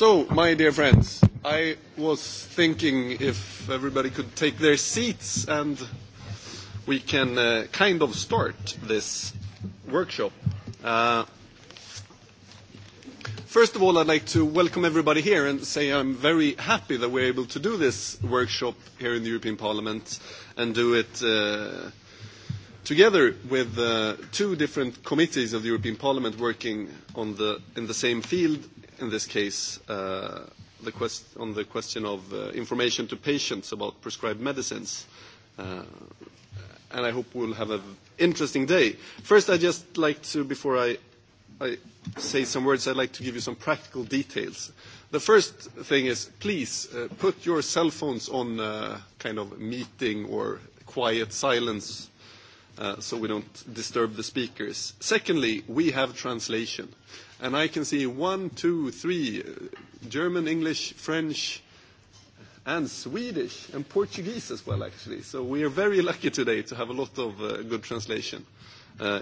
So, my dear friends, I was thinking if everybody could take their seats and we can kind of start this workshop. First of all, I'd like to welcome everybody here and say I'm very happy that we're able to do this workshop here in the European Parliament and do it together with two different committees of the European Parliament working in the same field in this case, on the question of information to patients about prescribed medicines. And I hope we'll have an interesting day. First, I'd just like to, before I say some words, I'd like to give you some practical details. The first thing is, please put your cell phones on kind of meeting or quiet silence so we don't disturb the speakers. Secondly, we have translation and I can see one, two, three, German, English, French, and Swedish, and Portuguese as well, actually. So we are very lucky today to have a lot of good translation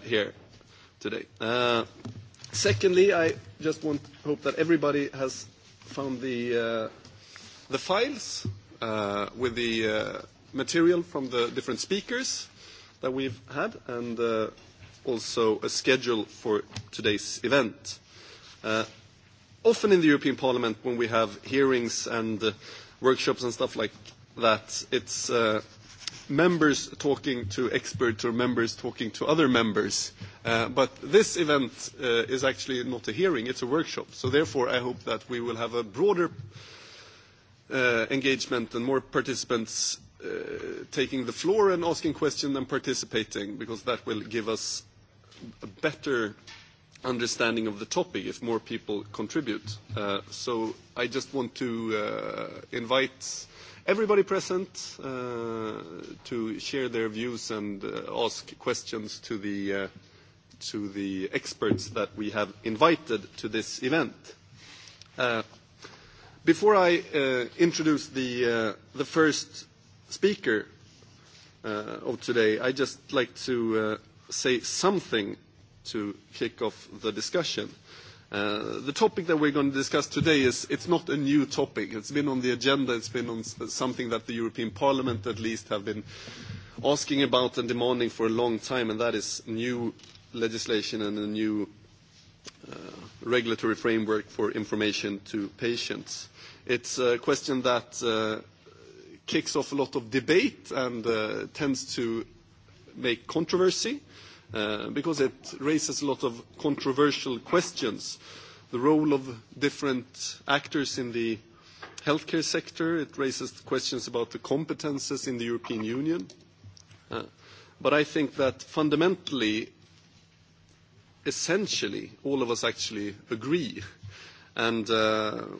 here today. Secondly, I just want hope that everybody has found the the files with the material from the different speakers that we've had, and also a schedule for today's event. Often in the European Parliament, when we have hearings and workshops and stuff like that, it's members talking to experts or members talking to other members. But this event is actually not a hearing, it's a workshop. So therefore, I hope that we will have a broader engagement and more participants taking the floor and asking questions and participating, because that will give us a better understanding of the topic if more people contribute. So I just want to invite everybody present to share their views and ask questions to the to the experts that we have invited to this event. Before I introduce the first speaker of today, I just like to say something to kick off the discussion. The topic that we're going to discuss today is it's not a new topic. It's been on the agenda. It's been on something that the European Parliament at least have been asking about and demanding for a long time, and that is new legislation and a new regulatory framework for information to patients. It's a question that kicks off a lot of debate and tends to make controversy because it raises a lot of controversial questions. The role of different actors in the healthcare sector, it raises questions about the competences in the European Union. But I think that fundamentally, essentially, all of us actually agree. And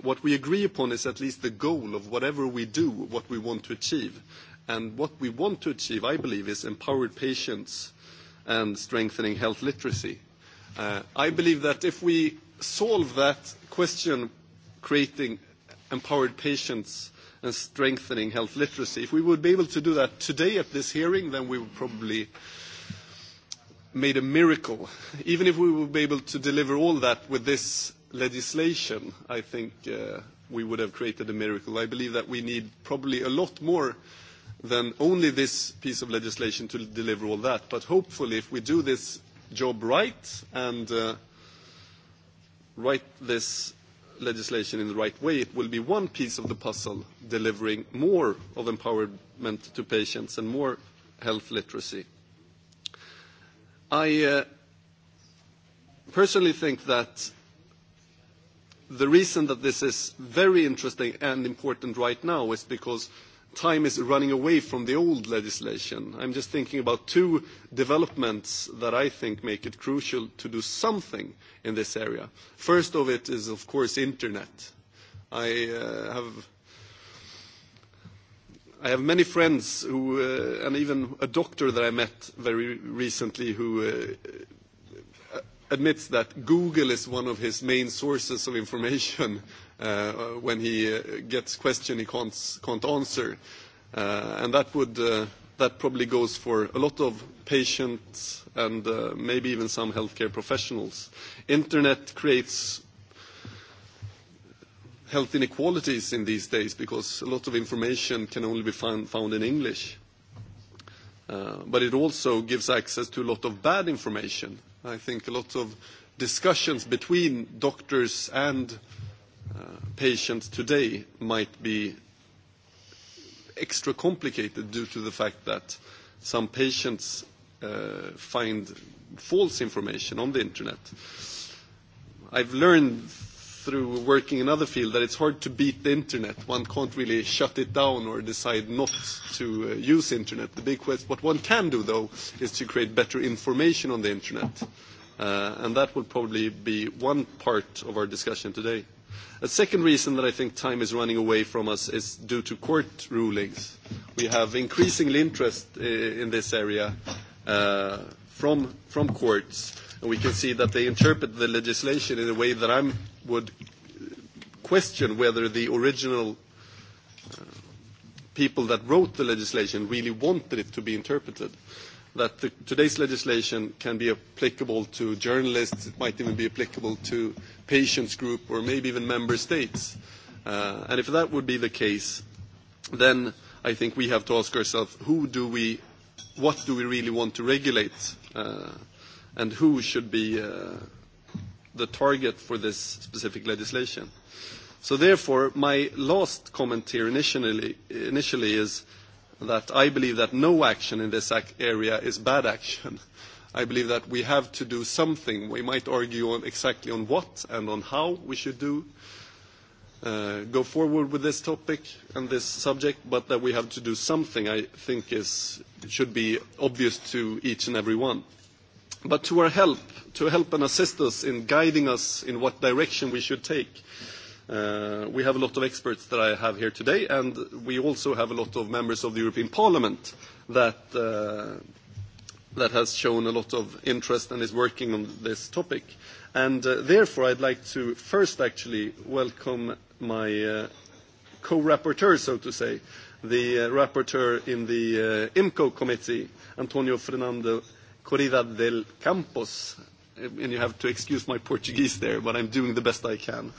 what we agree upon is at least the goal of whatever we do, what we want to achieve. And what we want to achieve, I believe, is empowered patients and strengthening health literacy. I believe that if we solve that question, creating empowered patients and strengthening health literacy, if we would be able to do that today at this hearing, then we would probably made a miracle. Even if we would be able to deliver all that with this legislation, I think we would have created a miracle. I believe that we need probably a lot more than only this piece of legislation to deliver all that. But hopefully, if we do this job right and write this legislation in the right way, it will be one piece of the puzzle delivering more of empowerment to patients and more health literacy. I personally think that the reason that this is very interesting and important right now is because time is running away from the old legislation. I'm just thinking about two developments that I think make it crucial to do something in this area. First of it is, of course, Internet. I have many friends who, and even a doctor that I met very recently who admits that Google is one of his main sources of information when he gets question he can't answer. And that would that probably goes for a lot of patients and maybe even some healthcare professionals. Internet creates health inequalities in these days because a lot of information can only be found in English. But it also gives access to a lot of bad information. I think a lot of discussions between doctors and patients today might be extra complicated due to the fact that some patients find false information on the internet. I've learned through working in other fields that it's hard to beat the internet. One can't really shut it down or decide not to use internet. The big question, what one can do though, is to create better information on the internet. And that will probably be one part of our discussion today. A second reason that I think time is running away from us is due to court rulings. We have increasing interest in this area from courts, and we can see that they interpret the legislation in a way that I would question whether the original people that wrote the legislation really wanted it to be interpreted that today's legislation can be applicable to journalists, it might even be applicable to patients group or maybe even member states. And if that would be the case, then I think we have to ask ourselves, who do we, what do we really want to regulate, and who should be the target for this specific legislation. So therefore, my last comment here initially is that I believe that no action in this area is bad action. I believe that we have to do something. We might argue on exactly on what and on how we should do go forward with this topic and this subject, but that we have to do something, I think, is should be obvious to each and every one. But to our help, to help and assist us in guiding us in what direction we should take, we have a lot of experts that I have here today, and we also have a lot of members of the European Parliament that that has shown a lot of interest and is working on this topic. And therefore, I'd like to first actually welcome my co-rapporteur, so to say, the rapporteur in the IMCO committee, Antonio Fernando Corrida del Campos. And you have to excuse my Portuguese there, but I'm doing the best I can.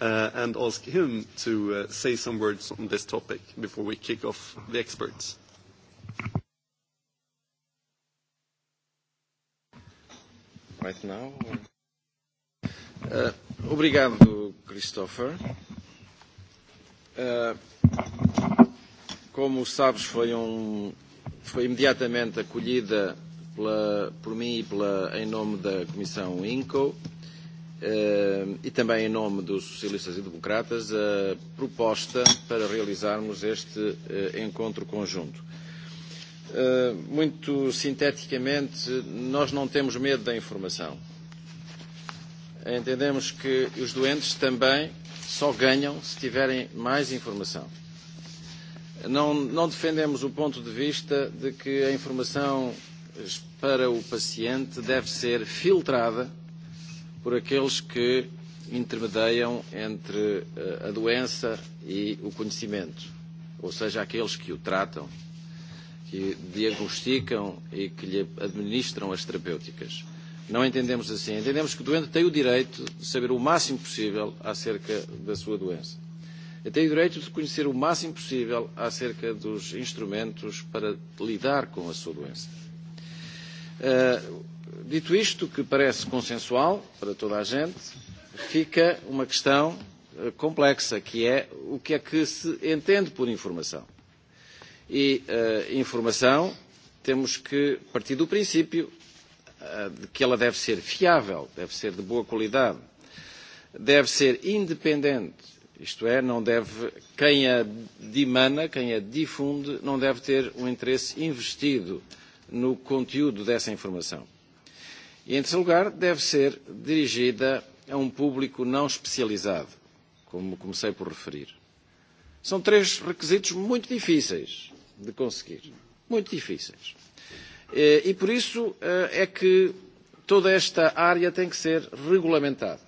And ask him to say some words on this topic before we kick off the experts. right Obrigado, Christopher. Como sabes, foi um foi imediatamente acolhida pela por mim e pela em nome da Comissão INCO e também em nome dos socialistas e democratas a proposta para realizarmos este encontro conjunto. Muito sinteticamente, nós não temos medo da informação. Entendemos que os doentes também só ganham se tiverem mais informação. Não defendemos o ponto de vista de que a informação para o paciente deve ser filtrada por aqueles que intermediam entre a doença e o conhecimento, ou seja, aqueles que o tratam que diagnosticam e que lhe administram as terapêuticas. Não entendemos assim. Entendemos que o doente tem o direito de saber o máximo possível acerca da sua doença. E tem o direito de conhecer o máximo possível acerca dos instrumentos para lidar com a sua doença. Dito isto, que parece consensual para toda a gente, fica uma questão complexa, que é o que é que se entende por informação e informação temos que partir do princípio de que ela deve ser fiável, deve ser de boa qualidade, deve ser independente, isto é, não deve, quem a dimana, quem a difunde, não deve ter um interesse investido no conteúdo dessa informação. E, em terceiro lugar, deve ser dirigida a um público não especializado, como comecei por referir. São três requisitos muito difíceis de conseguir. Muito difíceis. E por isso é que toda esta área tem que ser regulamentada.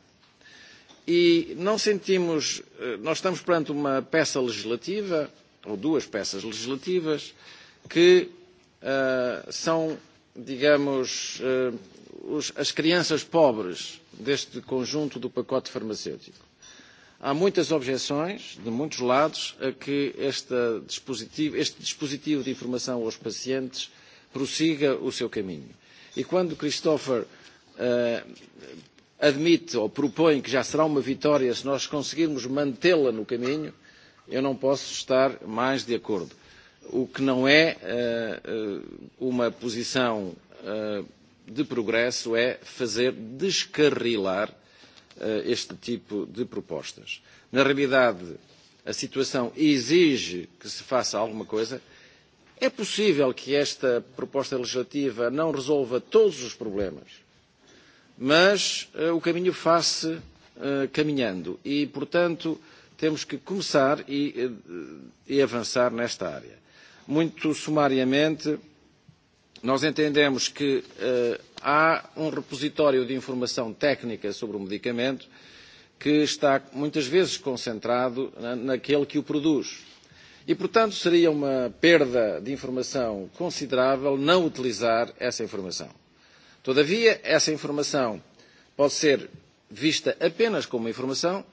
E não sentimos, nós estamos perante uma peça legislativa, ou duas peças legislativas, que são, digamos, as crianças pobres deste conjunto do pacote farmacêutico. Há muitas objeções de muitos lados a que este dispositivo de informação aos pacientes prossiga o seu caminho. E quando Christopher admite ou propõe que já será uma vitória se nós conseguirmos mantê-la no caminho, eu não posso estar mais de acordo. O que não é uma posição de progresso é fazer descarrilar este tipo de propostas. Na realidade, a situação exige que se faça alguma coisa. É possível que esta proposta legislativa não resolva todos os problemas, mas o caminho faz-se caminhando e, portanto, temos que começar e avançar nesta área. Muito sumariamente, nós entendemos que há um repositório de informação técnica sobre o medicamento que está muitas vezes concentrado naquele que o produz. E, portanto, seria uma perda de informação considerável não utilizar essa informação. Todavia, essa informação pode ser vista apenas como informação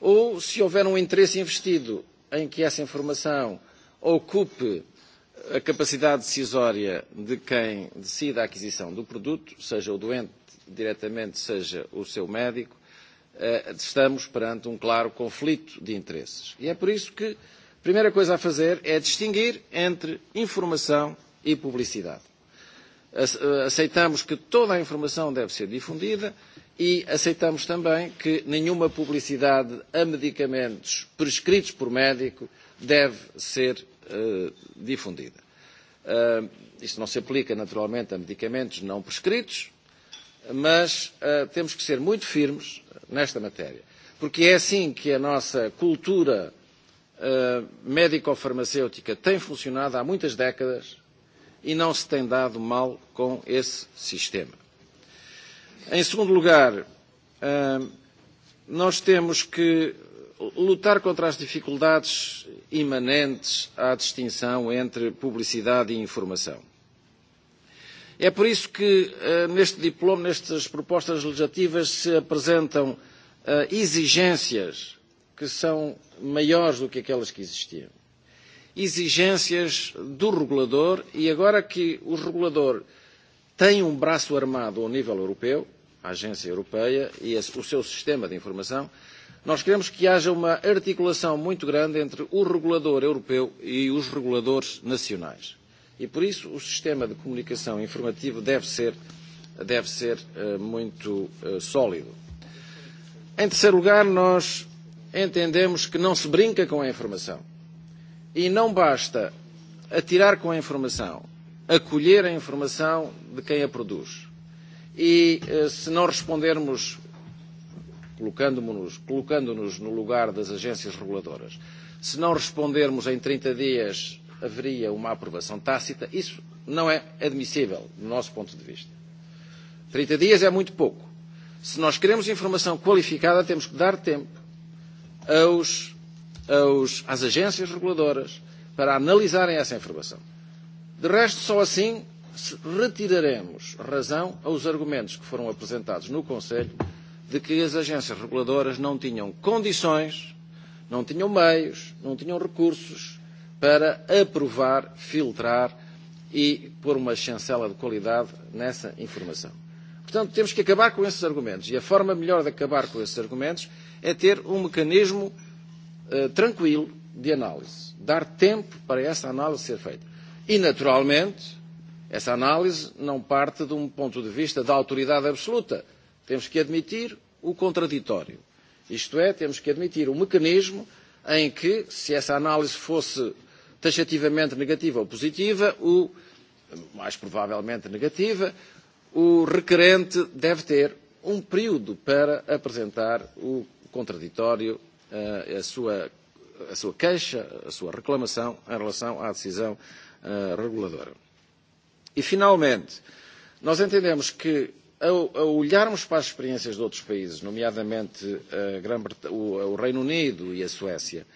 ou, se houver um interesse investido em que essa informação ocupe a capacidade decisória de quem decide a aquisição do produto, seja o doente diretamente, seja o seu médico, estamos perante um claro conflito de interesses. E é por isso que a primeira coisa a fazer é distinguir entre informação e publicidade. Aceitamos que toda a informação deve ser difundida e aceitamos também que nenhuma publicidade a medicamentos prescritos por médico deve ser difundida. Isto não se aplica naturalmente a medicamentos não prescritos, mas temos que ser muito firmes nesta matéria, porque é assim que a nossa cultura médico-farmacêutica tem funcionado há muitas décadas e não se tem dado mal com esse sistema. Em segundo lugar, nós temos que lutar contra as dificuldades imanentes à distinção entre publicidade e informação. É por isso que neste diploma, nestas propostas legislativas, se apresentam exigências que são maiores do que aquelas que existiam. Exigências do regulador e agora que o regulador tem um braço armado ao nível europeu, a Agência Europeia e o seu sistema de informação, Nós queremos que haja uma articulação muito grande entre o regulador europeu e os reguladores nacionais. E por isso o sistema de comunicação informativo deve ser deve ser muito sólido. Em terceiro lugar, nós entendemos que não se brinca com a informação. E não basta atirar com a informação, acolher a informação de quem a produz. E se não respondermos colocando-nos colocando no lugar das agências reguladoras. Se não respondermos em 30 dias, haveria uma aprovação tácita. Isso não é admissível, do nosso ponto de vista. 30 dias é muito pouco. Se nós queremos informação qualificada, temos que dar tempo aos, aos, às agências reguladoras para analisarem essa informação. De resto, só assim retiraremos razão aos argumentos que foram apresentados no Conselho de que as agências reguladoras não tinham condições, não tinham meios, não tinham recursos para aprovar, filtrar e pôr uma chancela de qualidade nessa informação. Portanto, temos que acabar com esses argumentos. E a forma melhor de acabar com esses argumentos é ter um mecanismo tranquilo de análise. Dar tempo para essa análise ser feita. E, naturalmente, essa análise não parte de um ponto de vista da autoridade absoluta Temos que admitir o contraditório. Isto é, temos que admitir um mecanismo em que, se essa análise fosse taxativamente negativa ou positiva, o, mais provavelmente negativa, o requerente deve ter um período para apresentar o contraditório, a sua, a sua queixa, a sua reclamação em relação à decisão reguladora. E, finalmente, nós entendemos que a olharmos para as experiências de outros países, nomeadamente o Reino Unido e a Suécia,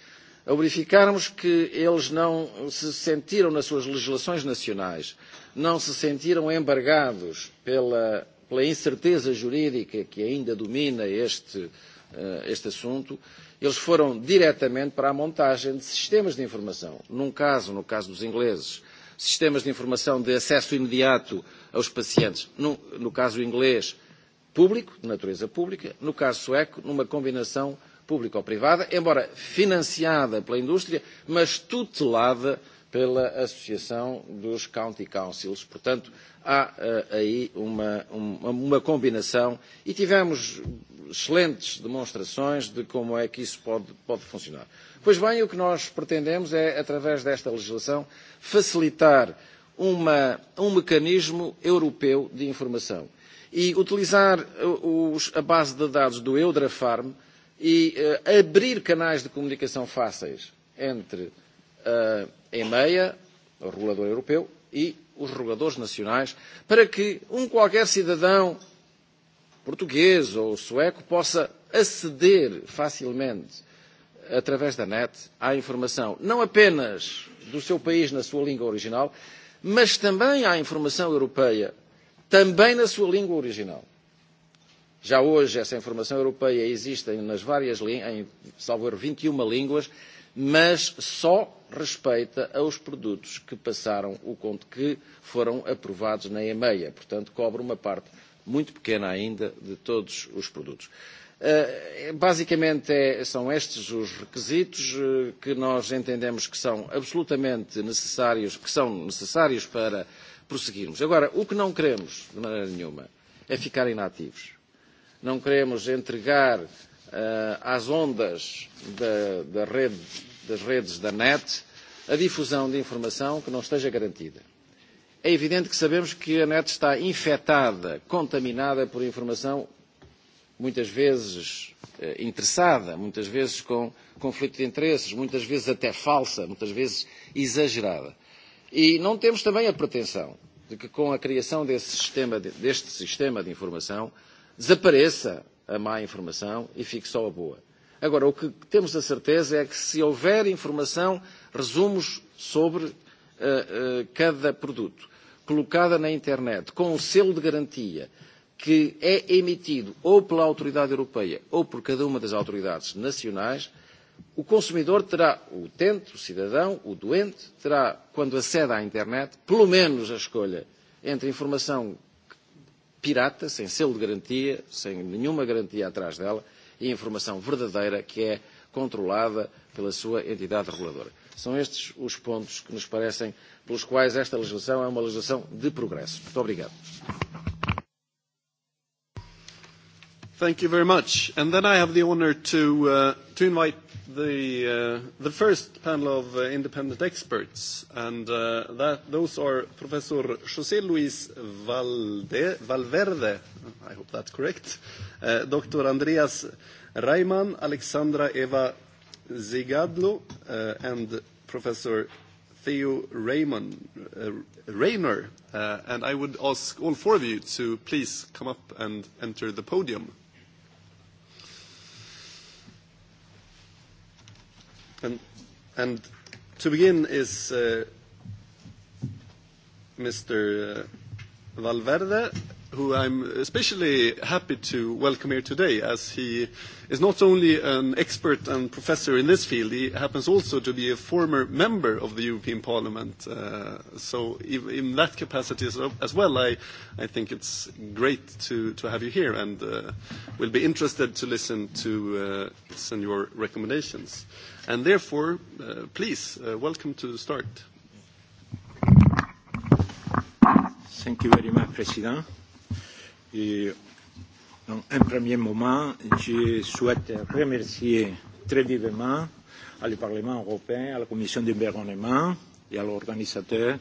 a verificarmos que eles não se sentiram nas suas legislações nacionais, não se sentiram embargados pela incerteza jurídica que ainda domina este assunto, eles foram diretamente para a montagem de sistemas de informação. Num caso, no caso dos ingleses, sistemas de informação de acesso imediato aos pacientes, no caso inglês, público, de natureza pública, no caso sueco, numa combinação pública ou privada, embora financiada pela indústria, mas tutelada pela Associação dos County Councils. Portanto, há aí uma combinação e tivemos excelentes demonstrações de como é que isso pode funcionar. Pois bem, o que nós pretendemos é, através desta legislação, facilitar um mecanismo europeu de informação. E utilizar a base de dados do Eudrafarm e abrir canais de comunicação fáceis entre a EMEA, o regulador europeu, e os reguladores nacionais, para que um qualquer cidadão português ou sueco possa aceder facilmente, através da net, à informação, não apenas do seu país na sua língua original, mas também à informação europeia, também na sua língua original. Já hoje essa informação europeia existe nas várias línguas em salvo 21 línguas, mas só respeita aos produtos que passaram o conto que foram aprovados na EMEA, portanto cobre uma parte muito pequena ainda de todos os produtos. Basicamente são estes os requisitos que nós entendemos que são absolutamente necessários, que são necessários para prosseguirmos. Agora, o que não queremos, de maneira nenhuma, é ficar inativos. Não queremos entregar às ondas da rede, das redes da net, a difusão de informação que não esteja garantida. É evidente que sabemos que a net está infetada, contaminada por informação muitas vezes interessada, muitas vezes com conflito de interesses, muitas vezes até falsa, muitas vezes exagerada. E não temos também a pretensão de que com a criação desse sistema, deste sistema de informação desapareça a má informação e fique só a boa. Agora, o que temos a certeza é que se houver informação, resumos sobre cada produto, colocada na internet, com o selo de garantia, que é emitido ou pela autoridade europeia ou por cada uma das autoridades nacionais, o consumidor terá, o utente, o cidadão, o doente, terá, quando acede à internet, pelo menos a escolha entre informação pirata, sem selo de garantia, sem nenhuma garantia atrás dela, e informação verdadeira que é controlada pela sua entidade reguladora. São estes os pontos que nos parecem pelos quais esta legislação é uma legislação de progresso. Muito obrigado. Thank you very much. And then I have the honor to invite the first panel of independent experts, and those are Professor José Luis Valverde, I hope that's correct, Dr. Andreas Reimann, Alexandra Eva Zigadlo, and Professor Theo Rayner. And I would ask all four of you to please come up and enter the podium. And to begin is Mr. Valverde who I'm especially happy to welcome here today, as he is not only an expert and professor in this field, he happens also to be a former member of the European Parliament. So in that capacity as well, I think it's great to have you here, and we'll be interested to listen to your recommendations. And therefore, please, welcome to start. Thank you very President. Et dans un premier moment, je souhaite remercier très vivement le Parlement européen, à la Commission d'environnement et à l'organisateur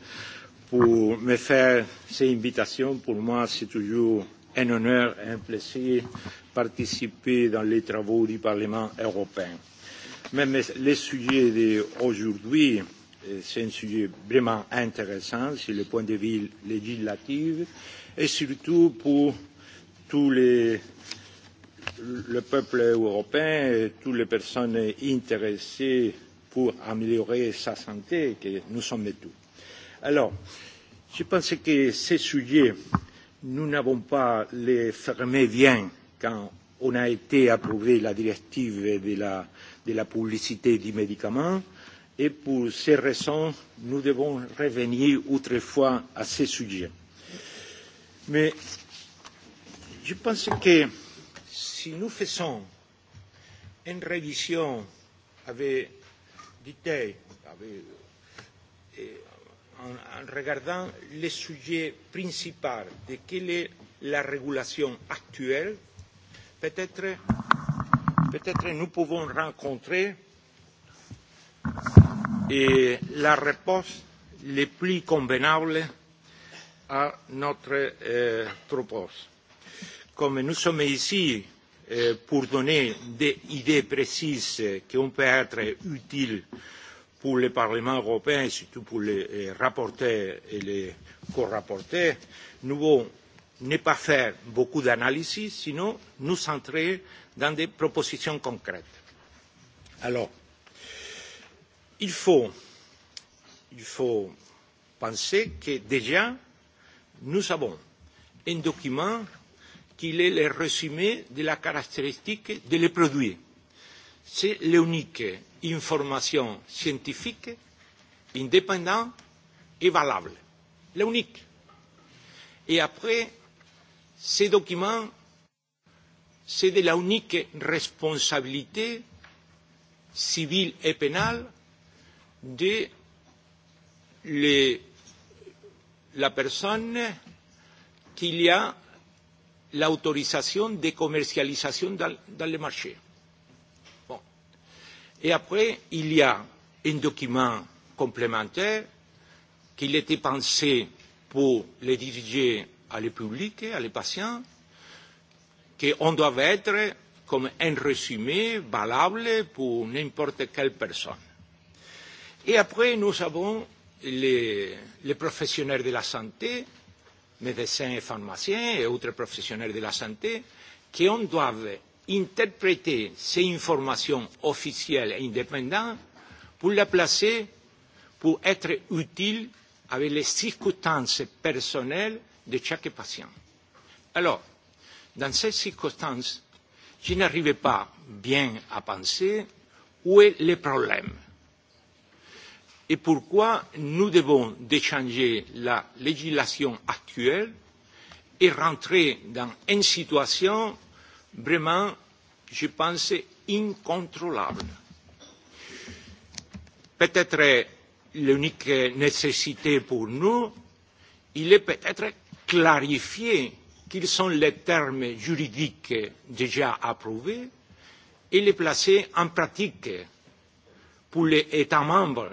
pour me faire ces invitations. Pour moi, c'est toujours un honneur et un plaisir de participer dans les travaux du Parlement européen. Même le sujet d'aujourd'hui, c'est un sujet vraiment intéressant sur le point de vue législatif et surtout pour tout le peuple européen et toutes les personnes intéressées pour améliorer sa santé, que nous sommes tous. Alors, je pense que ces sujets, nous n'avons pas les fermés bien quand on a été approuvé la directive de la publicité des médicaments et pour ces raisons, nous devons revenir autrefois à ces sujets. Mais je pense que si nous faisons une révision avec détail, en regardant le sujet principal de quelle est la régulation actuelle, peut-être peut nous pouvons rencontrer la réponse la plus convenables à notre propos. Comme nous sommes ici pour donner des idées précises qui peuvent être utiles pour le Parlement européen et surtout pour les rapporteurs et les corapporteurs, nous allons ne pas faire beaucoup d'analyses, sinon nous centrer dans des propositions concrètes. Alors, il faut penser que déjà, nous avons un document qui est le résumé de la caractéristique de le produits. C'est l'unique information scientifique, indépendante et valable. L'unique. Et après, ce document, c'est de l'unique responsabilité civile et pénale de les la personne qu'il y a l'autorisation de commercialisation dans le marché. Et après, il y a un document complémentaire qu'il était pensé pour les diriger à les publics, à les patients, qu'on doit être comme un résumé valable pour n'importe quelle personne. Et après, nous avons les professionnels de la santé, médecins et pharmaciens et autres professionnels de la santé, qu'on doivent interpréter ces informations officielles et indépendantes pour les placer, pour être utiles avec les circonstances personnelles de chaque patient. Alors, dans ces circonstances, je n'arrivais pas bien à penser où est le problème et pourquoi nous devons déchanger la législation actuelle et rentrer dans une situation vraiment, je pense, incontrôlable. Peut-être l'unique nécessité pour nous, il est peut-être clarifier quels sont les termes juridiques déjà approuvés et les placer en pratique pour les États membres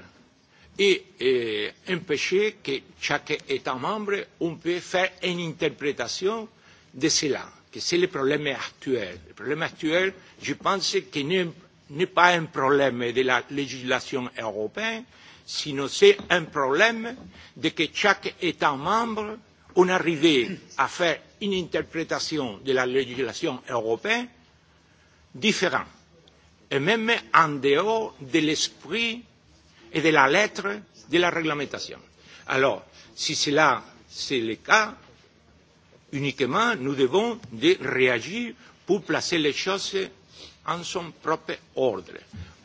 et empêcher que chaque État membre on puisse faire une interprétation de cela, que c'est le problème actuel. Le problème actuel, je pense, que n'est pas un problème de la législation européenne, sinon c'est un problème de que chaque État membre on arrivé à faire une interprétation de la législation européenne différente, et même en dehors de l'esprit et de la lettre de la réglementation. Alors, si cela c'est le cas, uniquement nous devons réagir pour placer les choses en son propre ordre.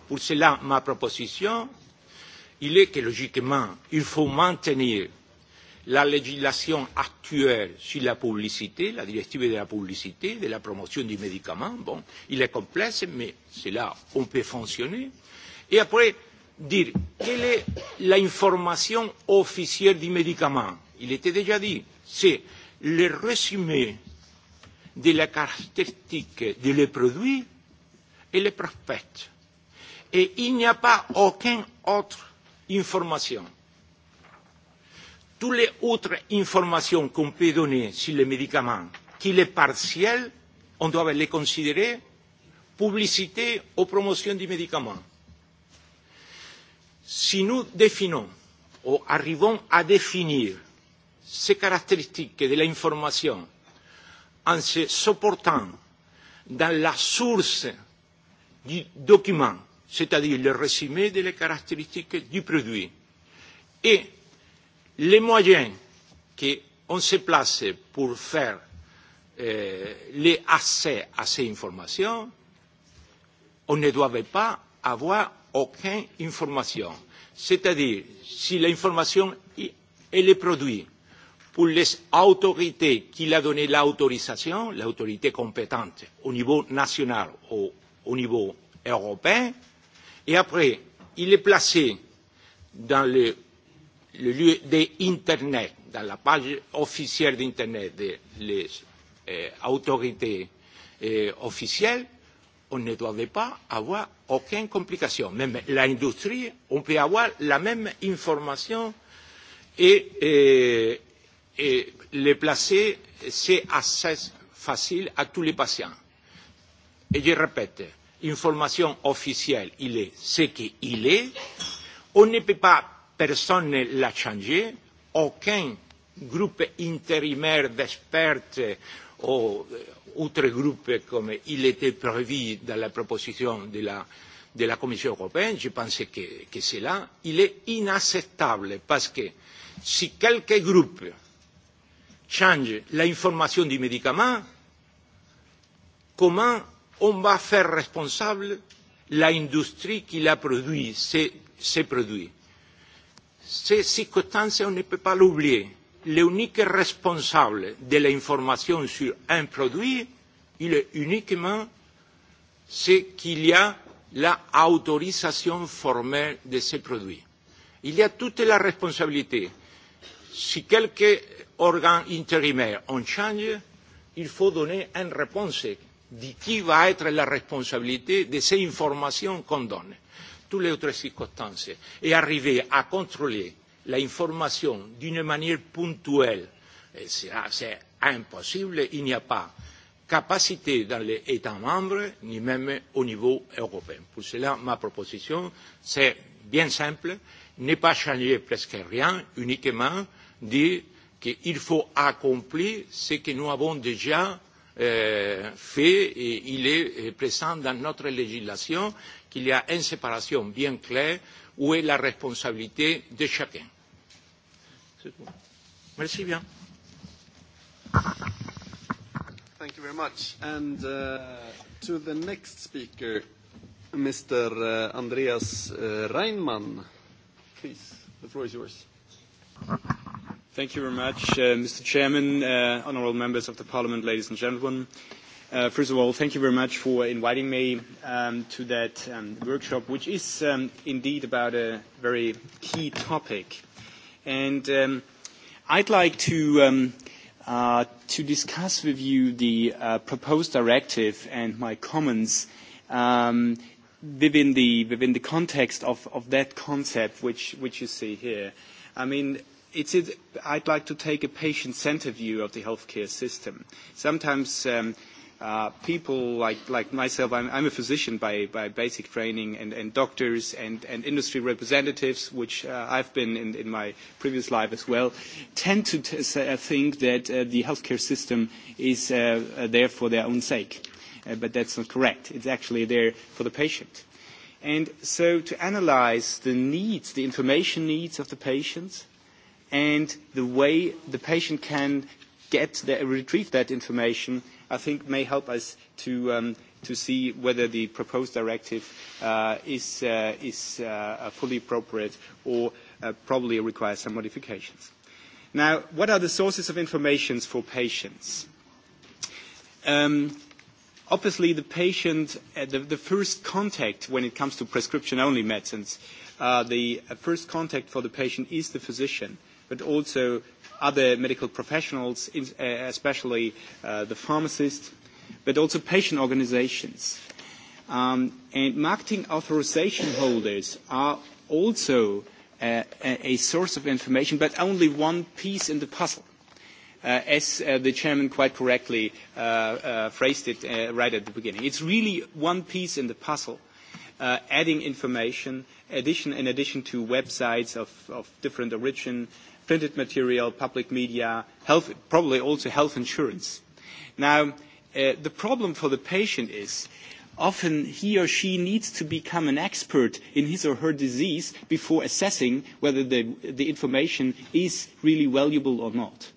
Pour cela, ma proposition, il est que logiquement, il faut maintenir la législation actuelle sur la publicité, la directive de la publicité, de la promotion du médicaments Bon, il est complexe, mais cela, on peut fonctionner. Et après, dire quelle est l'information officielle du médicament. Il était déjà dit, c'est le résumé de la caractéristique de le et le prospect. Et il n'y a pas aucune autre information. Toutes les autres informations qu'on peut donner sur le médicament qu'il est partiel, on doit les considérer publicité ou promotion du médicament. Si nous définons ou arrivons à définir ces caractéristiques de l'information en se supportant dans la source du document, c'est-à-dire le résumé des caractéristiques du produit, et les moyens qu'on se place pour faire accès à ces informations, on ne doit pas avoir aucune information. C'est-à-dire, si l'information est produite pour les autorités qui a donné l'autorisation, l'autorité compétente au niveau national ou au niveau européen, et après, il est placé dans le lieu d'Internet, dans la page officielle d'Internet des autorités officielles, on ne doit pas avoir aucune complication. Même l'industrie, on peut avoir la même information et les placer, c'est assez facile à tous les patients. Et je répète, information officielle, il est ce qu'il est. On ne peut pas, personne ne l'a changé. Aucun groupe intérimaire d'experts aux autres groupes comme il était prévu dans la proposition de la Commission européenne, je pense que cela est inacceptable parce que si quelques groupes changent l'information du médicament, comment on va faire responsable l'industrie qui l'a produit ces produits Ces circonstances, on ne peut pas l'oublier l'unique responsable de l'information sur un produit, il est uniquement ce qu'il y a l'autorisation formelle de ce produit. Il y a toute la responsabilité. Si quelques organes intérimaires en changé, il faut donner une réponse de qui va être la responsabilité de ces informations qu'on donne. Toutes les autres circonstances. Et arriver à contrôler la information d'une manière ponctuelle. C'est impossible, il n'y a pas capacité dans les États membres, ni même au niveau européen. Pour cela, ma proposition, c'est bien simple, ne pas changer presque rien, uniquement dire qu'il faut accomplir ce que nous avons déjà fait et il est présent dans notre législation, qu'il y a une séparation bien claire où est la responsabilité de chacun. Merci bien. Thank you very much. And to the next speaker, Mr. Andreas Reinmann. Please, the floor is yours. Thank you very much, Mr. Chairman, honorable members of the Parliament, ladies and gentlemen. First of all, thank you very much for inviting me to that workshop, which is indeed about a very key topic. And I'd like to to discuss with you the proposed directive and my comments within the context of that concept which you see here. I mean, I'd like to take a patient-centered view of the healthcare system. Sometimes people like like myself, I'm a physician by by basic training, and doctors and industry representatives, which I've been in my previous life as well, tend to think that the healthcare system is there for their own sake, but that's not correct. It's actually there for the patient. And so to analyze the needs, the information needs of the patients, and the way the patient can get retrieve that information, I think may help us to see whether the proposed directive is fully appropriate or probably requires some modifications. Now, what are the sources of information for patients? Obviously, the patient, the first contact when it comes to prescription-only medicines, the first contact for the patient is the physician, but also other medical professionals, especially the pharmacists, but also patient organizations. And marketing authorisation holders are also a source of information, but only one piece in the puzzle, as the chairman quite correctly phrased it right at the beginning. It's really one piece in the puzzle, adding information in addition to websites of different origin printed material, public media, health, probably also health insurance. Now, the problem for the patient is often he or she needs to become an expert in his or her disease before assessing whether the information is really valuable or not.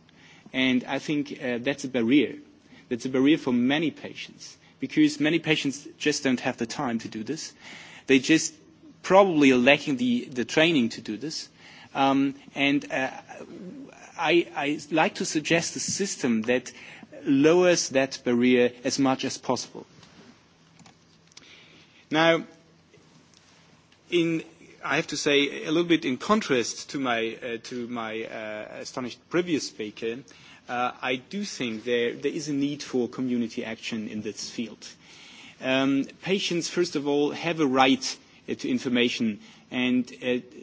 And I think that's a barrier. That's a barrier for many patients because many patients just don't have the time to do this. They just probably are lacking the training to do this And I like to suggest a system that lowers that barrier as much as possible. Now, in I have to say a little bit in contrast to my to my astonished previous speaker, I do think there there is a need for community action in this field. Patients, first of all, have a right to information and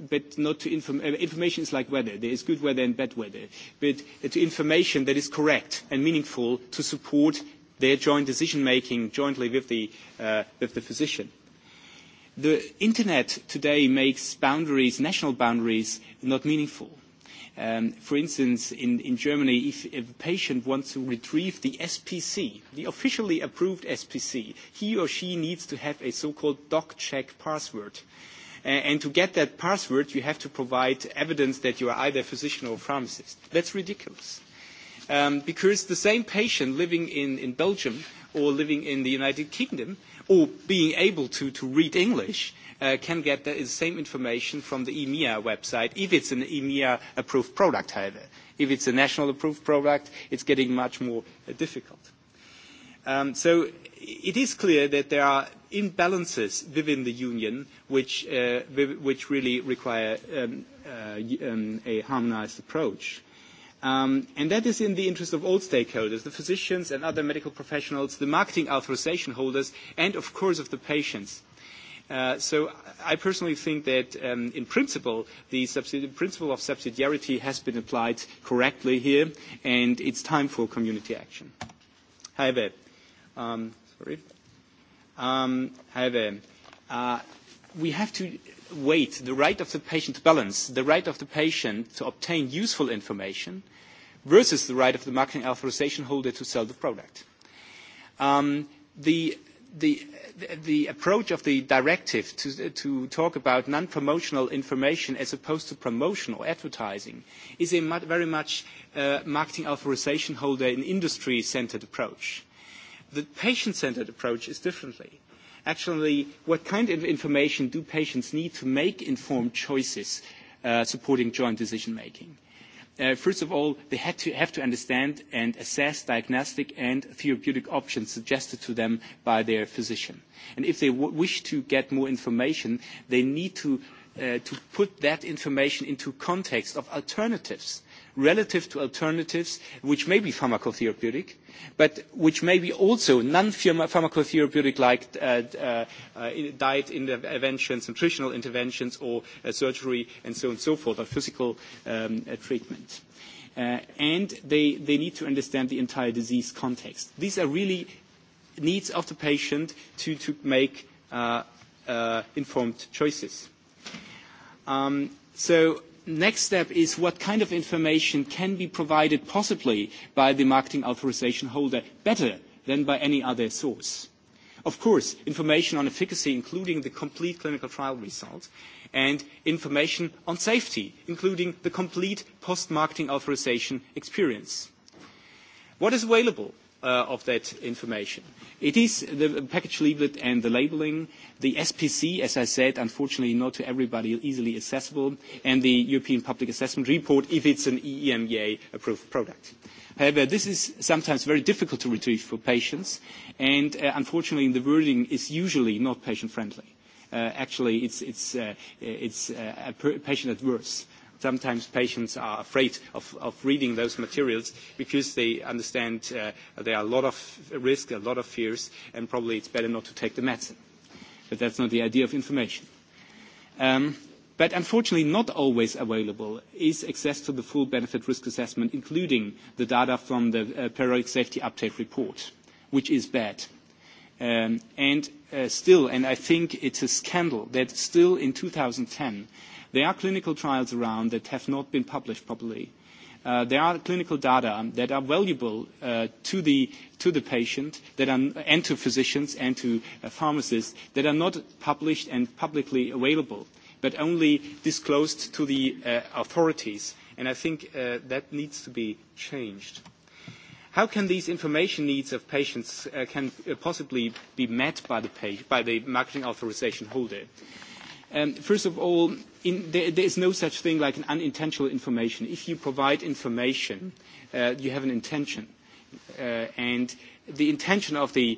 but not to information is like weather there is good weather and bad weather but to information that is correct and meaningful to support their joint decision making jointly with the with the physician the internet today makes boundaries national boundaries not meaningful for instance in germany if a patient wants to retrieve the spc the officially approved spc he or she needs to have a so called doc check password and to get that password you have to provide evidence that you are either a physician or a pharmacist. That's ridiculous. Because the same patient living in Belgium or living in the United Kingdom or being able to read English can get the same information from the EMEA website if it's an EMEA-approved product, however. If it's a national-approved product, it's getting much more difficult. So it is clear that there are imbalances within the Union which really require a harmonised approach. And that is in the interest of all stakeholders, the physicians and other medical professionals, the marketing authorisation holders, and of course of the patients. So I personally think that in principle, the principle of subsidiarity has been applied correctly here, and it's time for community action. However, sorry however, we have to weight the right of the patient to balance the right of the patient to obtain useful information versus the right of the marketing authorization holder to sell the product. The approach of the directive to talk about non-promotional information as opposed to promotion or advertising is a very much marketing authorization holder and industry-centered approach the patient-centered approach is differently. Actually, what kind of information do patients need to make informed choices supporting joint decision-making? First of all, they have to understand and assess diagnostic and therapeutic options suggested to them by their physician. And if they wish to get more information, they need to put that information into context of alternatives, relative to alternatives which may be pharmacotherapeutic but which may be also non-pharmacotherapeutic-like diet interventions, nutritional interventions, or surgery, and so on and so forth, or physical treatment. And they need to understand the entire disease context. These are really needs of the patient to make informed choices. So next step is what kind of information can be provided possibly by the marketing authorisation holder better than by any other source. Of course, information on efficacy, including the complete clinical trial results, and information on safety, including the complete post-marketing authorisation experience. What is available? of that information. It is the package leaflet and the labelling, the SPC, as I said, unfortunately not to everybody easily accessible, and the European Public Assessment Report if it's an EMEA approved product. However, this is sometimes very difficult to retrieve for patients, and unfortunately the wording is usually not patient-friendly. Actually, it's patient-adverse sometimes patients are afraid of reading those materials because they understand there are a lot of risks, a lot of fears, and probably it's better not to take the medicine. But that's not the idea of information. But unfortunately, not always available is access to the full benefit risk assessment, including the data from the periodic safety update report, which is bad. And still, and I think it's a scandal that still in 2010 There are clinical trials around that have not been published properly. There are clinical data that are valuable to the patient and to physicians and to pharmacists that are not published and publicly available, but only disclosed to the authorities. And I think that needs to be changed. How can these information needs of patients can possibly be met by the marketing authorization holder? First of all, There is no such thing like an unintentional information. If you provide information, you have an intention. And the intention of the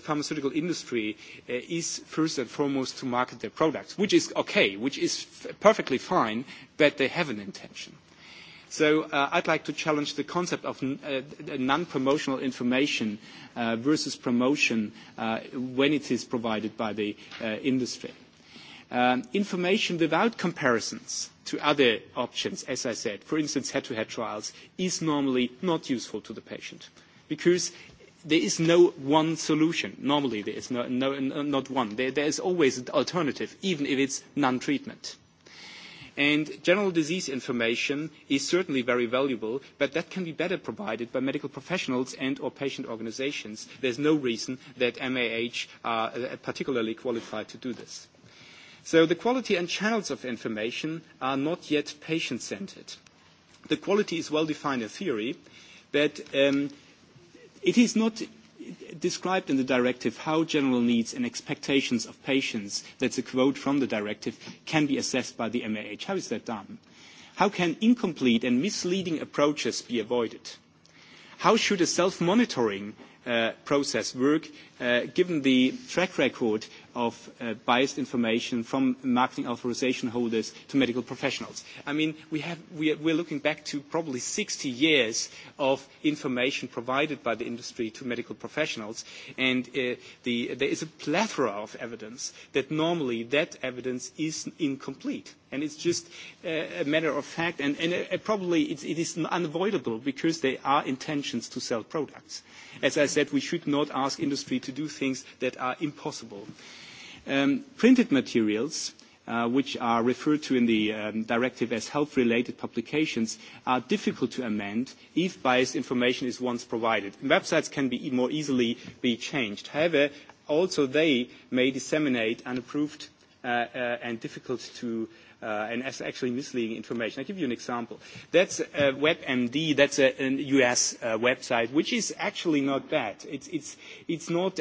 pharmaceutical industry is first and foremost to market their products, which is okay, which is perfectly fine, but they have an intention. So I'd like to challenge the concept of non-promotional information versus promotion when it is provided by the industry. Information without comparisons to other options, as I said, for instance, head-to-head trials, is normally not useful to the patient because there is no one solution. Normally, there is not one. There is always an alternative, even if it's non-treatment. And general disease information is certainly very valuable, but that can be better provided by medical professionals and/or patient There is no reason that MAH are particularly qualified to do this. So the quality and channels of information are not yet patient-centered. The quality is well defined in theory, but it is not described in the directive how general needs and expectations of patients, that's a quote from the directive, can be assessed by the MAH. How is that done? How can incomplete and misleading approaches be avoided? How should a self-monitoring process work, given the track record of biased information from marketing authorization holders to medical professionals. I mean, we we're looking back to probably 60 years of information provided by the industry to medical professionals, and there is a plethora of evidence that normally that evidence is incomplete. And it's just a matter of fact, and probably it is unavoidable because there are intentions to sell products. As I said, we should not ask industry to do things that are impossible. Printed materials, which are referred to in the directive as health-related publications, are difficult to amend if biased information is once provided. Websites can more easily be changed. However, also they may disseminate unapproved and difficult to and actually misleading information. I'll give you an example. That's WebMD. That's a U.S. website, which is actually not bad. It's not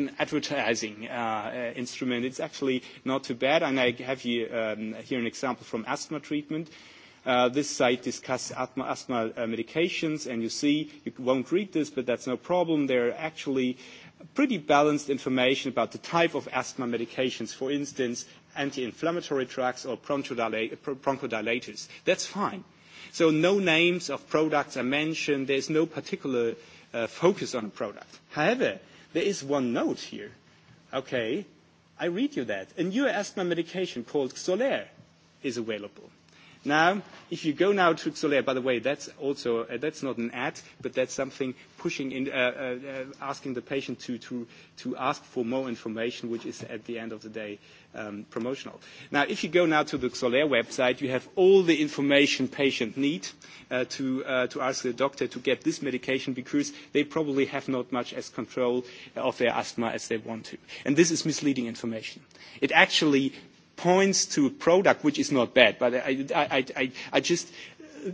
an advertising instrument. It's actually not too bad. And I have here an example from asthma treatment. This site discusses asthma medications, and you see, you won't read this, but that's no problem. There are actually pretty balanced information about the type of asthma medications, for instance, anti-inflammatory drugs or bronchodilators. That's fine. So no names of products are mentioned. There is no particular focus on a product. However, there is one note here. Okay, I read you that. A new asthma medication called Xolair is available. Now, if you go now to Xolair, by the way, that's also that's not an ad, but that's something pushing in, asking the patient to to to ask for more information, which is at the end of the day promotional. Now, if you go now to the Xolair website, you have all the information patient need to to ask the doctor to get this medication because they probably have not much as control of their asthma as they want to, and this is misleading information. It actually points to a product which is not bad, but I just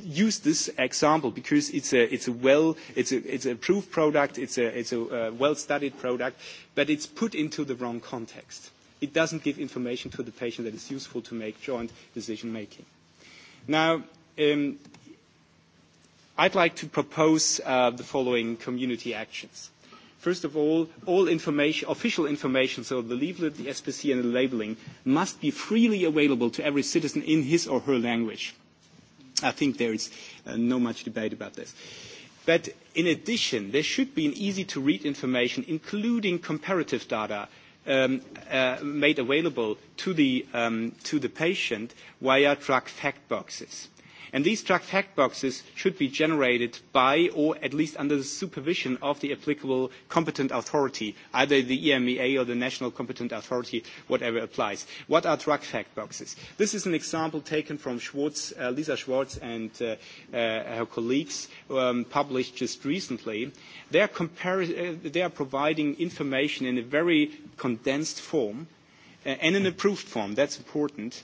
use this example because it's a it's a well it's a it's product, it's a it's a well studied product, but it's put into the wrong context. It doesn't give information to the patient that is useful to make joint decision making. Now I'd like to propose the following community actions. First of all, all information, official information, so the leaflet, the SPC, and the labeling, must be freely available to every citizen in his or her language. I think there is no much debate about this. But in addition, there should be an easy-to-read information, including comparative data, made available to the patient via drug fact boxes. And these drug fact boxes should be generated by or at least under the supervision of the applicable competent authority, either the EMEA or the national competent authority, whatever applies. What are drug fact boxes? This is an example taken from Lisa Schwartz and her colleagues, published just recently. They are providing information in a very condensed form and an approved form. That's important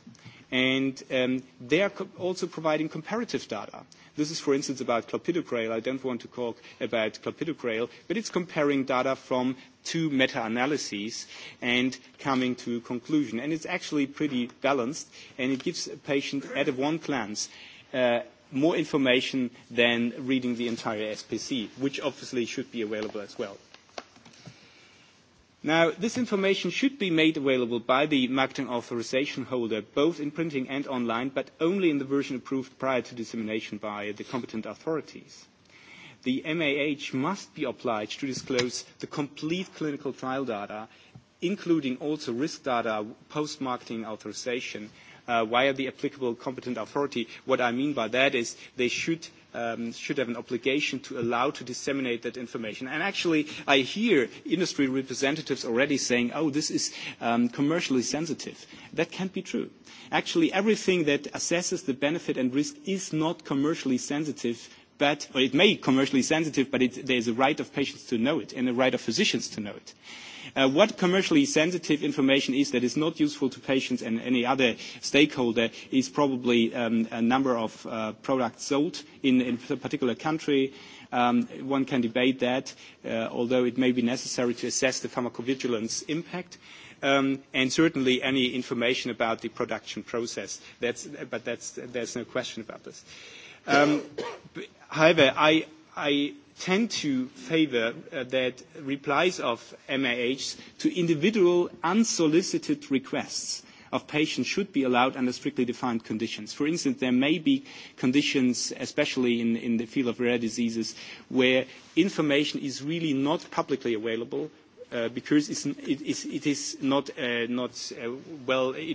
and they are also providing comparative data. This is, for instance, about clopidogrel. I don't want to talk about clopidogrel, but it's comparing data from two meta-analyses and coming to a conclusion. And it's actually pretty balanced, and it gives a patient, at one glance, more information than reading the entire SPC, which obviously should be available as well. Now, this information should be made available by the marketing authorization holder, both in printing and online, but only in the version approved prior to dissemination by the competent authorities. The MAH must be obliged to disclose the complete clinical trial data, including also risk data post-marketing authorization, via the applicable competent authority. What I mean by that is they should should have an obligation to allow to disseminate that information. And actually, I hear industry representatives already saying, oh, this is commercially sensitive. That can't be true. Actually, everything that assesses the benefit and risk is not commercially sensitive, but, it may be commercially sensitive, but there is a right of patients to know it and a right of physicians to know it. What commercially sensitive information is that is not useful to patients and any other stakeholder is probably a number of products sold in a particular country. One can debate that, although it may be necessary to assess the pharmacovigilance impact and certainly any information about the production process. But there's no question about this. However, I tend to favour that replies of MAHs to individual unsolicited requests of patients should be allowed under strictly defined conditions. For instance, there may be conditions, especially in the field of rare diseases, where information is really not publicly available because it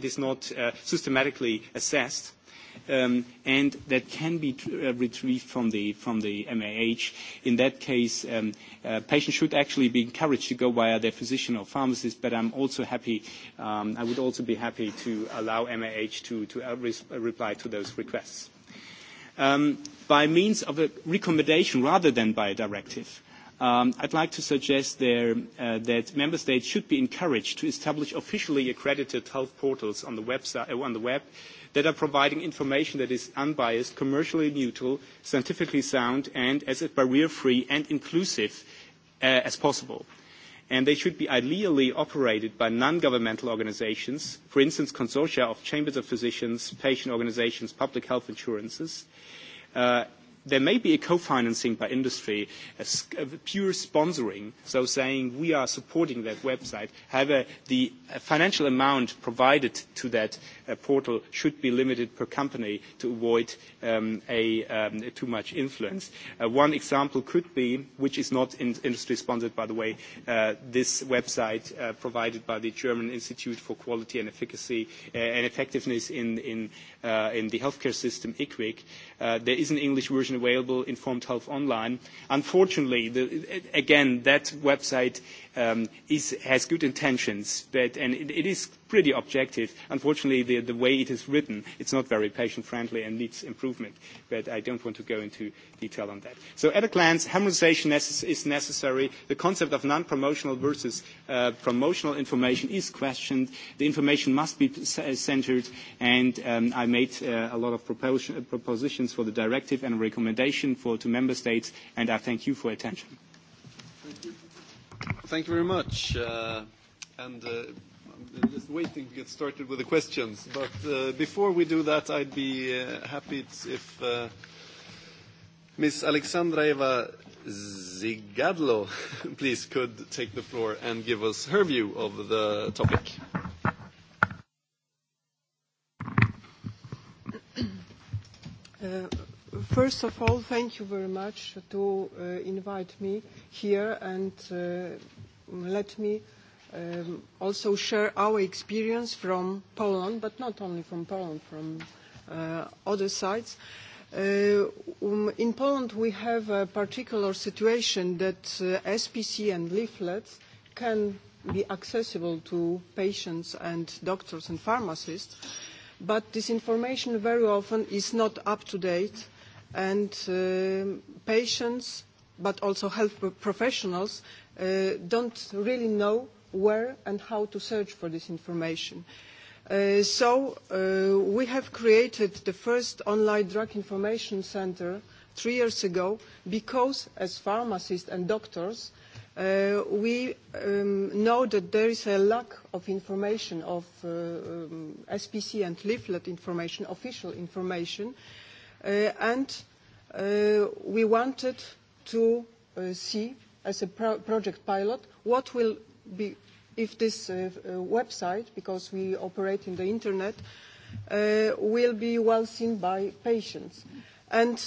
is not systematically assessed and that can be retrieved from the MAH. In that case, patients should actually be encouraged to go via their physician or pharmacist, but I'm also happy, I would also be happy to allow MAH to reply to those requests. By means of a recommendation rather than by a directive, I'd like to suggest that member states should be encouraged to establish officially accredited health portals on the web that are providing information that is unbiased, commercially neutral, scientifically sound, and as barrier-free and inclusive as possible. And they should be ideally operated by non-governmental organizations, for instance, consortia of chambers of physicians, patient organizations, public health insurances, There may be a co-financing by industry, pure sponsoring, so saying we are supporting that website. However, the financial amount provided to that portal should be limited per company to avoid too much influence. One example could be, which is not industry sponsored by the way, this website provided by the German Institute for Quality and Efficacy and Effectiveness in the Healthcare System, ICWIC. There is an English version available, Informed Health Online. Unfortunately, again, that website has good intentions, and it is pretty objective. Unfortunately, the way it is written, it's not very patient-friendly and needs improvement, but I don't want to go into detail on that. So at a glance, harmonization is necessary. The concept of non-promotional versus promotional information is questioned. The information must be centered, and I made a lot of propositions for the directive and recommendation for to member states, and I thank you for attention. Thank you very much. And I'm just waiting to get started with the questions. But before we do that, I'd be happy if Ms. Alexandra Eva Zigadlo, please, could take the floor and give us her view of the topic. First of all, thank you very much to invite me here and let me also share our experience from Poland, but not only from Poland, from other sides. In Poland we have a particular situation that SPC and leaflets can be accessible to patients and doctors and pharmacists but this information very often is not up to date and patients but also health professionals don't really know where and how to search for this information. So we have created the first online drug information centre three years ago because as pharmacists and doctors We know that there is a lack of information of SPC and leaflet information, official information, and we wanted to see, as a project pilot, what will be if this website, because we operate in the internet, will be well seen by patients. And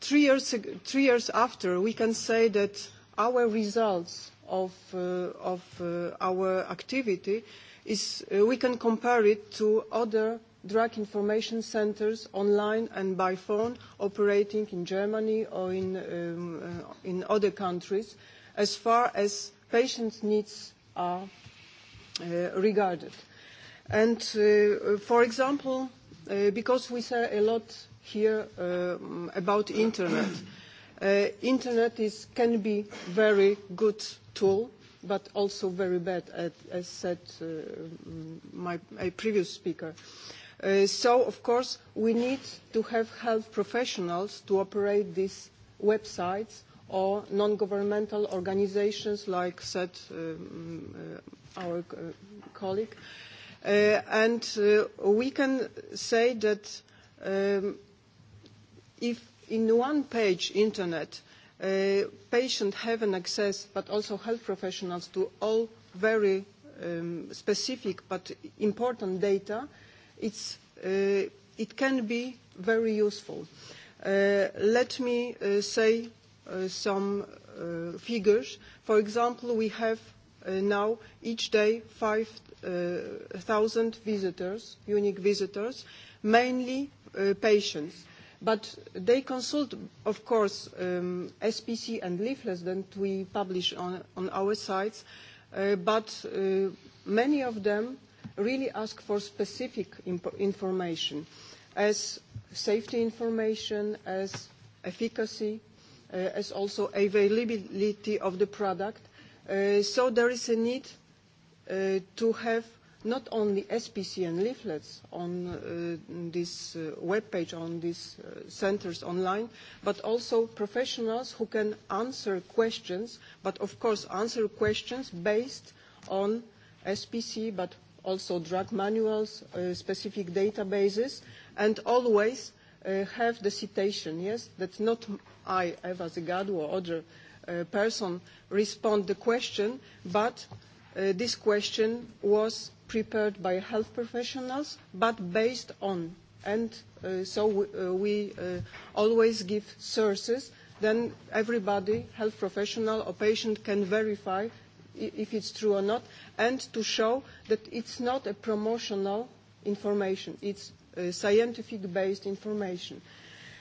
three years after, we can say that our results of our activity is we can compare it to other drug information centers online and by phone operating in Germany or in other countries as far as patients' needs are regarded. And, for example, because we say a lot here about Internet, Internet can be a very good tool, but also very bad, as said my previous speaker. So, of course, we need to have health professionals to operate these websites or non-governmental organizations, like said our colleague. And we can say that if in one-page internet, patients have an access, but also health professionals, to all very specific but important data. It's it can be very useful. Let me say some figures. For example, we have now each day 5,000 visitors, unique visitors, mainly patients. But they consult, of course, SPC and leaflets that we publish on our sites, but many of them really ask for specific information, as safety information, as efficacy, as also availability of the product. So there is a need to have not only SPC and leaflets on this webpage, on these centers online, but also professionals who can answer questions, but of course answer questions based on SPC, but also drug manuals, specific databases, and always have the citation, yes? That not I, Eva Zegadu or other person respond the question, but this question was prepared by health professionals, but based on. And so we always give sources. Then everybody, health professional or patient, can verify if it's true or not, and to show that it's not a promotional information. It's scientific-based information.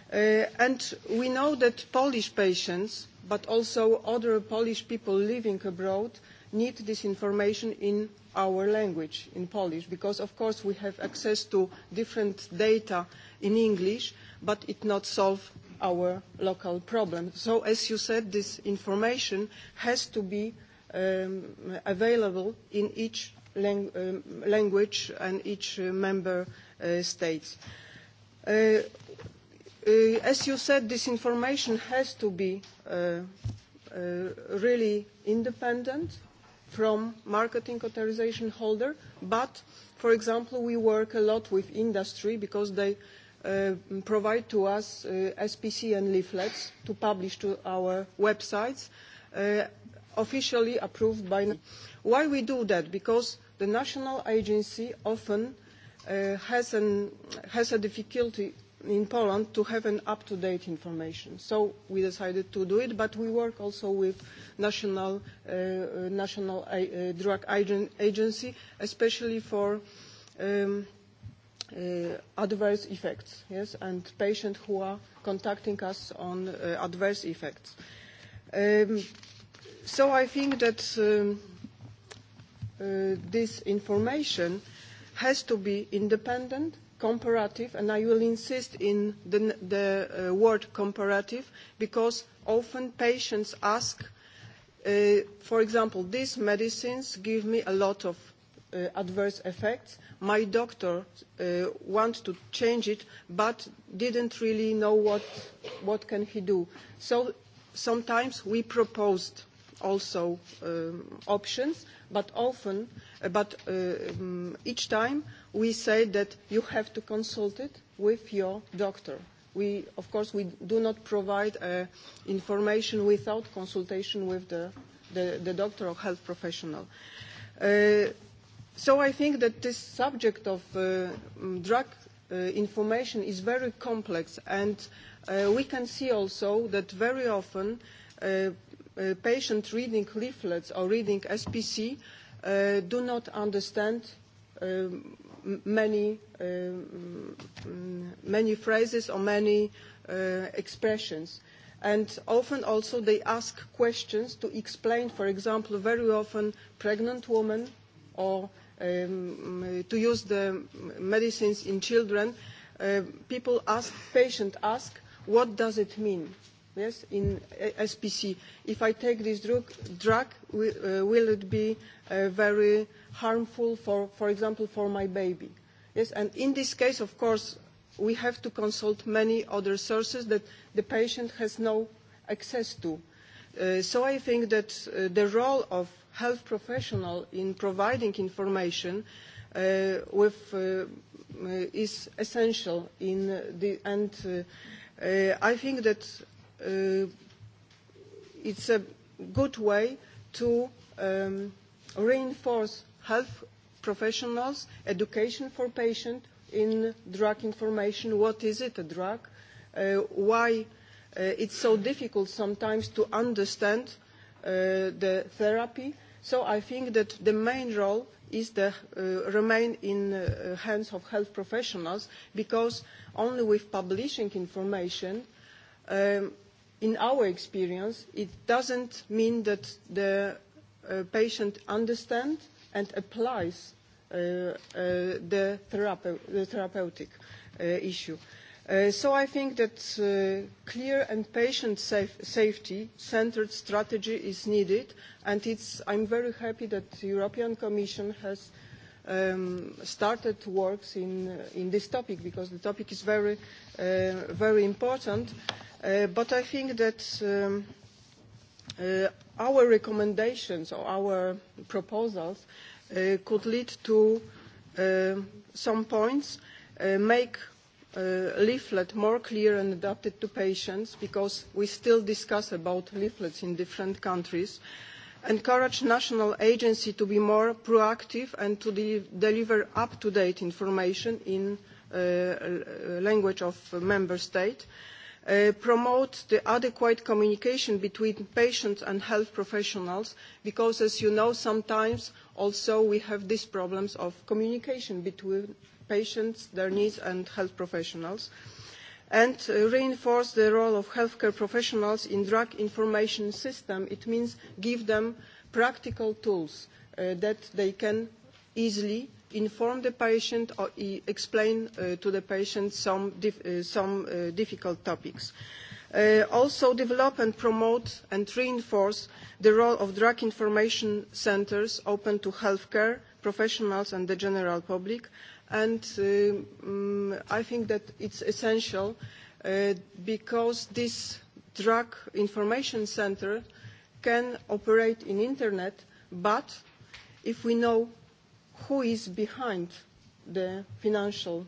And we know that Polish patients, but also other Polish people living abroad, need this information in our language, in Polish, because of course we have access to different data in English, but it not solve our local problem. So as you said, this information has to be available in each language and each member state. As you said, this information has to be really independent from marketing authorization holder, but, for example, we work a lot with industry because they provide to us SPC and leaflets to publish to our websites, officially approved by. Why we do that? Because the national agency often has a difficulty in Poland to have an up-to-date information. So we decided to do it, but we work also with national drug agency, especially for adverse effects, yes, and patients who are contacting us on adverse effects. So I think that this information has to be independent comparative, and I will insist in the word comparative, because often patients ask, for example, these medicines give me a lot of adverse effects. My doctor wants to change it, but didn't really know what what can he do. So sometimes we proposed also options, but often, but each time we say that you have to consult it with your doctor. We, of course, we do not provide information without consultation with the doctor or health professional. So I think that this subject of drug information is very complex, and we can see also that very often patients reading leaflets or reading SPC do not understand many many phrases or many expressions and often also they ask questions to explain for example very often pregnant women or to use the medicines in children people ask patient ask what does it mean yes in SPC if I take this drug will it be very harmful for for example for my baby yes and in this case of course we have to consult many other sources that the patient has no access to so i think that the role of health professional in providing information is essential in the and i think that it's a good way to reinforce health professionals, education for patients in drug information, what is it, a drug, why it's so difficult sometimes to understand the therapy. So I think that the main role is to remain in the hands of health professionals because only with publishing information, in our experience, it doesn't mean that the patient understands and applies the therapeutic issue. So I think that clear and patient safety-centered strategy is needed, and I'm very happy that the European Commission has started works in this topic, because the topic is very, very important. But I think that our recommendations or our proposals could lead to some points, make leaflets more clear and adapted to patients because we still discuss about leaflets in different countries, encourage national agency to be more proactive and to deliver up-to-date information in language of member state, promote the adequate communication between patients and health professionals because as you know sometimes also we have these problems of communication between patients their needs and health professionals and reinforce the role of healthcare professionals in drug information system it means give them practical tools that they can easily inform the patient or explain to the patient some some difficult topics. Also develop and promote and reinforce the role of drug information centers open to healthcare professionals and the general public. And I think that it's essential because this drug information center can operate in Internet, but if we know who is behind the financial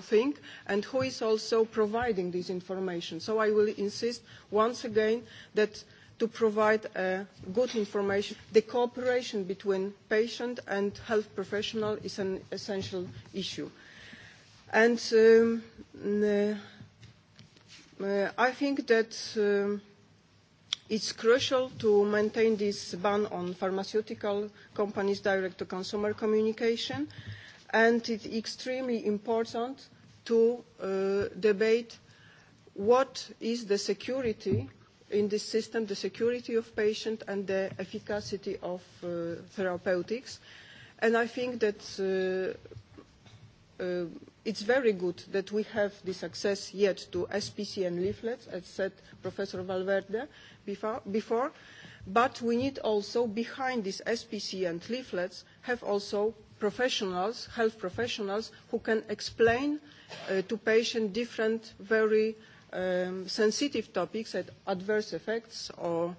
thing and who is also providing this information. So I will insist once again that to provide good information, the cooperation between patient and health professional is an essential issue. And I think that It's crucial to maintain this ban on pharmaceutical companies' direct-to-consumer communication, and it's extremely important to debate what is the security in this system, the security of patients and the efficacy of therapeutics. And I think that It's very good that we have the access yet to SPC and leaflets, as said Professor Valverde before, but we need also, behind these SPC and leaflets, have also professionals, health professionals, who can explain to patients different very sensitive topics, adverse effects or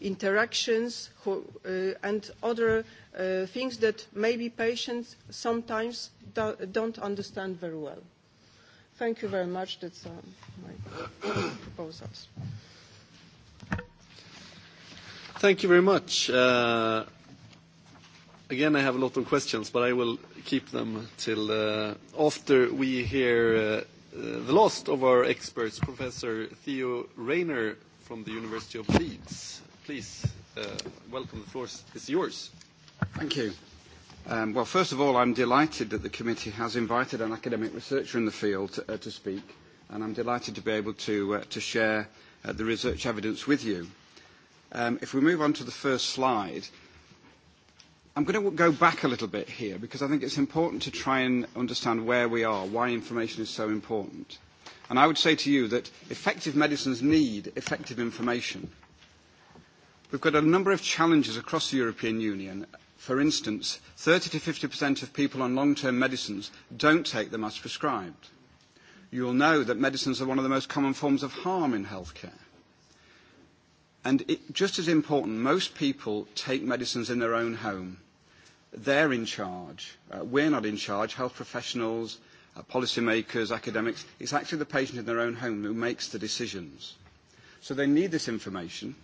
interactions and other things that maybe patients sometimes don't understand very well. Thank you very much. That's my proposals. Thank you very much. Again, I have a lot of questions, but I will keep them till after we hear the last of our experts, Professor Theo Rayner from the University of Leeds. Please, welcome. The floor is yours. Thank you. Well, first of all, I'm delighted that the committee has invited an academic researcher in the field to speak, and I'm delighted to be able to share the research evidence with you. If we move on to the first slide, I'm going to go back a little bit here because I think it's important to try and understand where we are, why information is so important. And I would say to you that effective medicines need effective information. We've got a number of challenges across the European Union. For instance, 30 to 50% of people on long-term medicines don't take them as prescribed. You will know that medicines are one of the most common forms of harm in healthcare. And just as important, most people take medicines in their own home. They're in charge. We're not in charge. Health professionals, policymakers, academics. It's actually the patient in their own home who makes the decisions. So they need this information,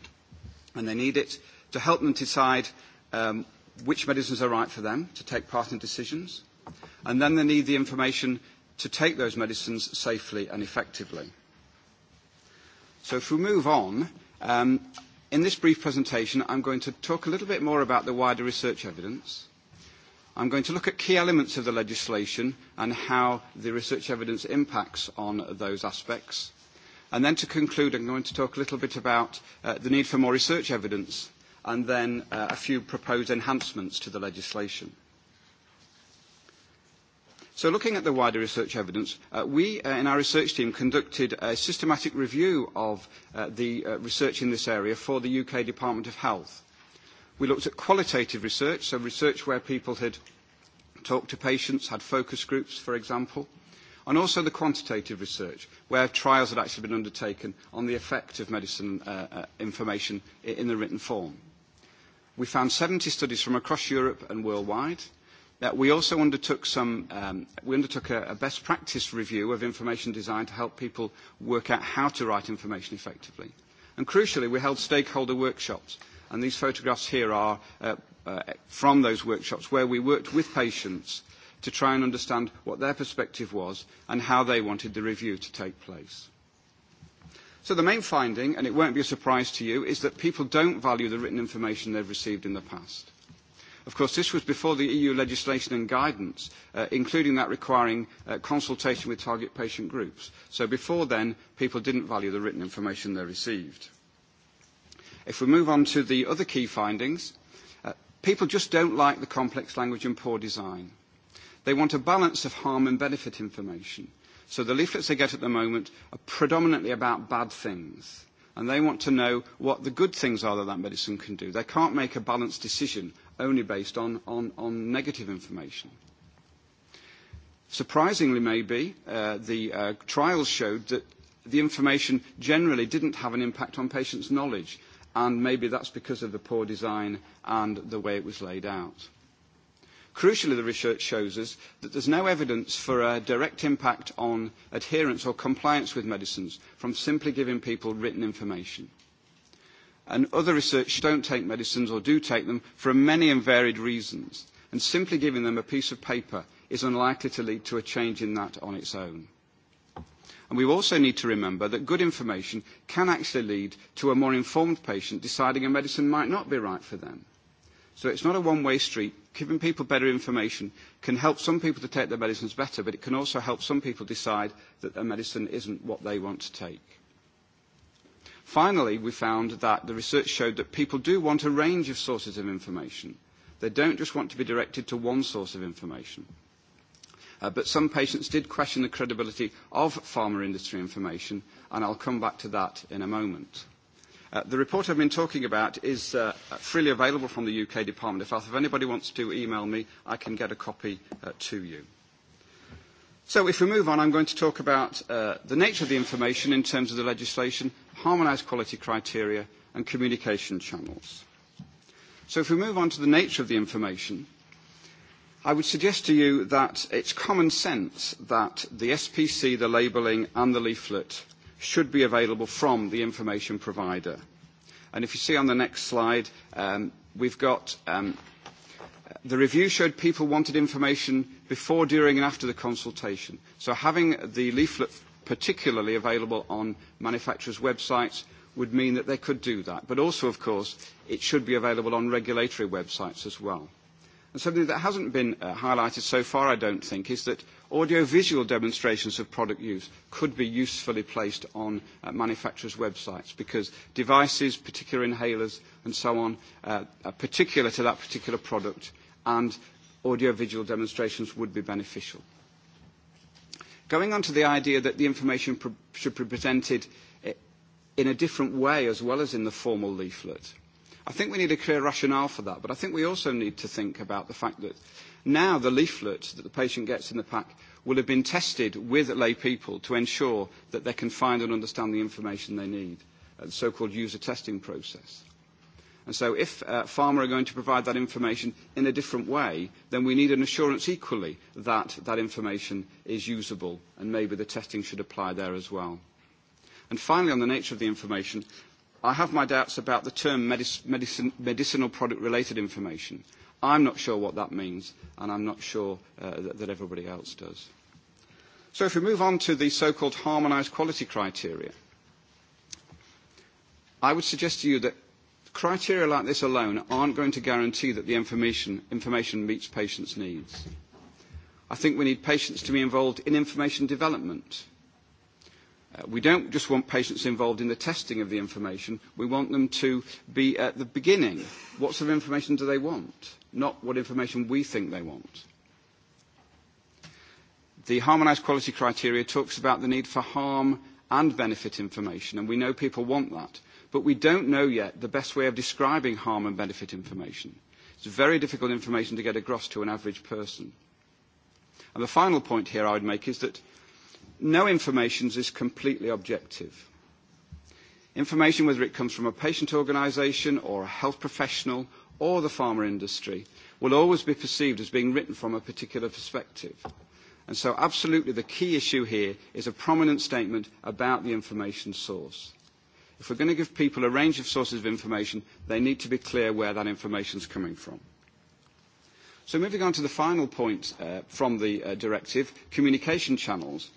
and they need it to help them decide which medicines are right for them to take part in decisions, and then they need the information to take those medicines safely and effectively. So if we move on, in this brief presentation, I'm going to talk a little bit more about the wider research evidence I'm going to look at key elements of the legislation and how the research evidence impacts on those aspects. And then to conclude, I'm going to talk a little bit about the need for more research evidence and then a few proposed enhancements to the legislation. So looking at the wider research evidence, we in our research team conducted a systematic review of the research in this area for the UK Department of Health We looked at qualitative research, so research where people had talked to patients, had focus groups, for example, and also the quantitative research, where trials had actually been undertaken on the effect of medicine information in the written form. We found 70 studies from across Europe and worldwide. We also undertook a best practice review of information design to help people work out how to write information effectively. And crucially, we held stakeholder workshops and these photographs here are from those workshops where we worked with patients to try and understand what their perspective was and how they wanted the review to take place. So the main finding, and it won't be a surprise to you, is that people don't value the written information they've received in the past. Of course, this was before the EU legislation and guidance, including that requiring consultation with target patient groups. So before then, people didn't value the written information they received. If we move on to the other key findings, people just don't like the complex language and poor design. They want a balance of harm and benefit information. So the leaflets they get at the moment are predominantly about bad things. And they want to know what the good things are that that medicine can do. They can't make a balanced decision only based on negative information. Surprisingly, maybe, the trials showed that the information generally didn't have an impact on patients' knowledge and maybe that's because of the poor design and the way it was laid out. Crucially, the research shows us that there's no evidence for a direct impact on adherence or compliance with medicines from simply giving people written information. And other research don't take medicines or do take them for many and varied reasons, and simply giving them a piece of paper is unlikely to lead to a change in that on its own. And we also need to remember that good information can actually lead to a more informed patient deciding a medicine might not be right for them. So it's not a one-way street. Giving people better information can help some people to take their medicines better, but it can also help some people decide that their medicine isn't what they want to take. Finally, we found that the research showed that people do want a range of sources of information. They don't just want to be directed to one source of information. But some patients did question the credibility of pharma industry information, and I'll come back to that in a moment. The report I've been talking about is freely available from the UK Department of Health. If anybody wants to email me, I can get a copy to you. So if we move on, I'm going to talk about the nature of the information in terms of the legislation, harmonised quality criteria and communication channels. So if we move on to the nature of the information, I would suggest to you that it's common sense that the SPC, the labelling and the leaflet should be available from the information provider. And if you see on the next slide, we've got the review showed people wanted information before, during and after the consultation. So having the leaflet particularly available on manufacturers' websites would mean that they could do that. But also, of course, it should be available on regulatory websites as well something that hasn't been highlighted so far, I don't think, is that audiovisual demonstrations of product use could be usefully placed on manufacturers' websites because devices, particular inhalers and so on, are particular to that particular product and audiovisual demonstrations would be beneficial. Going on to the idea that the information should be presented in a different way as well as in the formal leaflet I think we need a clear rationale for that, but I think we also need to think about the fact that now the leaflet that the patient gets in the pack will have been tested with lay people to ensure that they can find and understand the information they need, the so-called user testing process. And so if pharma are going to provide that information in a different way, then we need an assurance equally that that information is usable, and maybe the testing should apply there as well. And finally, on the nature of the information, I have my doubts about the term medicinal product-related information. I'm not sure what that means, and I'm not sure that everybody else does. So if we move on to the so-called harmonised quality criteria, I would suggest to you that criteria like this alone aren't going to guarantee that the information meets patients' needs. I think we need patients to be involved in information development We don't just want patients involved in the testing of the information. We want them to be at the beginning. What sort of information do they want? Not what information we think they want. The harmonised quality criteria talks about the need for harm and benefit information, and we know people want that. But we don't know yet the best way of describing harm and benefit information. It's very difficult information to get across to an average person. And the final point here I would make is that no information is completely objective. Information, whether it comes from a patient organisation or a health professional or the pharma industry, will always be perceived as being written from a particular perspective. And so absolutely the key issue here is a prominent statement about the information source. If we're going to give people a range of sources of information, they need to be clear where that information is coming from. So moving on to the final point from the directive, communication channels.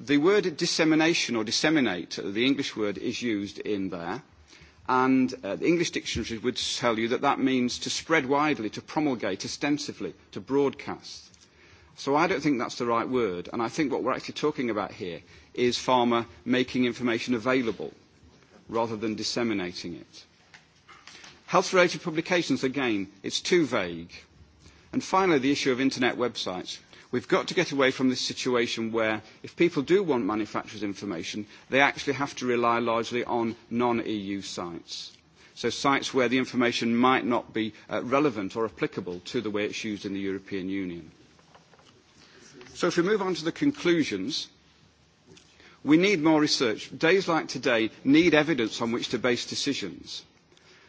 The word dissemination or disseminate, the English word, is used in there. And the English dictionary would tell you that that means to spread widely, to promulgate extensively, to broadcast. So I don't think that's the right word. And I think what we're actually talking about here is pharma making information available rather than disseminating it. Health-related publications, again, it's too vague. And finally, the issue of internet websites. We've got to get away from this situation where, if people do want manufacturers' information, they actually have to rely largely on non-EU sites. So sites where the information might not be relevant or applicable to the way it's used in the European Union. So if we move on to the conclusions, we need more research. Days like today need evidence on which to base decisions.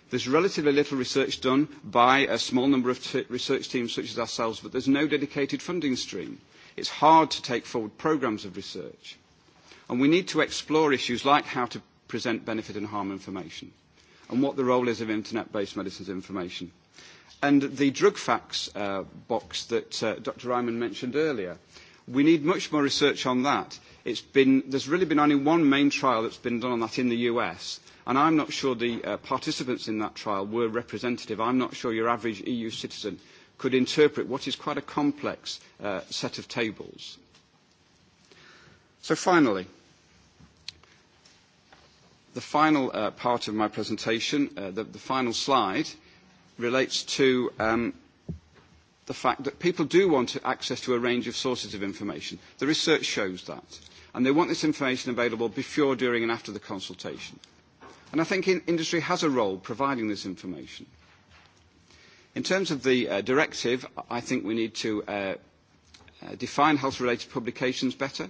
There's relatively little research done by a small number of research teams such as ourselves, but there's no dedicated funding stream. It's hard to take forward programmes of research. And we need to explore issues like how to present benefit and harm information and what the role is of internet-based medicines information. And the drug facts box that Dr. Ryman mentioned earlier, we need much more research on that. There's really been only one main trial that's been done on that in the US and I'm not sure the participants in that trial were representative. I'm not sure your average EU citizen could interpret what is quite a complex set of tables. So finally, the final part of my presentation, the final slide, relates to the fact that people do want access to a range of sources of information. The research shows that. And they want this information available before, during and after the consultation. And I think industry has a role providing this information. In terms of the directive, I think we need to define health-related publications better.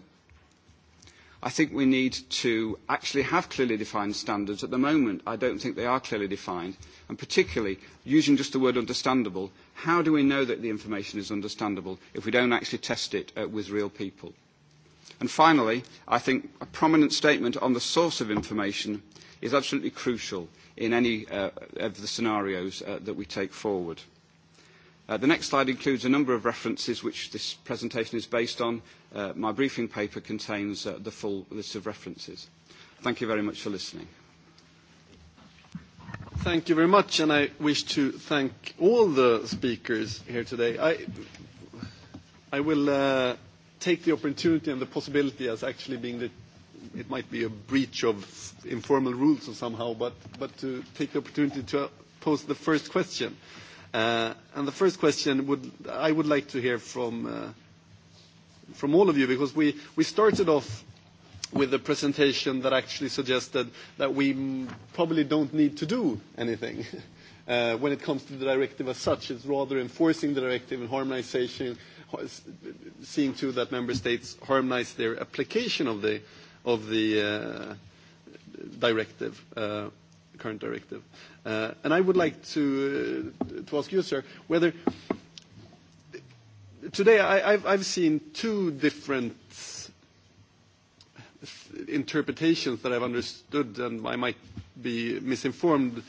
I think we need to actually have clearly defined standards. At the moment, I don't think they are clearly defined, and particularly using just the word understandable, how do we know that the information is understandable if we don't actually test it with real people? And finally, I think a prominent statement on the source of information is absolutely crucial in any of the scenarios that we take forward. The next slide includes a number of references which this presentation is based on. My briefing paper contains the full list of references. Thank you very much for listening. Thank you very much, and I wish to thank all the speakers here today. I will take the opportunity and the possibility as actually being the it might be a breach of informal rules or somehow, but but to take the opportunity to pose the first question. And the first question would, I would like to hear from all of you, because we we started off with a presentation that actually suggested that we probably don't need to do anything when it comes to the directive as such. It's rather enforcing the directive and harmonization, seeing to that member states harmonize their application of the of the directive, current directive. And I would like to ask you, sir, whether today I I've seen two different interpretations that I've understood, and I might be misinformed,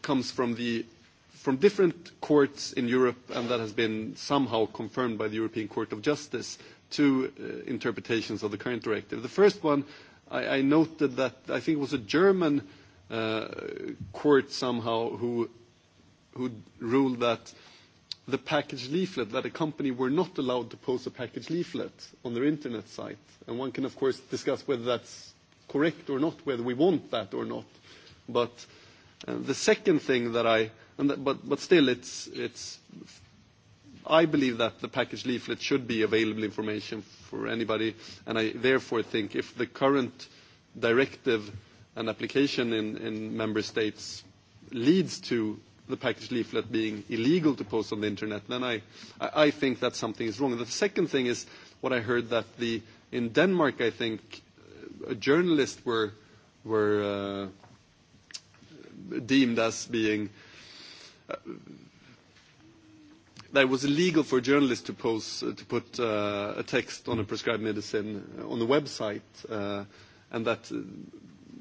comes from the from different courts in Europe, and that has been somehow confirmed by the European Court of Justice two interpretations of the current directive. The first one, I noted that I think it was a German court somehow who ruled that the package leaflet, that a company were not allowed to post a package leaflet on their internet site. And one can, of course, discuss whether that's correct or not, whether we want that or not. But the second thing that I, but still it's I believe that the package leaflet should be available information for anybody, and I therefore think if the current directive and application in member states leads to the package leaflet being illegal to post on the internet, then I think that something is wrong. The second thing is what I heard that in Denmark, I think, journalists were deemed as being that it was illegal for a journalist to post to put a text on a prescribed medicine on the website, and that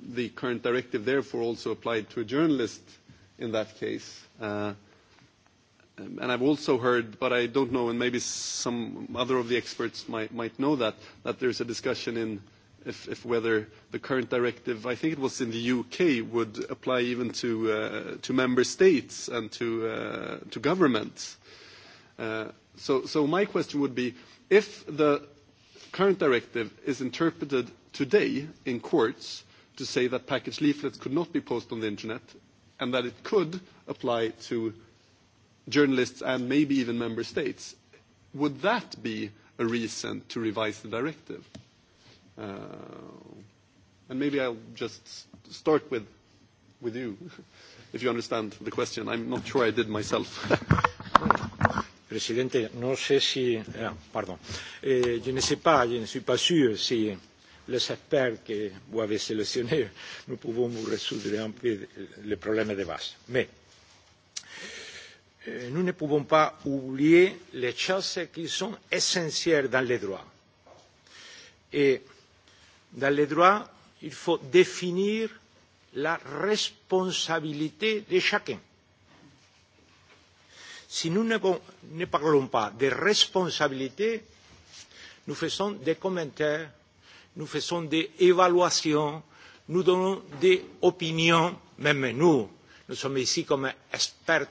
the current directive therefore also applied to a journalist in that case. And I've also heard, but I don't know, and maybe some other of the experts might know that, that there's a discussion in if whether the current directive, I think it was in the U.K., would apply even to member states and to governments So my question would be, if the current directive is interpreted today in courts to say that package leaflets could not be posted on the Internet and that it could apply to journalists and maybe even member states, would that be a reason to revise the directive? And maybe I'll just start with with you, if you understand the question. I'm not sure I did myself. Presidente, no sé si, je ne sais pas, je ne suis pas sûr si les experts que vous avez sélectionnés, nous pouvons vous résoudre un peu le problème de base. Mais nous ne pouvons pas oublier les choses qui sont essentielles dans les droits. Et dans les droits, il faut définir la responsabilité de chacun Si nous ne parlons pas de responsabilité, nous faisons des commentaires, nous faisons des évaluations, nous donnons des opinions, même nous. Nous sommes ici comme experts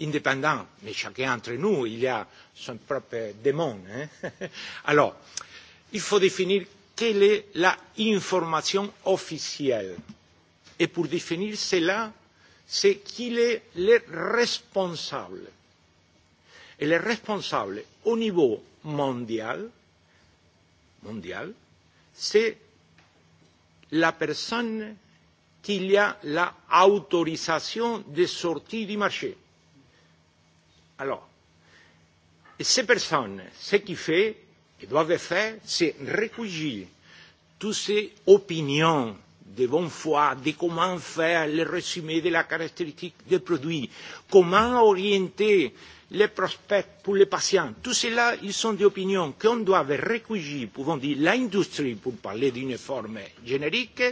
indépendants, mais chacun d'entre nous, il a son propre démon. Alors, il faut définir quelle est l'information officielle. Et pour définir cela, c'est qui est le responsable Elle est responsable au niveau mondial, mondial, c'est la personne qui a l'autorisation de sortir du marché. Alors, ces personnes, ce qu'ils font, et doivent faire, c'est recueillir toutes ces opinions de bonne foi, de comment faire le résumé de la caractéristique des produits, comment orienter les prospects pour les patients. Tout cela, ils sont d'opinion qu'on doit recueillir, pouvons dire l'industrie, pour parler d'une forme générique.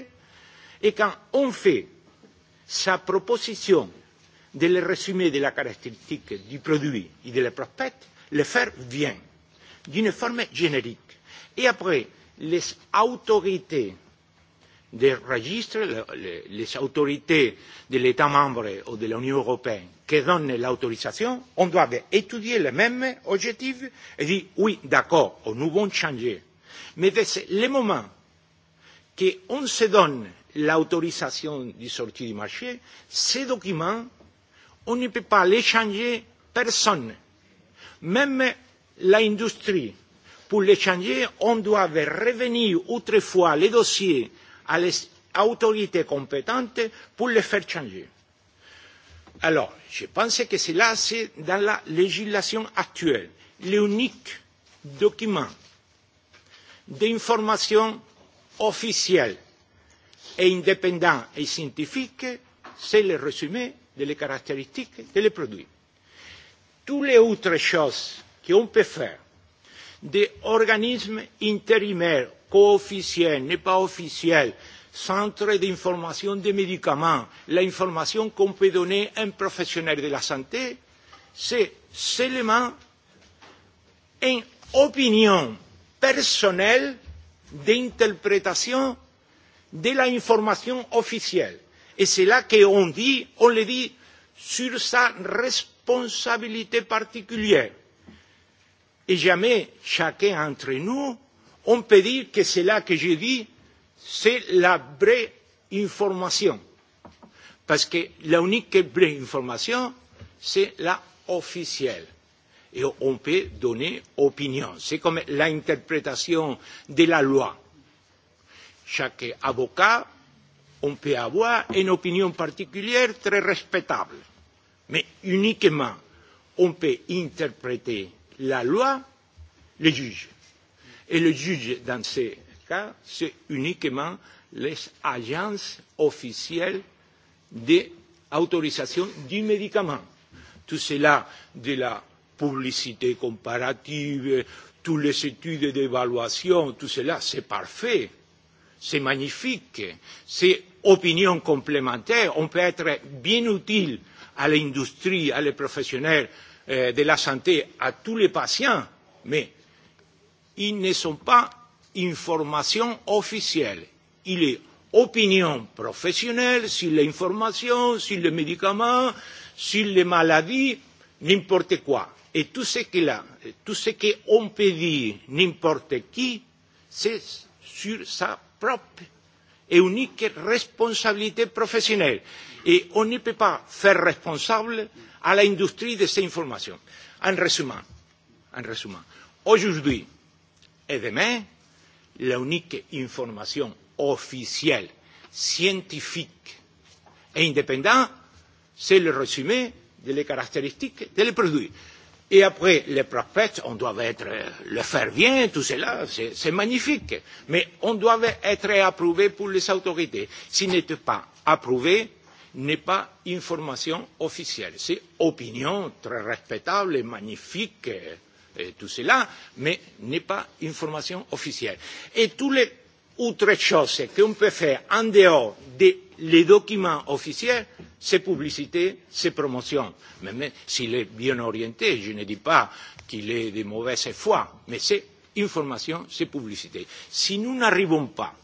Et quand on fait sa proposition de le résumer de la caractéristique du produit et de la prospect, le faire vient d'une forme générique. Et après, les autorités des registres, les autorités de l'État membre ou de l'Union européenne qui donnent l'autorisation, on doit étudier le même objectif et dire oui, d'accord, nous allons changer. Mais le moment qu'on se donne l'autorisation de sortie du marché, ces documents, on ne peut pas les changer personne. Même l'industrie, pour les changer, on doit revenir autrefois les dossiers à l'autorité compétente pour les faire changer. Alors, je pense que cela, c'est dans la législation actuelle, l'unique document d'information officielle et indépendant et scientifique, c'est le résumé des caractéristiques de des produits. Toutes les autres choses qu'on peut faire des organismes interimaires coofficiels, ne pas officiels, centres d'information des médicaments, l'information qu'on peut donner à un professionnel de la santé, c'est seulement une opinion personnelle d'interprétation de l'information officielle. Et c'est là qu'on dit, on le dit, sur sa responsabilité particulière et jamais chacun d'entre nous on peut dire que cela que je dis c'est la vraie information parce que la unique vraie information c'est la officielle et on peut donner opinion c'est comme l'interprétation de la loi chaque avocat on peut avoir une opinion particulière très respectable mais uniquement on peut interpréter la loi, le juge. Et le juge, dans ces cas, c'est uniquement les agences officielles d'autorisation du médicament. Tout cela de la publicité comparative, toutes les études d'évaluation, tout cela, c'est parfait, c'est magnifique, c'est opinion complémentaire, on peut être bien utile à l'industrie, à les professionnels de la santé à tous les patients, mais ils ne sont pas information officielle. Il est opinion professionnelle sur l'information, sur les médicaments, sur les maladies, n'importe quoi. Et tout ce tout ce qu'on peut dire n'importe qui, c'est sur sa propre et unique responsabilité professionnelle. Et on ne peut pas faire responsable à l'industrie de ces informations. En résumant, aujourd'hui et demain, l'unique information officielle, scientifique et indépendante, c'est le résumé des caractéristiques des produits. Et après, les prophètes, on doit être, le faire bien, tout cela, c'est magnifique. Mais on doit être approuvé pour les autorités. S'il n'est pas approuvé, n'est pas information officielle. C'est une opinion très respectable et magnifique, tout cela, mais n'est pas information officielle. Et toutes les autres choses qu'on peut faire en dehors des les documents officiels, c'est publicité, c'est promotion. Même s'il est bien orienté, je ne dis pas qu'il est de mauvaise foi, mais c'est information, c'est publicité. Si nous n'arrivons pas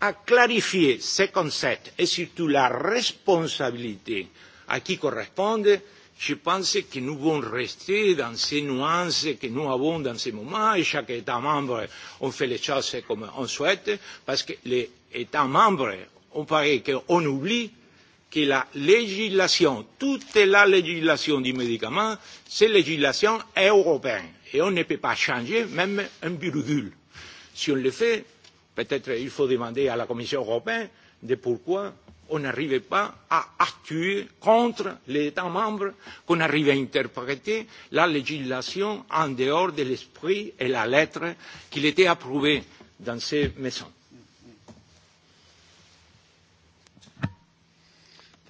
à clarifier ces concepts et surtout la responsabilité à qui correspondent, je pense que nous vont rester dans ces nuances que nous avons dans ce moment et chaque État membre on fait les choses comme on souhaite parce que les États membres on paraît qu'on oublie que la législation, toute la législation du médicament, c'est législation européenne. Et on ne peut pas changer même un virgule. Si on le fait, peut-être il faut demander à la Commission européenne de pourquoi on n'arrivait pas à actuer contre les États membres, qu'on arrive à interpréter la législation en dehors de l'esprit et la lettre qu'il était approuvé dans ces maisons.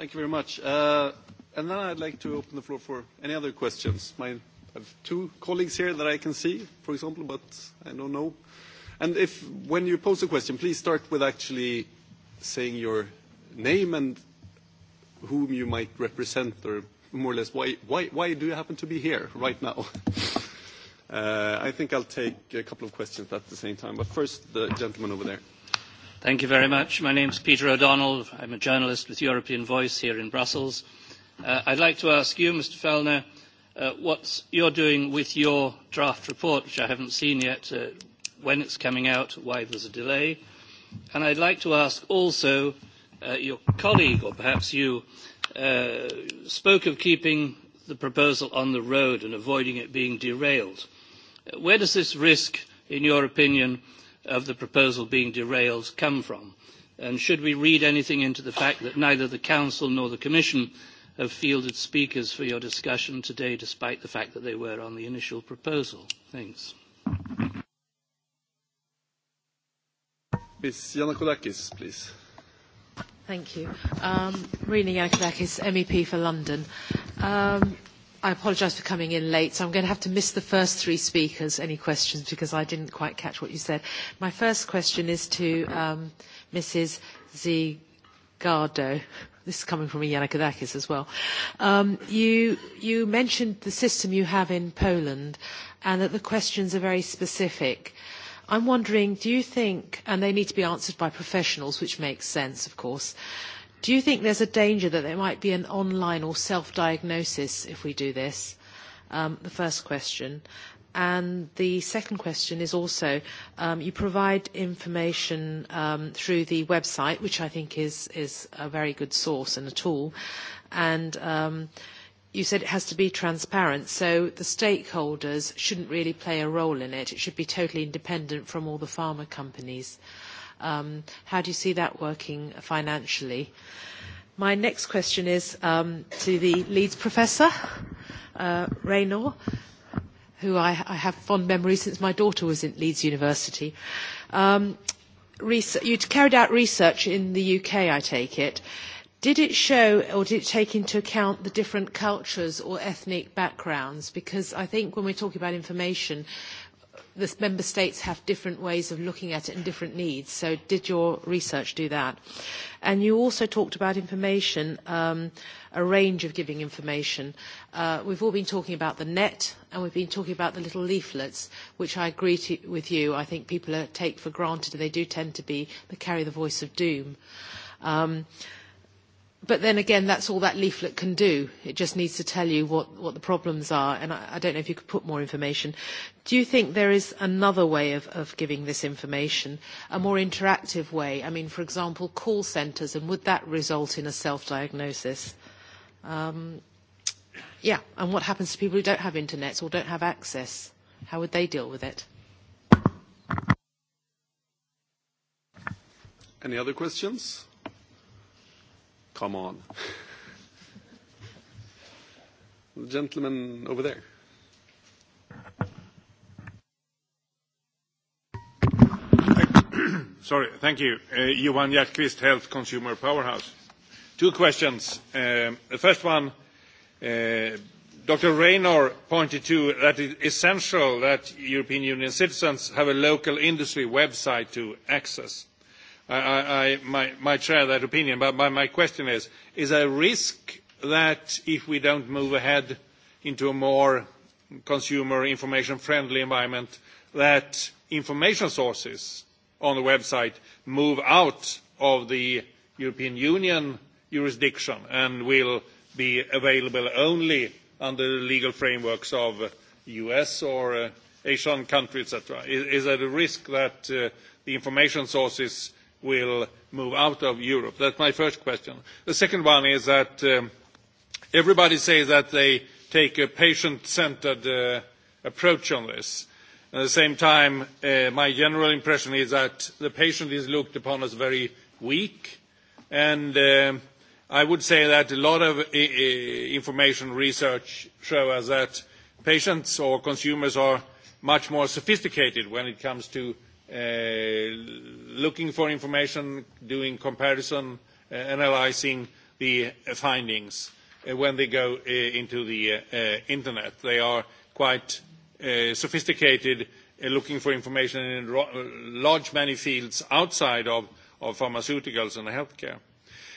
Thank you very much. And then I'd like to open the floor for any other questions. I have two colleagues here that I can see, for example, but I don't know. And if when you pose a question, please start with actually saying your name and whom you might represent, or more or less why why do you happen to be here right now? I think I'll take a couple of questions at the same time, but first the gentleman over there. Thank you very much. My name is Peter O'Donnell. I'm a journalist with European Voice here in Brussels. I'd like to ask you, Mr. Fellner, what you're doing with your draft report, which I haven't seen yet, when it's coming out, why there's a delay. And I'd like to ask also your colleague, or perhaps you, spoke of keeping the proposal on the road and avoiding it being derailed. Where does this risk, in your opinion, of the proposal being derailed come from. And should we read anything into the fact that neither the Council nor the Commission have fielded speakers for your discussion today, despite the fact that they were on the initial proposal? Thanks. Ms. please. Thank you. Rina MEP for London. I apologize for coming in late, so I'm going to have to miss the first three speakers. Any questions, because I didn't quite catch what you said. My first question is to Mrs. Zigardo. This is coming from Yanakadakis as well. You mentioned the system you have in Poland and that the questions are very specific. I'm wondering, do you think, and they need to be answered by professionals, which makes sense, of course, Do you think there's a danger that there might be an online or self-diagnosis if we do this? The first question. And the second question is also, you provide information through the website, which I think is a very good source and a tool. And you said it has to be transparent, so the stakeholders shouldn't really play a role in it. It should be totally independent from all the pharma companies. How do you see that working financially? My next question is to the Leeds Professor, Raynor, who I have fond memories since my daughter was at Leeds University. You carried out research in the UK, I take it. Did it show or did it take into account the different cultures or ethnic backgrounds? Because I think when we're talking about information, the member states have different ways of looking at it and different needs. So did your research do that? And you also talked about information, a range of giving information. We've all been talking about the net and we've been talking about the little leaflets, which I agree with you. I think people take for granted, and they do tend to be, they carry the voice of doom. But then again, that's all that leaflet can do. It just needs to tell you what what the problems are. And I don't know if you could put more information. Do you think there is another way of giving this information, a more interactive way? I mean, for example, call centres, and would that result in a self-diagnosis? Yeah. And what happens to people who don't have internet or don't have access? How would they deal with it? Any other questions? Come on. The gentleman over there. Sorry. Thank you. Johan Hjertqvist, Health Consumer Powerhouse. Two questions. The first one, Dr. Raynor pointed to that it is essential that European Union citizens have a local industry website to access I might share that opinion, but my question is, is there a risk that if we don't move ahead into a more consumer information-friendly environment, that information sources on the website move out of the European Union jurisdiction and will be available only under the legal frameworks of US or Asian countries, etc. Is there a risk that the information sources will move out of Europe? That's my first question. The second one is that everybody says that they take a patient-centered approach on this. At the same time, my general impression is that the patient is looked upon as very weak, and I would say that a lot of information research shows us that patients or consumers are much more sophisticated when it comes to looking for information, doing comparison, analyzing the findings when they go into the Internet. They are quite sophisticated, looking for information in large many fields outside of pharmaceuticals and healthcare.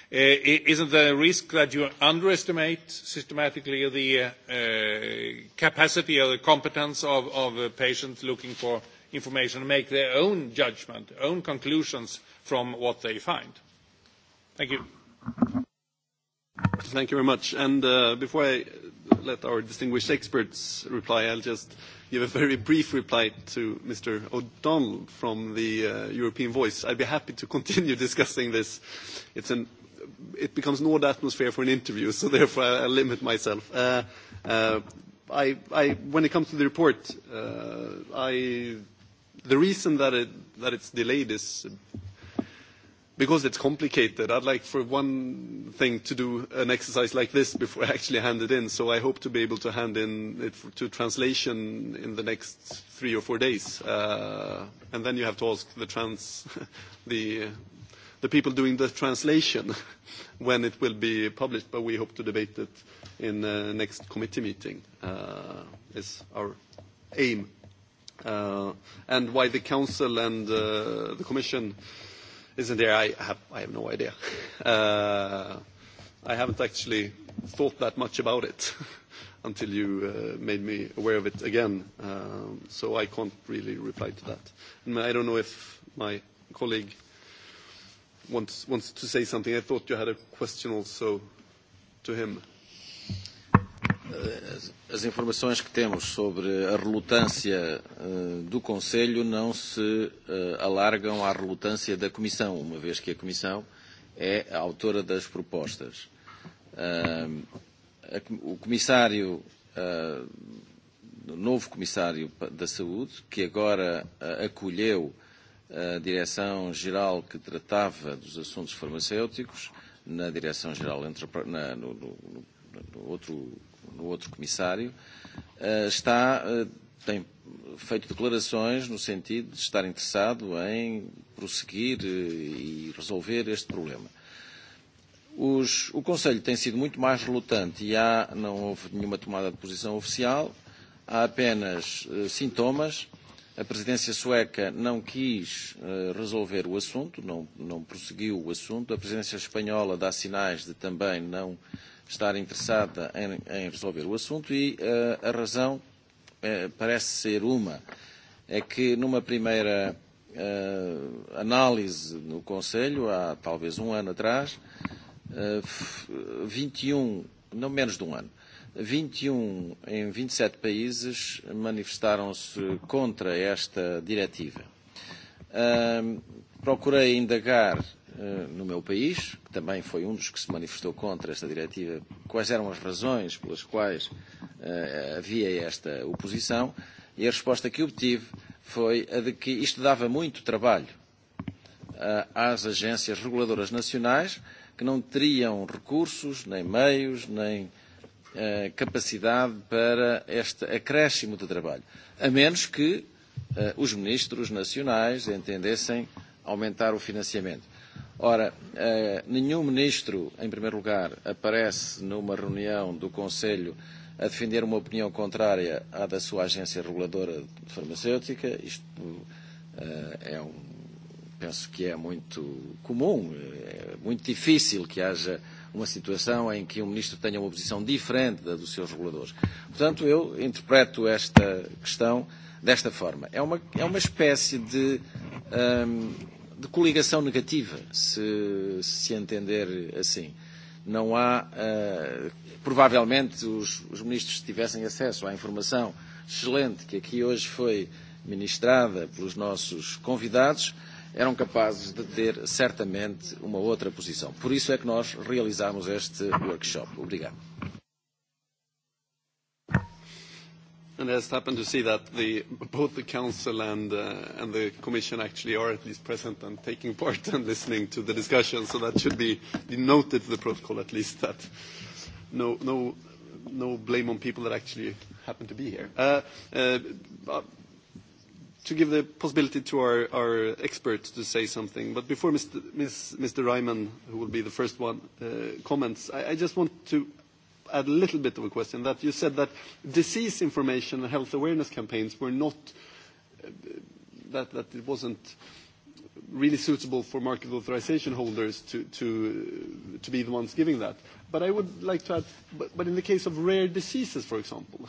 Isn't there a risk that you underestimate systematically the capacity or the competence of patients looking for information and make their own judgment, own conclusions from what they find. Thank you. Thank you very much. And before I let our distinguished experts reply, I'll just give a very brief reply to Mr. O'Donnell from the European Voice. I'd be happy to continue discussing this. It's an it becomes an odd atmosphere for an interview, so therefore I limit myself. When it comes to the report, I The reason that it it's delayed is because it's complicated. I'd like for one thing to do an exercise like this before I actually hand it in, so I hope to be able to hand in it to translation in the next three or four days. And then you have to ask the people doing the translation when it will be published, but we hope to debate it in the next committee meeting, is our aim. And why the Council and the Commission isn't there, I have no idea. I haven't actually thought that much about it until you made me aware of it again, so I can't really reply to that. I don't know if my colleague wants to say something. I thought you had a question also to him as informações que temos sobre a relutância do Conselho não se alargam à relutância da Comissão, uma vez que a Comissão é autora das propostas. O comissário, novo comissário da Saúde, que agora acolheu a Direção-Geral que tratava dos assuntos farmacêuticos, na Direção-Geral, no outro no outro comissário, está, tem feito declarações no sentido de estar interessado em prosseguir e resolver este problema. O Conselho tem sido muito mais relutante e há, não houve nenhuma tomada de posição oficial, há apenas sintomas. A presidência sueca não quis resolver o assunto, não prosseguiu o assunto. A presidência espanhola dá sinais de também não estar interessada em resolver o assunto e a razão parece ser uma. É que numa primeira análise no Conselho, há talvez um ano atrás, 21, não menos de um ano, 21 em 27 países manifestaram-se contra esta diretiva. Procurei indagar no meu país, que também foi um dos que se manifestou contra esta diretiva, quais eram as razões pelas quais havia esta oposição, e a resposta que obtive foi a de que isto dava muito trabalho às agências reguladoras nacionais, que não teriam recursos, nem meios, nem capacidade para este acréscimo de trabalho, a menos que os ministros nacionais entendessem aumentar o financiamento. Ora, nenhum ministro, em primeiro lugar, aparece numa reunião do Conselho a defender uma opinião contrária à da sua agência reguladora de farmacêutica. Isto é um, penso que é muito comum, é muito difícil que haja uma situação em que um ministro tenha uma posição diferente da dos seus reguladores. Portanto, eu interpreto esta questão desta forma. É uma, é uma espécie de de coligação negativa, se se entender assim. Não há, provavelmente, os ministros tivessem acesso à informação excelente que aqui hoje foi ministrada pelos nossos convidados, eram capazes de ter certamente uma outra posição. Por isso é que nós realizámos este workshop. Obrigado. And I just happen to see that both the Council and the Commission actually are at least present and taking part and listening to the discussion, so that should be noted to the protocol at least that no no no blame on people that actually happen to be here. To give the possibility to our our experts to say something, but before Mr. Ryman, who will be the first one, comments, I just want to add a little bit of a question that you said that disease information and health awareness campaigns were not that that it wasn't really suitable for market authorization holders to to to be the ones giving that but i would like to add but in the case of rare diseases for example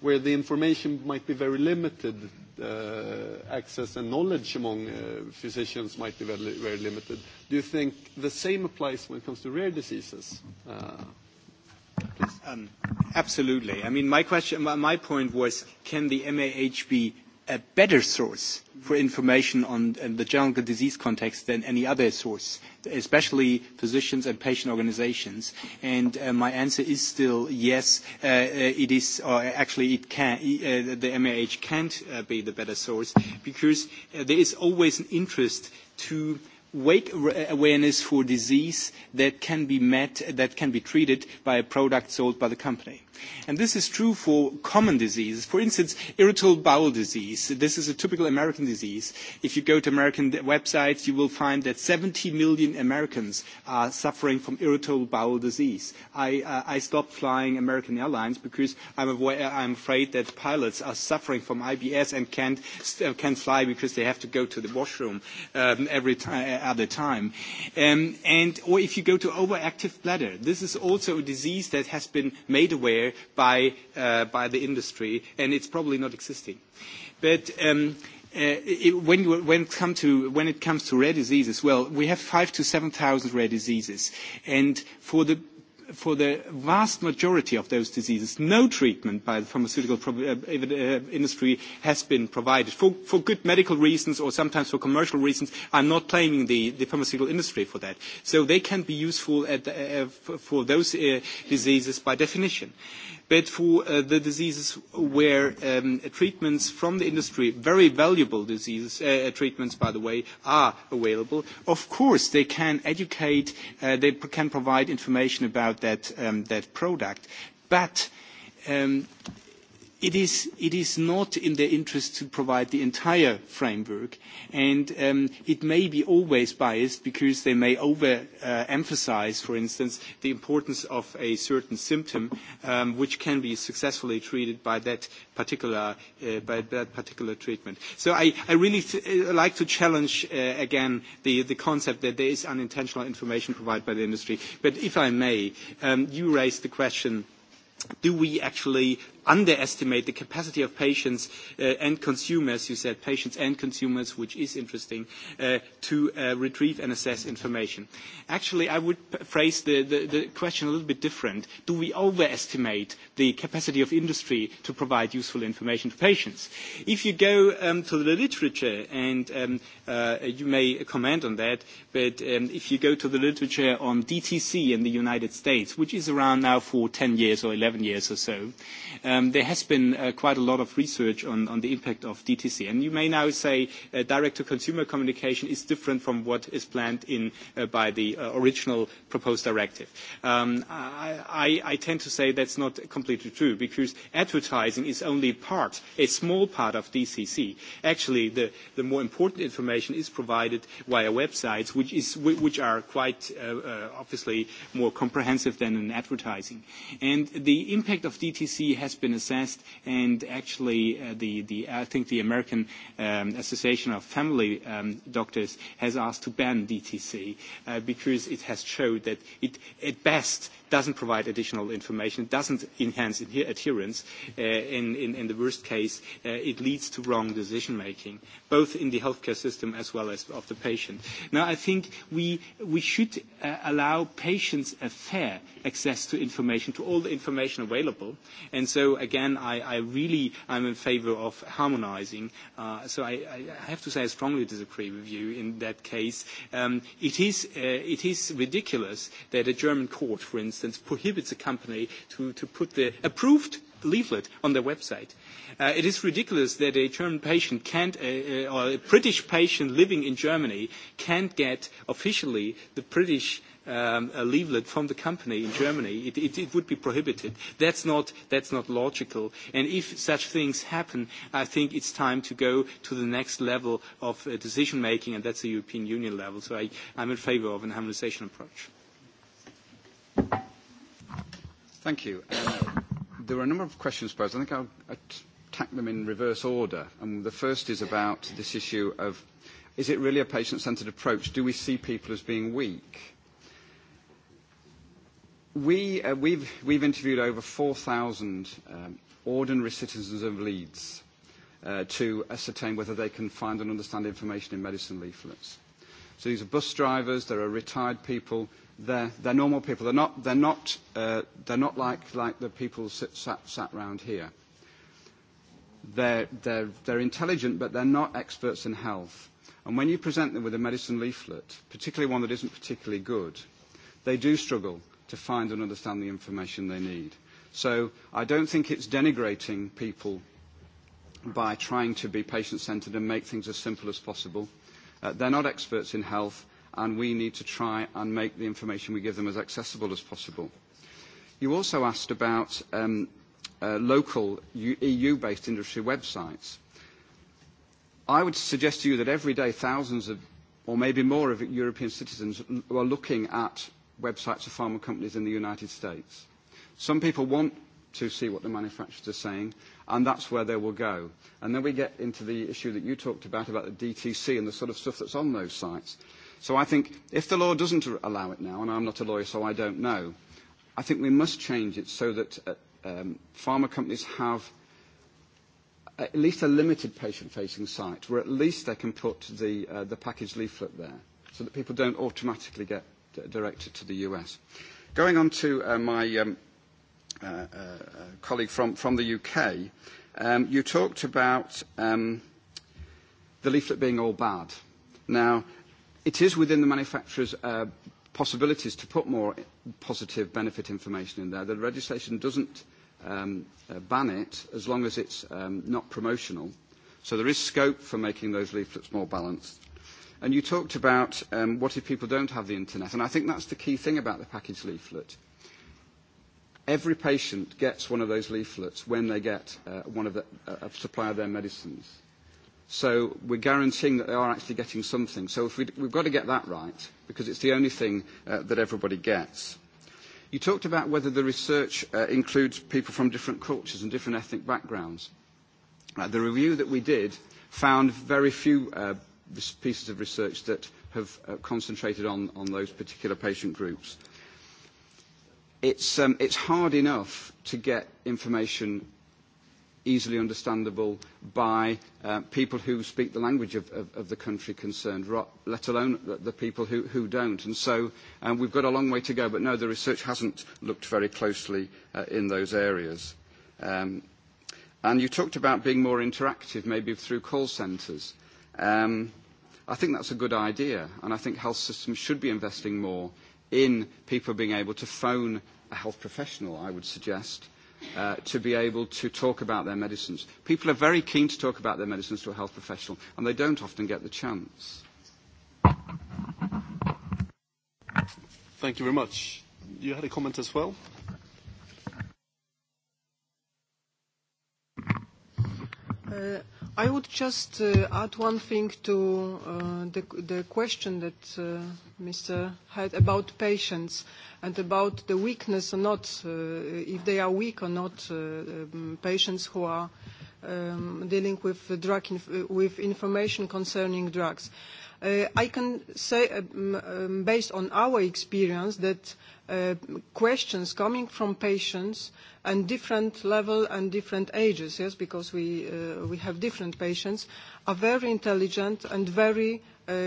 where the information might be very limited access and knowledge among physicians might be very limited do you think the same applies when it comes to rare diseases Absolutely. I mean, my question, my point was, can the MAH be a better source for information on the general disease context than any other source, especially physicians and patient organizations. And my answer is still yes, it is, or actually it can, the MAH can't be the better source because there is always an interest to wake awareness for disease that can be met that can be treated by a product sold by the company And this is true for common diseases. For instance, irritable bowel disease. This is a typical American disease. If you go to American websites, you will find that 70 million Americans are suffering from irritable bowel disease. I stopped flying American Airlines because I'm afraid that pilots are suffering from IBS and can't fly because they have to go to the washroom every other time. Or if you go to overactive bladder, this is also a disease that has been made aware here by the industry, and it's probably not existing. But when when it comes to rare diseases, well, we have five to 7,000 rare diseases, and for the for the vast majority of those diseases, no treatment by the pharmaceutical industry has been provided. For good medical reasons or sometimes for commercial reasons, I'm not blaming the pharmaceutical industry for that. So they can be useful for those diseases by definition but for the diseases where treatments from the industry, very valuable diseases, treatments by the way, are available, of course they can educate, they can provide information about that product. But It is not in their interest to provide the entire framework, and it may be always biased because they may overemphasize, for instance, the importance of a certain symptom, which can be successfully treated by that particular treatment. So I really like to challenge again the concept that there is unintentional information provided by the industry. But if I may, you raised the question do we actually underestimate the capacity of patients and consumers, you said patients and consumers, which is interesting, to retrieve and assess information. Actually, I would phrase the question a little bit different. Do we overestimate the capacity of industry to provide useful information to patients? If you go to the literature, and you may comment on that, but if you go to the literature on DTC in the United States, which is around now for 10 years or 11 years or so, there has been quite a lot of research on the impact of DTC. And you may now say direct-to-consumer communication is different from what is planned by the original proposed directive. I tend to say that's not completely true because advertising is only part, a small part of DCC. Actually, the more important information is provided via websites, which are quite obviously more comprehensive than in advertising. And the impact of DTC has been assessed, and actually the the I think the American Association of Family Doctors has asked to ban DTC because it has shown that it at best doesn't provide additional information, doesn't enhance adherence. In the worst case, it leads to wrong decision-making, both in the healthcare system as well as of the patient. Now, I think we should allow patients a fair access to information, to all the information available. And so, again, I really am in favor of harmonizing. So I have to say I strongly disagree with you in that case. It is ridiculous that a German court, for instance, instance, prohibits a company to put the approved leaflet on their website. It is ridiculous that a German patient can't, or a British patient living in Germany can't get officially the British leaflet from the company in Germany. It would be prohibited. That's not logical. And if such things happen, I think it's time to go to the next level of decision making, and that's the European Union level. So I I'm in favor of an harmonization approach. Thank you. There are a number of questions posed. I think I'll attack them in reverse order. the first is about this issue of, is it really a patient-centered approach? Do we see people as being weak? We've interviewed over 4,000 ordinary citizens of Leeds to ascertain whether they can find and understand information in medicine leaflets. So these are bus drivers, there are retired people they're normal people. They're not they're not they're not like like the people sat sat round here. They're they're they're intelligent, but they're not experts in health. And when you present them with a medicine leaflet, particularly one that isn't particularly good, they do struggle to find and understand the information they need. So I don't think it's denigrating people by trying to be patient-centred and make things as simple as possible. They're not experts in health and we need to try and make the information we give them as accessible as possible. You also asked about local EU-based industry websites. I would suggest to you that every day thousands of, or maybe more of European citizens are looking at websites of pharma companies in the United States. Some people want to see what the manufacturers are saying, and that's where they will go. And then we get into the issue that you talked about, about the DTC and the sort of stuff that's on those sites. So I think if the law doesn't allow it now, and I'm not a lawyer so I don't know, I think we must change it so that pharma companies have at least a limited patient-facing site where at least they can put the, the package leaflet there so that people don't automatically get directed to the US. Going on to my colleague from, from the UK, um, you talked about um, the leaflet being all bad. Now, It is within the manufacturer's possibilities to put more positive benefit information in there. The legislation doesn't ban it as long as it's not promotional. So there is scope for making those leaflets more balanced. And you talked about what if people don't have the internet. And I think that's the key thing about the package leaflet. Every patient gets one of those leaflets when they get a supply of their medicines. So we're guaranteeing that they are actually getting something. So if we've got to get that right, because it's the only thing that everybody gets. You talked about whether the research includes people from different cultures and different ethnic backgrounds. The review that we did found very few pieces of research that have concentrated on those particular patient groups. It's It's hard enough to get information easily understandable by people who speak the language of the country concerned, let alone the people who don't. And so we've got a long way to go, but no, the research hasn't looked very closely in those areas. And you talked about being more interactive, maybe through call centres. I think that's a good idea, and I think health systems should be investing more in people being able to phone a health professional, I would suggest, to be able to talk about their medicines. People are very keen to talk about their medicines to a health professional, and they don't often get the chance. Thank you very much. You had a comment as well? I would just add one thing to the question that Mr. had about patients and about the weakness or not, if they are weak or not, patients who are dealing with drug with information concerning drugs. I can say, based on our experience, that questions coming from patients and different level and different ages, yes, because we we have different patients, are very intelligent and very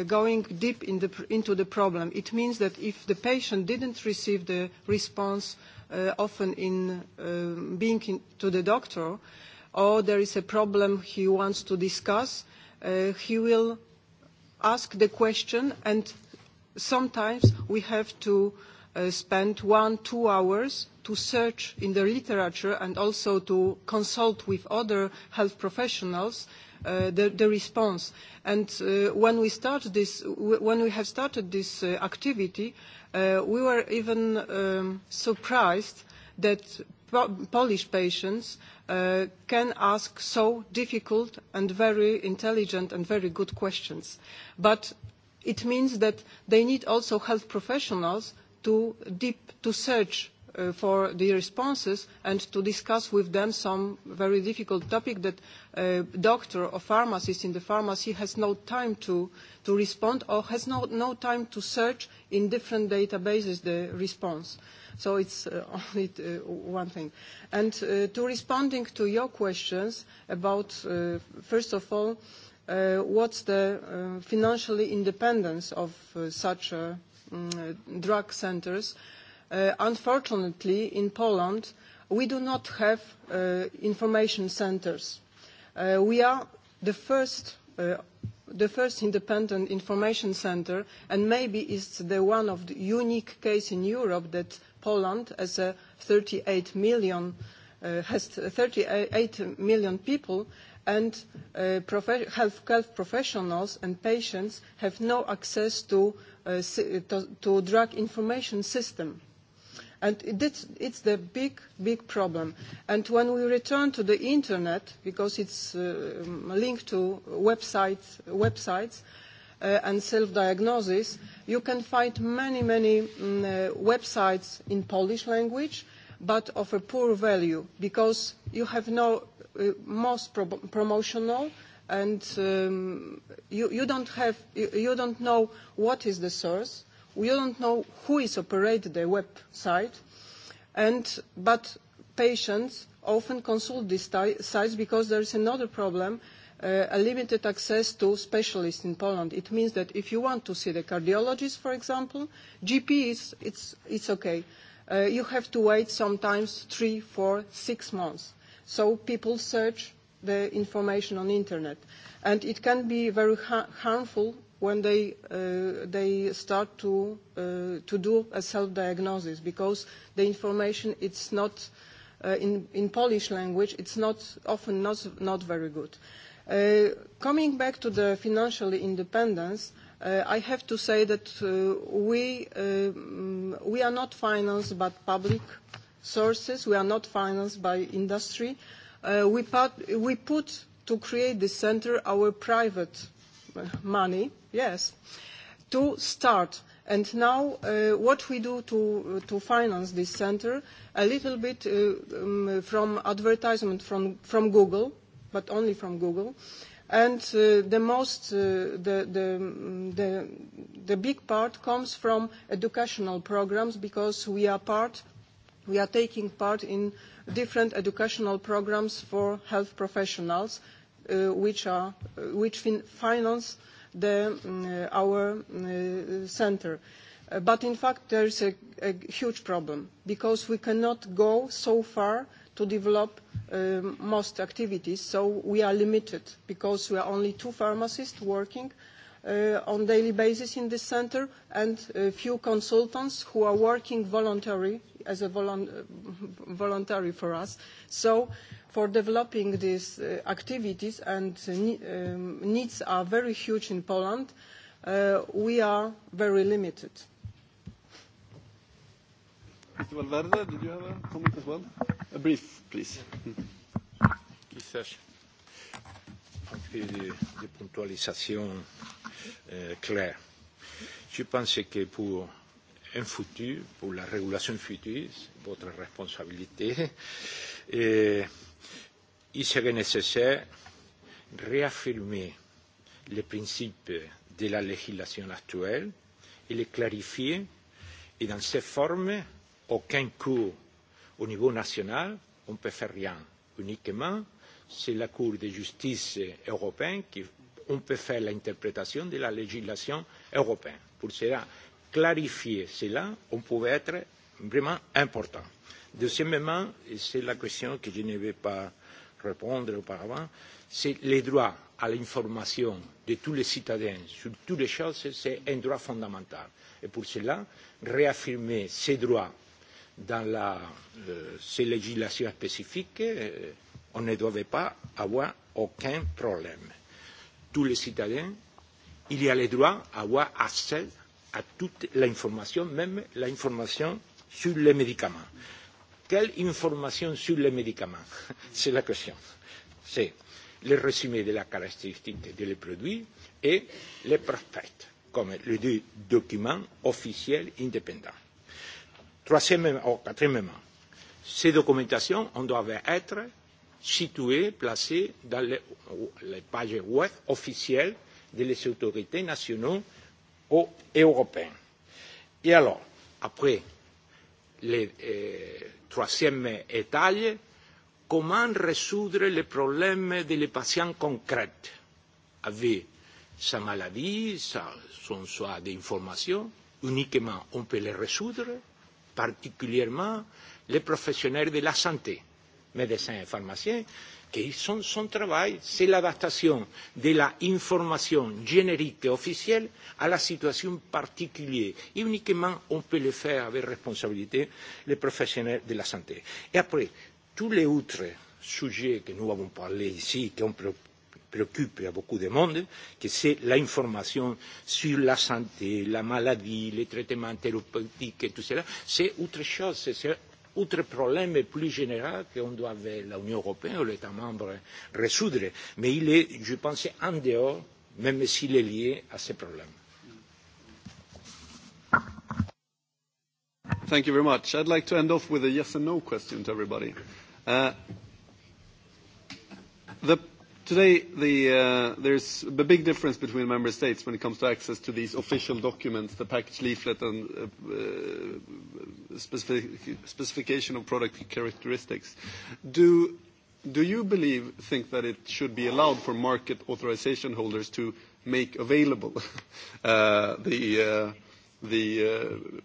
going deep into the problem. It means that if the patient didn't receive the response often in being to the doctor or there is a problem he wants to discuss, he will ask the question and sometimes we have to spend one, two hours to search in the literature and also to consult with other health professionals the response. And when we this, when we have started this activity, we were even surprised that Polish patients can ask so difficult and very intelligent and very good questions. But it means that they need also health professionals to search for the responses and to discuss with them some very difficult topic that a doctor or pharmacist in the pharmacy has no time to respond or has no time to search in different databases the response. So it's only one thing. And to responding to your questions about, first of all, what's the financial independence of such drug centers, Unfortunately, in Poland, we do not have information centers. We are the first independent information center, and maybe it's the one of the unique case in Europe that Poland, as thirty eight million, has 38 million people, and health professionals and patients have no access to drug information system. And it's the big, big problem. And when we return to the Internet, because it's linked to websites and self-diagnosis, you can find many, many websites in Polish language, but of a poor value, because you have no most promotional and you don't have, you don't know what is the source We don't know who is operating the website, and but patients often consult these sites because there is another problem, a limited access to specialists in Poland. It means that if you want to see the cardiologist, for example, GP is it's okay. You have to wait sometimes three, four, six months. So people search the information on internet, and it can be very harmful when they they start to to do a self-diagnosis because the information it's not in in Polish language it's not often not not very good. Coming back to the financial independence, I have to say that we we are not financed by public sources, we are not financed by industry. We put to create the center our private money yes, to start. And now what we do to finance this center, a little bit from advertisement from Google, but only from Google. And the most, the big part comes from educational programs because we are part, we are taking part in different educational programs for health professionals, which are, which finance the our center. But in fact, there is a huge problem because we cannot go so far to develop most activities, so we are limited because we are only two pharmacists working on daily basis in this center and a few consultants who are working voluntarily as a voluntary for us. So for developing these activities and needs are very huge in Poland, we are very limited. Mr. Valverde, did you have a comment as well? A brief, please de puntualisation claire. Je pense que pour un futur, pour la régulation future, c'est votre responsabilité, il serait nécessaire de réaffirmer les principes de la législation actuelle et les clarifier et dans ces formes, aucun cours au niveau national, on ne peut faire rien uniquement c'est la Cour de justice européenne qui on peut faire l'interprétation de la législation européenne. Pour cela, clarifier cela, on pouvait être vraiment important. Deuxièmement, et c'est la question que je ne vais pas répondre auparavant, c'est les droits à l'information de tous les citoyens, sur toutes les choses, c'est un droit fondamental. Et pour cela, réaffirmer ces droits dans ces législations spécifiques on ne devait pas avoir aucun problème. Tous les citoyens, il y a le droit d'avoir accès à toute l'information, même l'information sur les médicaments. Quelle information sur les médicaments C'est la question. C'est le résumé de la caractéristique des produits et les prospects, comme les deux documents officiels indépendants. Troisièmement, quatrièmement, ces documentations doivent être situés, placés dans les pages web officielles des autorités nationales et européennes. Et alors, après le troisième étape, comment résoudre les problèmes des patients concrets avec sa maladie, son choix d'information, uniquement on peut les résoudre, particulièrement les professionnels de la santé médecins et pharmaciens, que son travail, c'est l'adaptation de l'information générique et officielle à la situation particulière. Et uniquement, on peut le faire avec responsabilité, les professionnels de la santé. Et après, tous les autres sujets que nous avons parlé ici, qui ont préoccupe à beaucoup de monde, que c'est l'information sur la santé, la maladie, les traitements thérapeutiques et tout cela, c'est autre chose, c'est outre problème plus général qu'on doit l'Union européenne ou l'État membre résoudre, mais il est, je pense, en dehors, même s'il est lié à ces problèmes. Thank you very much. I'd like to end off with a yes and no question to everybody. Uh, The Today, there's a big difference between member states when it comes to access to these official documents, the package leaflet and specification of product characteristics. Do you believe, think that it should be allowed for market authorization holders to make available the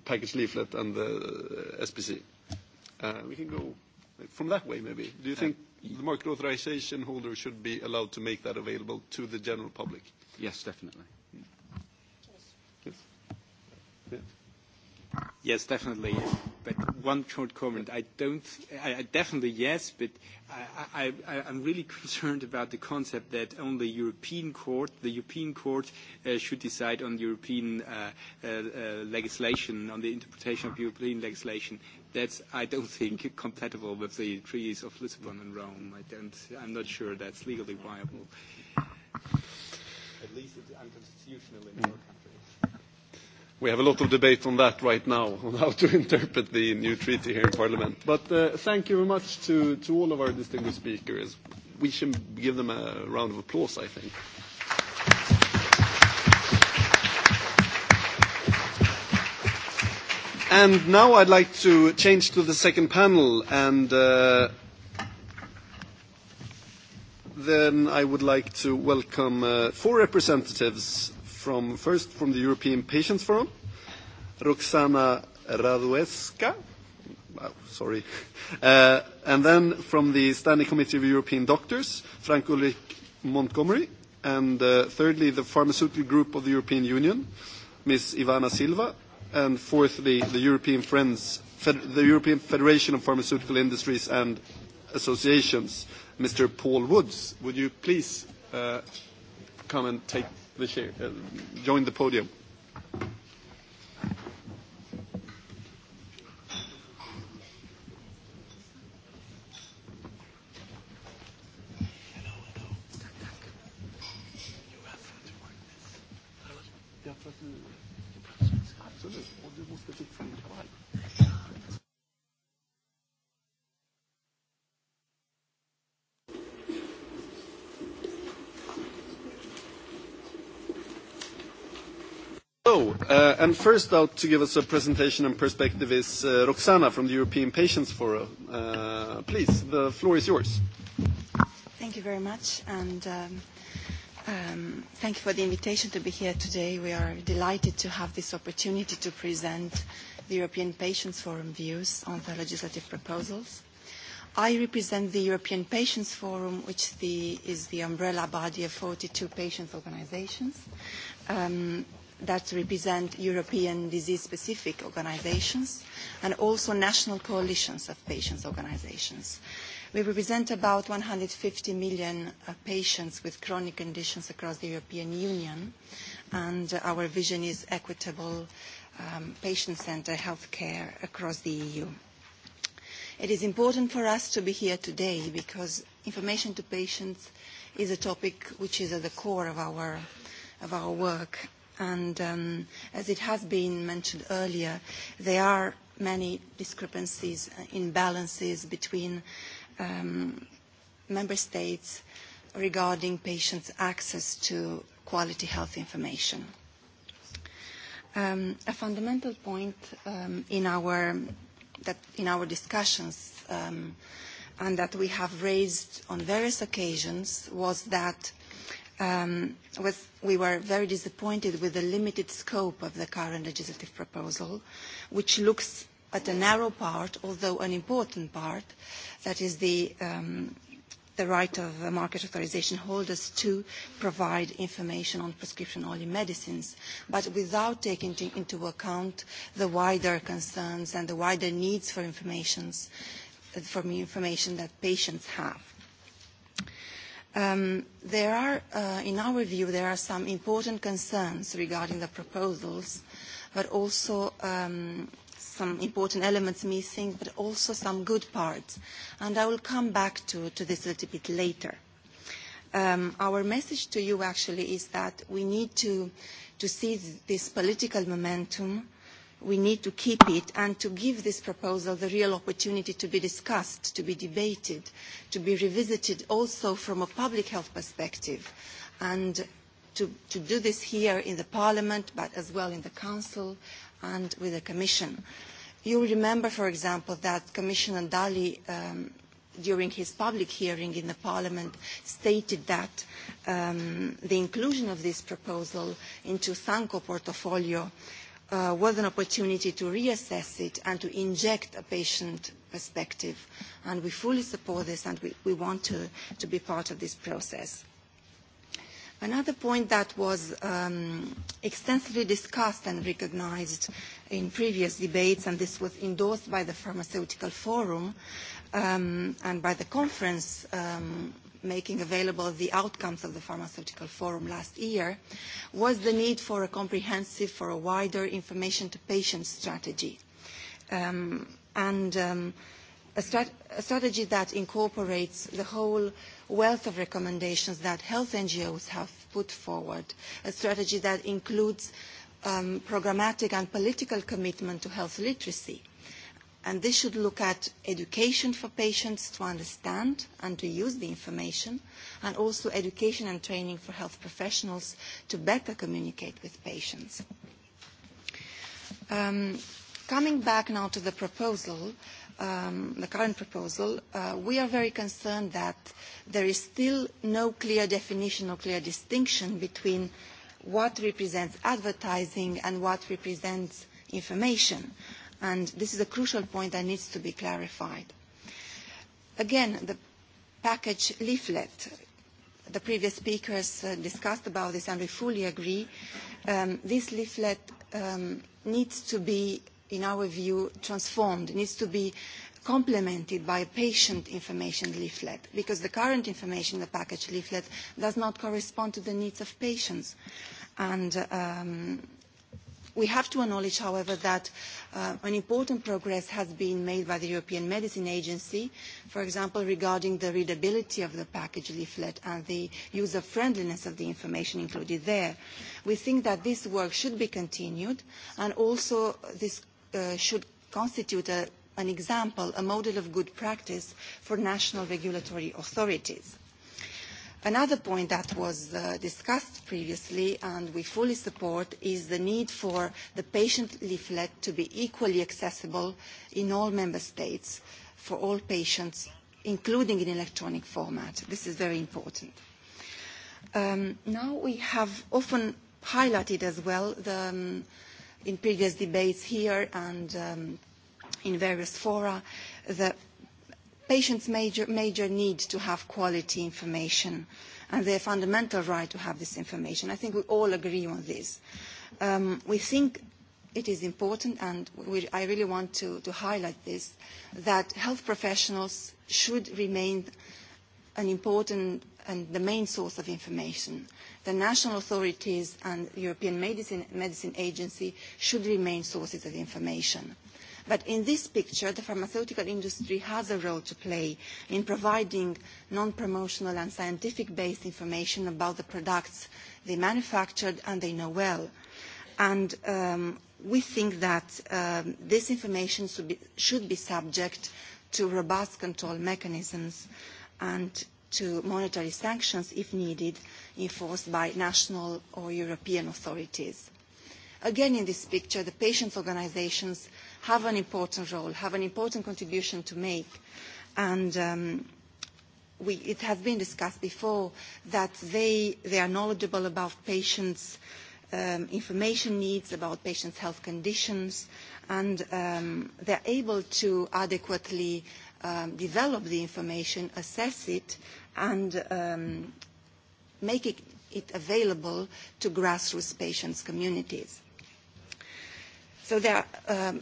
package leaflet and the SPC? We can go from that way, maybe. Do you think the market authorization holder should be allowed to make that available to the general public. Yes, definitely. Yes, definitely. But one short comment. I don't, I definitely yes, but I, I, I'm really concerned about the concept that only European court, the European court should decide on European legislation, on the interpretation of European legislation that's, I don't think, compatible with the treaties of Lisbon and Rome. I don't, I'm not sure that's legally viable. At least it's unconstitutional in your country. We have a lot of debate on that right now, on how to interpret the new treaty here in Parliament. But thank you very much to all of our distinguished speakers. We should give them a round of applause, I think. And now I'd like to change to the second panel, and then I would like to welcome four representatives from, first from the European Patients Forum, Roxana Radueska, sorry, and then from the Standing Committee of European Doctors, Frank Ulrich Montgomery, and thirdly, the Pharmaceutical Group of the European Union, Ms. Ivana Silva, and fourthly the European Friends, the European Federation of Pharmaceutical Industries and Associations. Mr. Paul Woods, would you please come and take the chair, join the podium? And first out to give us a presentation and perspective is Roxana from the European Patients Forum. Please, the floor is yours. Thank you very much, and thank you for the invitation to be here today. We are delighted to have this opportunity to present the European Patients Forum views on the legislative proposals. I represent the European Patients Forum, which is the umbrella body of 42 patients organizations that represent European disease-specific organisations and also national coalitions of patients' organisations. We represent about 150 million patients with chronic conditions across the European Union, and our vision is equitable patient-centered healthcare across the EU. It is important for us to be here today because information to patients is a topic which is at the core of our work And as it has been mentioned earlier, there are many discrepancies, imbalances between member states regarding patients' access to quality health information. A fundamental point in our in our discussions and that we have raised on various occasions was that we were very disappointed with the limited scope of the current legislative proposal, which looks at a narrow part, although an important part, that is the right of market authorisation holders to provide information on prescription-only medicines, but without taking into account the wider concerns and the wider needs for information that patients have. There are, in our view, there are some important concerns regarding the proposals, but also some important elements missing, but also some good parts. And I will come back to this a little bit later. Our message to you actually is that we need to seize this political momentum we need to keep it and to give this proposal the real opportunity to be discussed, to be debated, to be revisited also from a public health perspective and to do this here in the Parliament but as well in the Council and with the Commission. You remember, for example, that Commissioner Dalli during his public hearing in the Parliament stated that the inclusion of this proposal into Sanco portfolio was an opportunity to reassess it and to inject a patient perspective. And we fully support this and we want to be part of this process. Another point that was extensively discussed and recognized in previous debates, and this was endorsed by the Pharmaceutical Forum and by the conference making available the outcomes of the Pharmaceutical Forum last year was the need for a comprehensive, for a wider information to patients strategy. And a strategy that incorporates the whole wealth of recommendations that health NGOs have put forward, a strategy that includes programmatic and political commitment to health literacy and this should look at education for patients to understand and to use the information, and also education and training for health professionals to better communicate with patients. Coming back now to the proposal, the current proposal, we are very concerned that there is still no clear definition or clear distinction between what represents advertising and what represents information and this is a crucial point that needs to be clarified. Again, the package leaflet, the previous speakers discussed about this and we fully agree. This leaflet needs to be, in our view, transformed, needs to be complemented by a patient information leaflet, because the current information in the package leaflet does not correspond to the needs of patients. And We have to acknowledge, however, that an important progress has been made by the European Medicine Agency, for example, regarding the readability of the package leaflet and the user-friendliness of the information included there. We think that this work should be continued, and also this should constitute an example, a model of good practice for national regulatory authorities. Another point that was discussed previously and we fully support is the need for the patient leaflet to be equally accessible in all member states for all patients, including in electronic format. This is very important. Now we have often highlighted as well in previous debates here and in various fora the patients' major, need to have quality information and their fundamental right to have this information. I think we all agree on this. We think it is important, and I really want to highlight this, that health professionals should remain an important and the main source of information. The national authorities and European Medicine Agency should remain sources of information. But in this picture, the pharmaceutical industry has a role to play in providing non-promotional and scientific-based information about the products they manufactured and they know well. And we think that this information should be subject to robust control mechanisms and to monetary sanctions, if needed, enforced by national or European authorities. Again, in this picture, the patients' organisations have an important role, have an important contribution to make. And it has been discussed before that they are knowledgeable about patients' information needs, about patients' health conditions, and they are able to adequately develop the information, assess it, and make it available to grassroots patients' communities so they are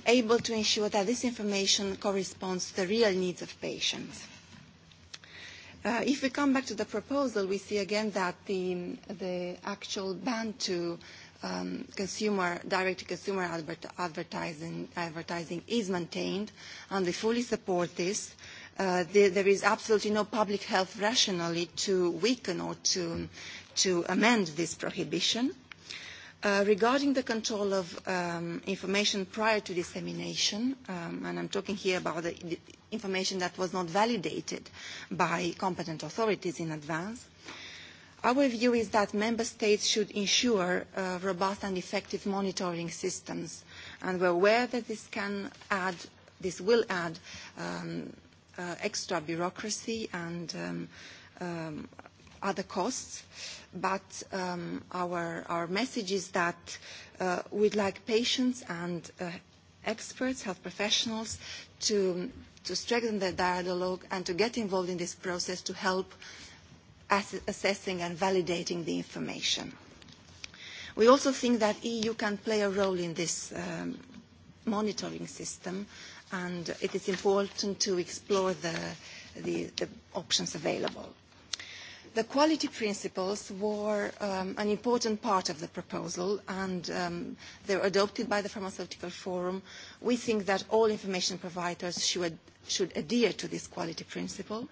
able to ensure that this information corresponds to the real needs of patients. If we come back to the proposal, we see again that the actual ban to consumer direct-to-consumer advertising is maintained, and we fully support this. There is absolutely no public health rationale to weaken or to amend this prohibition. Regarding the control of information prior to dissemination, and I'm talking here about the information that was not validated by competent authorities in advance, our view is that member states should ensure robust and effective monitoring systems, and we're aware that this can add, this will add extra bureaucracy and other costs but our our message is that we'd like patients and experts, health professionals, to to strengthen their dialogue and to get involved in this process to help assessing and validating the information. We also think that EU can play a role in this monitoring system, and it is important to explore the options available. The quality principles were an important part of the proposal and they were adopted by the Pharmaceutical Forum. We think that all information providers should adhere to this quality principle.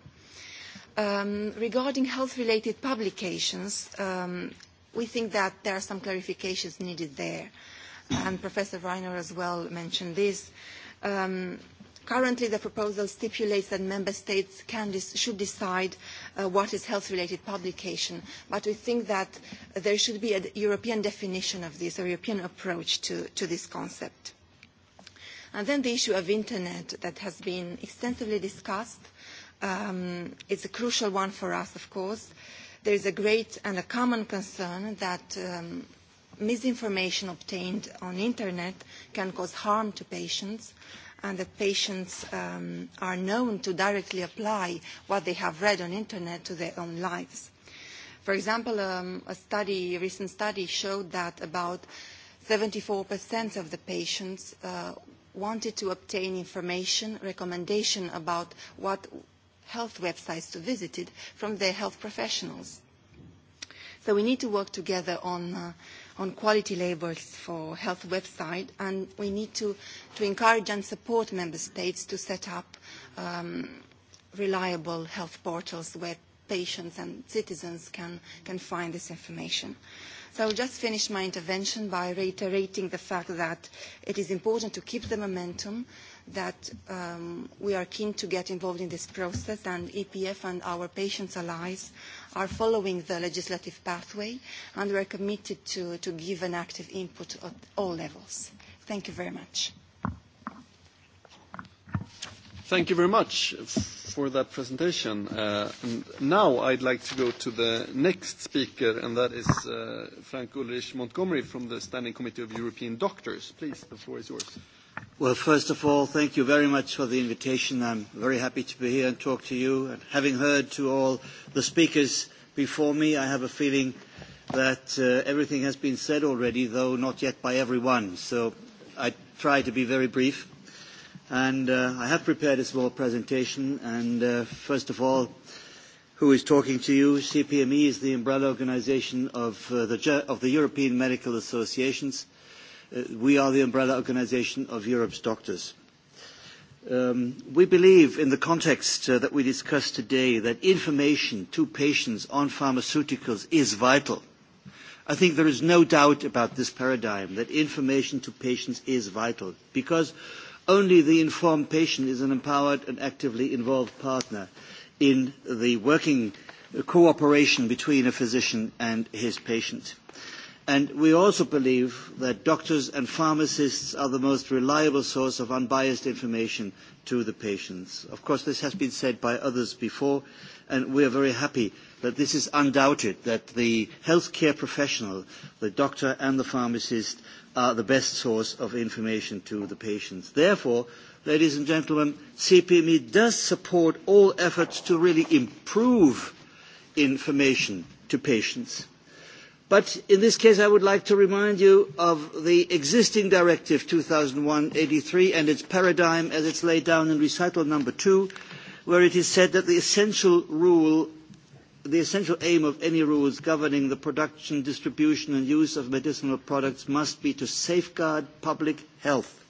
Regarding health-related publications, we think that there are some clarifications needed there, and Professor Reiner as well mentioned this. Currently, the proposal stipulates that member states should decide what is health-related publication, but we think that there should be a European definition of this, a European approach to this concept. And then the issue of Internet that has been extensively discussed. It's a crucial one for us, of course. There is a great and a common concern that misinformation obtained on Internet can cause harm to patients and the patients are known to directly apply what they have read on internet to their own lives. For example, a study, a recent study showed that about 74% of the patients wanted to obtain information, recommendation about what health websites to visit from their health professionals. So we need to work together on on quality labels for health website, and we need to encourage and support member states to set up reliable health portals where patients and citizens can find this information. So I will just finish my intervention by reiterating the fact that it is important to keep the momentum, that we are keen to get involved in this process, and EPF and our patients' allies are following the legislative pathway, and we are committed to give an active input at all levels. Thank you very much. Thank you very much for that presentation. Now I'd like to go to the next speaker, and that is Frank Ulrich Montgomery from the Standing Committee of European Doctors. Please, the floor is yours. Well, first of all, thank you very much for the invitation. I'm very happy to be here and talk to you. And having heard to all the speakers before me, I have a feeling that everything has been said already, though not yet by everyone. So I try to be very brief. And I have prepared a small presentation. And first of all, who is talking to you? CPME is the umbrella organization of the European Medical Associations We are the umbrella organisation of Europe's doctors. We believe in the context that we discussed today that information to patients on pharmaceuticals is vital. I think there is no doubt about this paradigm that information to patients is vital because only the informed patient is an empowered and actively involved partner in the working cooperation between a physician and his patient. And we also believe that doctors and pharmacists are the most reliable source of unbiased information to the patients. Of course, this has been said by others before, and we are very happy that this is undoubted, that the healthcare professional, the doctor and the pharmacist, are the best source of information to the patients. Therefore, ladies and gentlemen, CPME does support all efforts to really improve information to patients But in this case, I would like to remind you of the existing Directive 2001/83 and its paradigm as it's laid down in recital number two, where it is said that the essential rule, the essential aim of any rules governing the production, distribution and use of medicinal products must be to safeguard public health.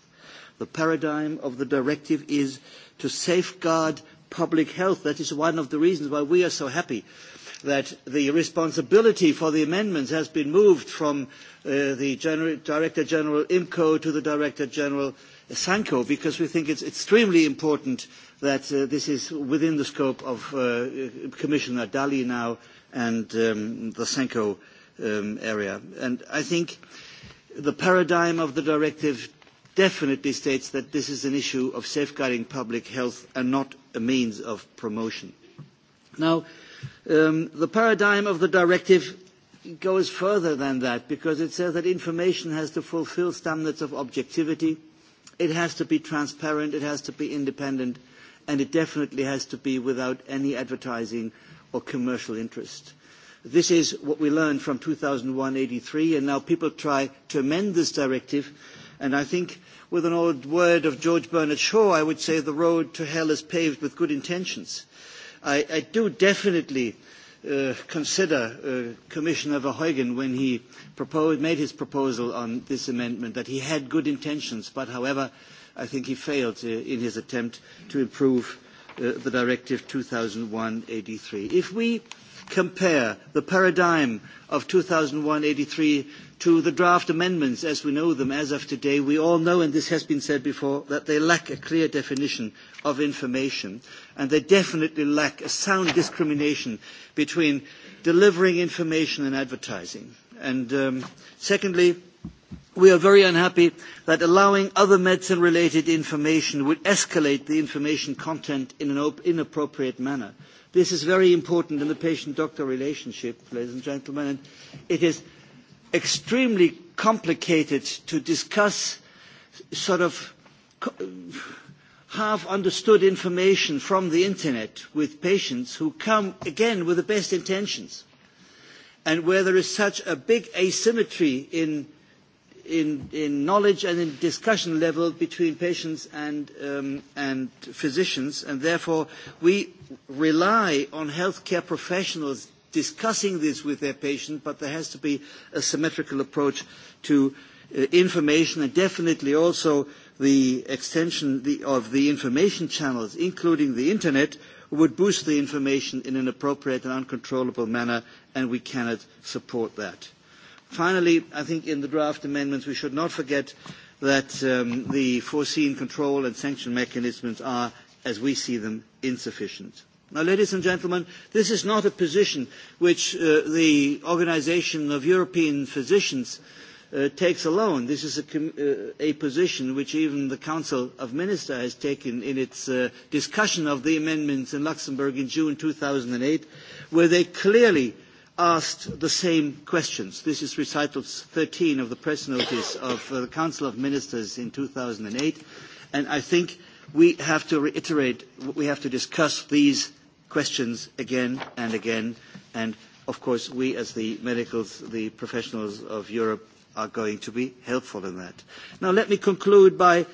The paradigm of the Directive is to safeguard public health. That is one of the reasons why we are so happy that the responsibility for the amendments has been moved from the Director General IMCO to the Director General Sanko, because we think it's extremely important that this is within the scope of Commissioner Dali now and the Sanco area. And I think the paradigm of the directive definitely states that this is an issue of safeguarding public health and not a means of promotion. Now, The paradigm of the directive goes further than that because it says that information has to fulfil standards of objectivity, it has to be transparent, it has to be independent, and it definitely has to be without any advertising or commercial interest. This is what we learned from 2001-83, and now people try to amend this directive, and I think with an old word of George Bernard Shaw, I would say the road to hell is paved with good intentions I do definitely consider Commissioner Verheugen when he made his proposal on this amendment that he had good intentions, but however, I think he failed in his attempt to improve the Directive 2001/83. If we compare the paradigm of 2001/83 to the draft amendments as we know them as of today, we all know, and this has been said before, that they lack a clear definition of information, and they definitely lack a sound discrimination between delivering information and advertising. And secondly, we are very unhappy that allowing other medicine related information would escalate the information content in an inappropriate manner. this is very important in the patient doctor relationship ladies and gentlemen and it is extremely complicated to discuss sort of half understood information from the internet with patients who come again with the best intentions and where there is such a big asymmetry in in knowledge and in discussion level between patients and physicians and therefore we rely on healthcare professionals discussing this with their patient, but there has to be a symmetrical approach to information and definitely also the extension of the information channels, including the Internet, would boost the information in an appropriate and uncontrollable manner, and we cannot support that. Finally, I think in the draft amendments we should not forget that the foreseen control and sanction mechanisms are, as we see them, insufficient. Now, ladies and gentlemen, this is not a position which the Organisation of European Physicians takes alone. This is a position which even the Council of Ministers has taken in its discussion of the amendments in Luxembourg in June 2008, where they clearly asked the same questions. This is recital 13 of the press notice of the Council of Ministers in 2008, and I think we have to reiterate, we have to discuss these questions again and again, and of course we as the medicals, the professionals of Europe, are going to be helpful in that. Now let me conclude by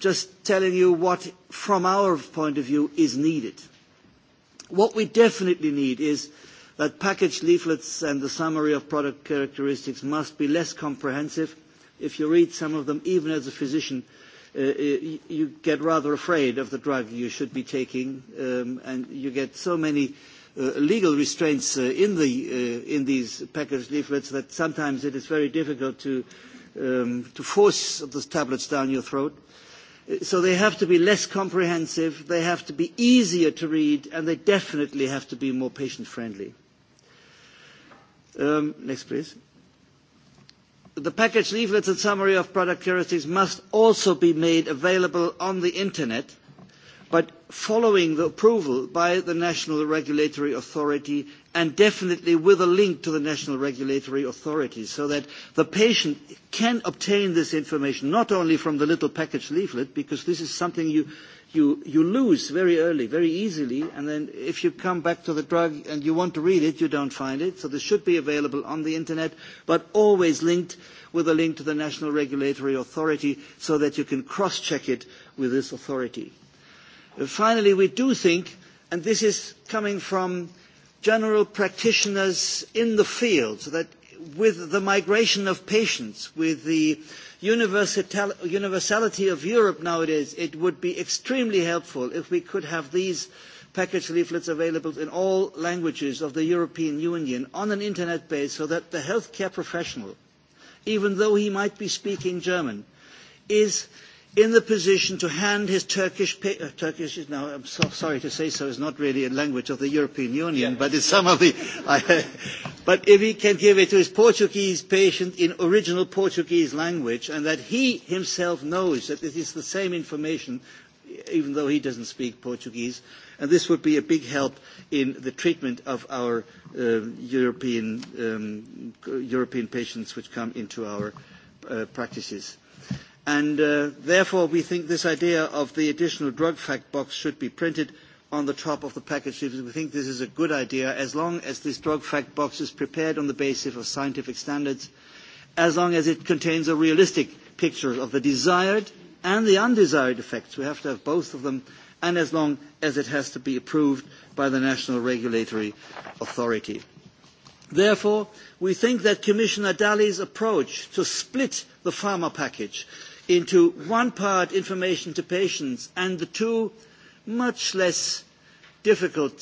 just telling you what, from our point of view, is needed. What we definitely need is that package leaflets and the summary of product characteristics must be less comprehensive. If you read some of them, even as a physician, you get rather afraid of the drug you should be taking and you get so many legal restraints in these package leaflets that sometimes it is very difficult to force the tablets down your throat. So they have to be less comprehensive, they have to be easier to read, and they definitely have to be more patient-friendly. Next, please the package leaflets and summary of product characteristics must also be made available on the internet but following the approval by the national regulatory authority and definitely with a link to the national regulatory authority so that the patient can obtain this information not only from the little package leaflet because this is something you lose very early very easily and then if you come back to the drug and you want to read it you don't find it so this should be available on the internet but always linked with a link to the national regulatory authority so that you can cross check it with this authority Finally, we do think, and this is coming from general practitioners in the field, that with the migration of patients, with the universality of Europe nowadays, it would be extremely helpful if we could have these package leaflets available in all languages of the European Union on an Internet base so that the healthcare professional, even though he might be speaking German, is in the position to hand his Turkish Turkish is now I'm so sorry to say so is not really a language of the European Union but it's some of the but if he can give it to his Portuguese patient in original Portuguese language and that he himself knows that it is the same information even though he doesn't speak Portuguese and this would be a big help in the treatment of our European European patients which come into our practices and therefore we think this idea of the additional drug fact box should be printed on the top of the package. We think this is a good idea as long as this drug fact box is prepared on the basis of scientific standards, as long as it contains a realistic picture of the desired and the undesired effects. We have to have both of them, and as long as it has to be approved by the national regulatory authority. Therefore, we think that Commissioner Dalli's approach to split the pharma package into one part information to patients and the two much less difficult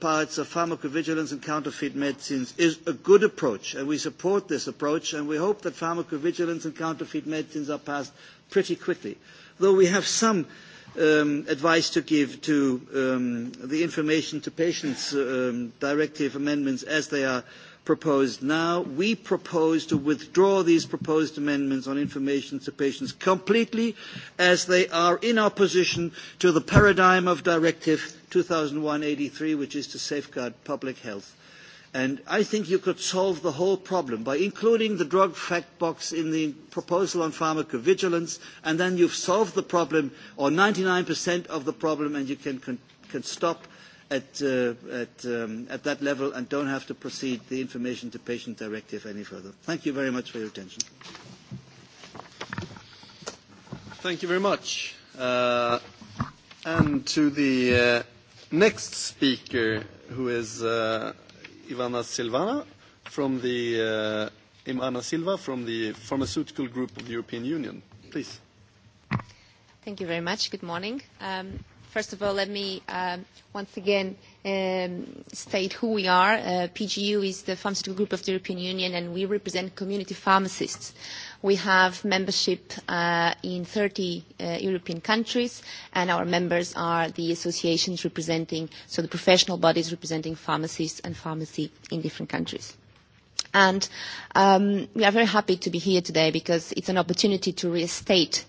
parts of pharmacovigilance and counterfeit medicines is a good approach and we support this approach and we hope that pharmacovigilance and counterfeit medicines are passed pretty quickly though we have some advice to give to the information to patients directive amendments as they are proposed now. We propose to withdraw these proposed amendments on information to patients completely as they are in opposition to the paradigm of Directive two thousand one eighty three, which is to safeguard public health. I think you could solve the whole problem by including the drug fact box in the proposal on pharmacovigilance, and then you have solved the problem, or ninety 99% of the problem, and you can stop at that level and don't have to proceed the information to patient directive any further. Thank you very much for your attention. Thank you very much. And to the next speaker, who is Ivana Silvana from the Ivana Silva from the Pharmaceutical Group of the European Union. Please. Thank you very much. Good morning. First of all, let me once again state who we are. PGU is the pharmaceutical group of the European Union, and we represent community pharmacists. We have membership in 30 European countries, and our members are the associations representing, so the professional bodies representing pharmacists and pharmacy in different countries. And we are very happy to be here today because it's an opportunity to restate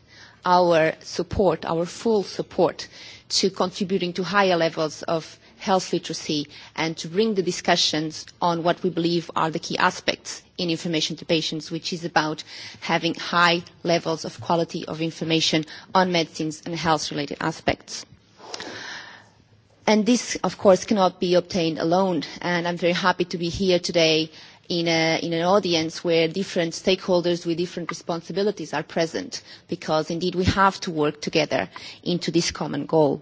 our support, our full support to contributing to higher levels of health literacy and to bring the discussions on what we believe are the key aspects in information to patients, which is about having high levels of quality of information on medicines and health-related aspects. And this, of course, cannot be obtained alone, and I'm very happy to be here today in an audience where different stakeholders with different responsibilities are present, because indeed we have to work together into this common goal.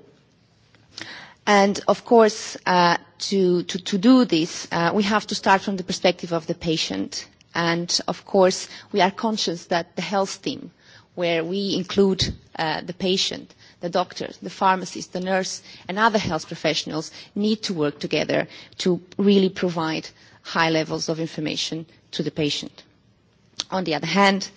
And of course, to do this, we have to start from the perspective of the patient. And of course, we are conscious that the health team, where we include the patient, the doctor, the pharmacist, the nurse, and other health professionals, need to work together to really provide high levels of information to the patient. On the other hand,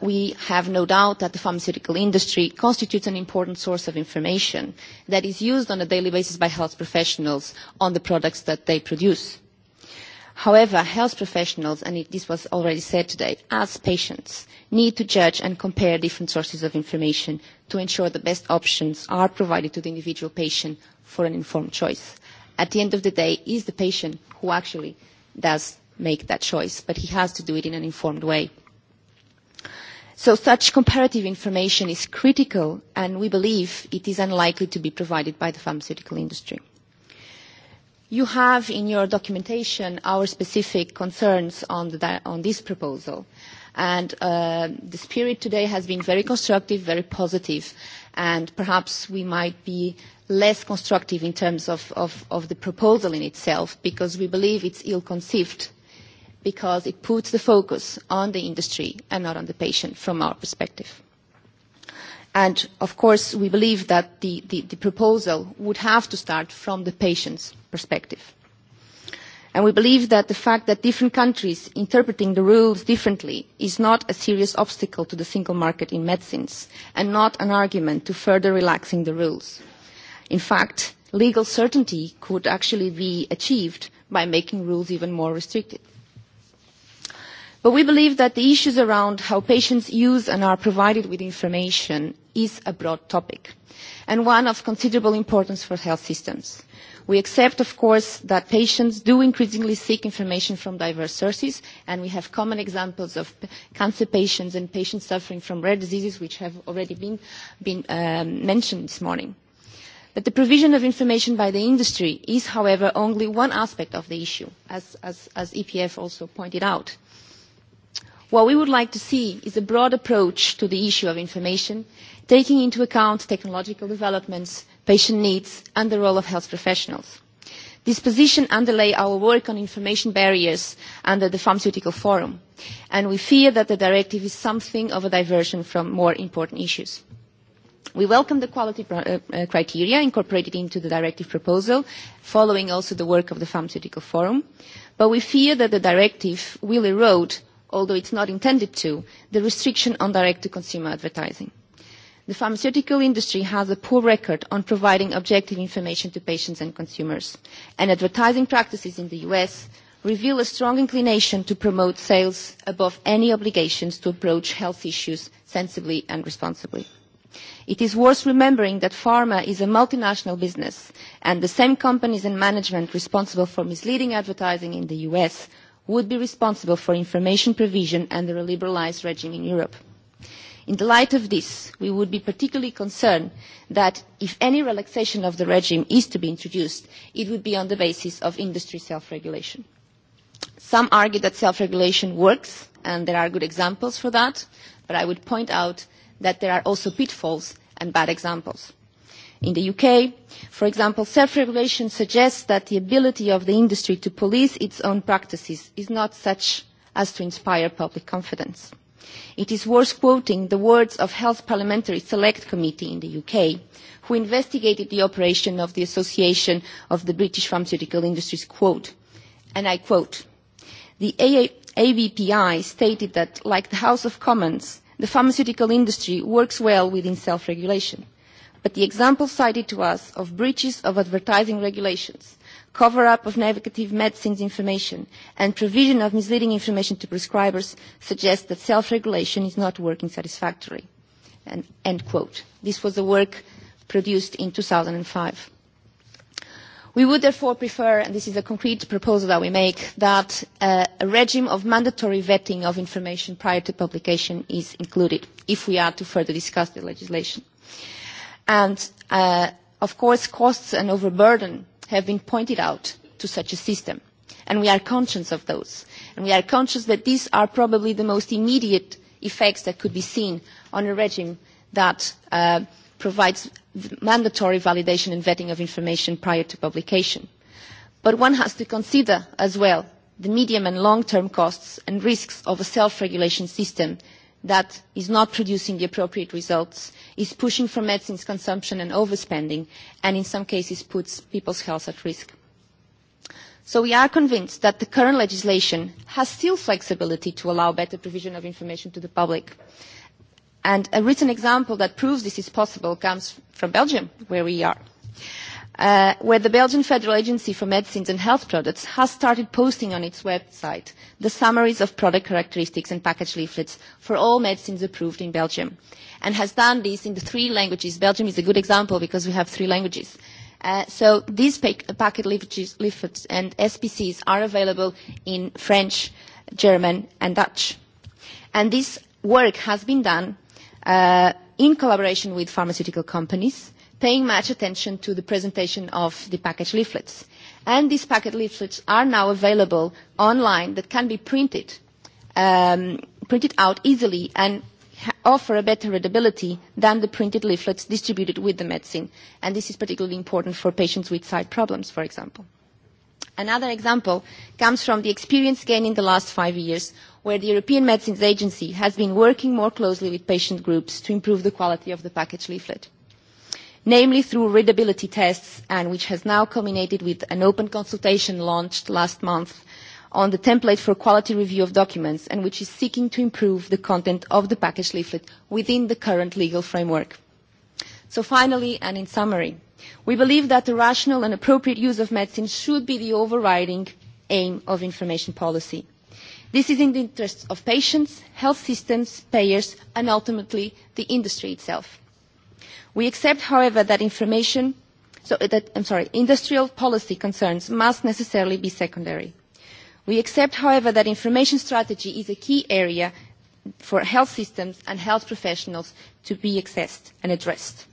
we have no doubt that the pharmaceutical industry constitutes an important source of information that is used on a daily basis by health professionals on the products that they produce. However, health professionals, and this was already said today, as patients, need to judge and compare different sources of information to ensure the best options are provided to the individual patient for an informed choice at the end of the day, is the patient who actually does make that choice, but he has to do it in an informed way. So such comparative information is critical, and we believe it is unlikely to be provided by the pharmaceutical industry. You have in your documentation our specific concerns on this proposal, and the spirit today has been very constructive, very positive, and perhaps we might be less constructive in terms of the proposal in itself because we believe it's ill-conceived because it puts the focus on the industry and not on the patient from our perspective. And, of course, we believe that the proposal would have to start from the patient's perspective we believe that the fact that different countries interpreting the rules differently is not a serious obstacle to the single market in medicines and not an argument to further relaxing the rules. in fact legal certainty could actually be achieved by making rules even more restrictive. But we believe that the issues around how patients use and are provided with information is a broad topic and one of considerable importance for health systems. We accept, of course, that patients do increasingly seek information from diverse sources, and we have common examples of cancer patients and patients suffering from rare diseases, which have already been mentioned this morning. But the provision of information by the industry is, however, only one aspect of the issue, as EPF also pointed out. What we would like to see is a broad approach to the issue of information, taking into account technological developments, patient needs and the role of health professionals. This position underlay our work on information barriers under the Pharmaceutical Forum, and we fear that the directive is something of a diversion from more important issues. We welcome the quality criteria incorporated into the directive proposal, following also the work of the Pharmaceutical Forum, but we fear that the directive will erode although it's not intended to, the restriction on direct-to-consumer advertising. The pharmaceutical industry has a poor record on providing objective information to patients and consumers, and advertising practices in the U.S. reveal a strong inclination to promote sales above any obligations to approach health issues sensibly and responsibly. It is worth remembering that pharma is a multinational business, and the same companies and management responsible for misleading advertising in the U.S would be responsible for information provision under a liberalised regime in Europe. In the light of this, we would be particularly concerned that if any relaxation of the regime is to be introduced, it would be on the basis of industry self-regulation. Some argue that self-regulation works, and there are good examples for that, but I would point out that there are also pitfalls and bad examples. In the UK, for example, self-regulation suggests that the ability of the industry to police its own practices is not such as to inspire public confidence. It is worth quoting the words of Health Parliamentary Select Committee in the UK, who investigated the operation of the Association of the British Pharmaceutical Industries, quote, and I quote, the ABPI stated that, like the House of Commons, the pharmaceutical industry works well within self-regulation but the example cited to us of breaches of advertising regulations, cover-up of negative medicines information, and provision of misleading information to prescribers suggest that self-regulation is not working satisfactorily. End quote. This was the work produced in 2005. We would therefore prefer, and this is a concrete proposal that we make, that a regime of mandatory vetting of information prior to publication is included, if we are to further discuss the legislation. And, of course, costs and overburden have been pointed out to such a system, and we are conscious of those. And we are conscious that these are probably the most immediate effects that could be seen on a regime that provides mandatory validation and vetting of information prior to publication. But one has to consider as well the medium and long-term costs and risks of a self-regulation system that is not producing the appropriate results, is pushing for medicines consumption and overspending, and in some cases puts people's health at risk. So we are convinced that the current legislation has still flexibility to allow better provision of information to the public. And a written example that proves this is possible comes from Belgium, where we are where the Belgian Federal Agency for Medicines and Health Products has started posting on its website the summaries of product characteristics and package leaflets for all medicines approved in Belgium, and has done this in the three languages. Belgium is a good example because we have three languages. So these packet leaflets and SPCs are available in French, German and Dutch. And this work has been done in collaboration with pharmaceutical companies paying much attention to the presentation of the package leaflets. And these packet leaflets are now available online that can be printed, printed out easily and offer a better readability than the printed leaflets distributed with the medicine. And this is particularly important for patients with side problems, for example. Another example comes from the experience gained in the last five years, where the European Medicines Agency has been working more closely with patient groups to improve the quality of the package leaflet namely through readability tests and which has now culminated with an open consultation launched last month on the template for quality review of documents and which is seeking to improve the content of the package leaflet within the current legal framework. So finally, and in summary, we believe that the rational and appropriate use of medicine should be the overriding aim of information policy. This is in the interests of patients, health systems, payers and ultimately the industry itself. We accept, however, that information, so that, I'm sorry, industrial policy concerns must necessarily be secondary. We accept, however, that information strategy is a key area for health systems and health professionals to be accessed and addressed.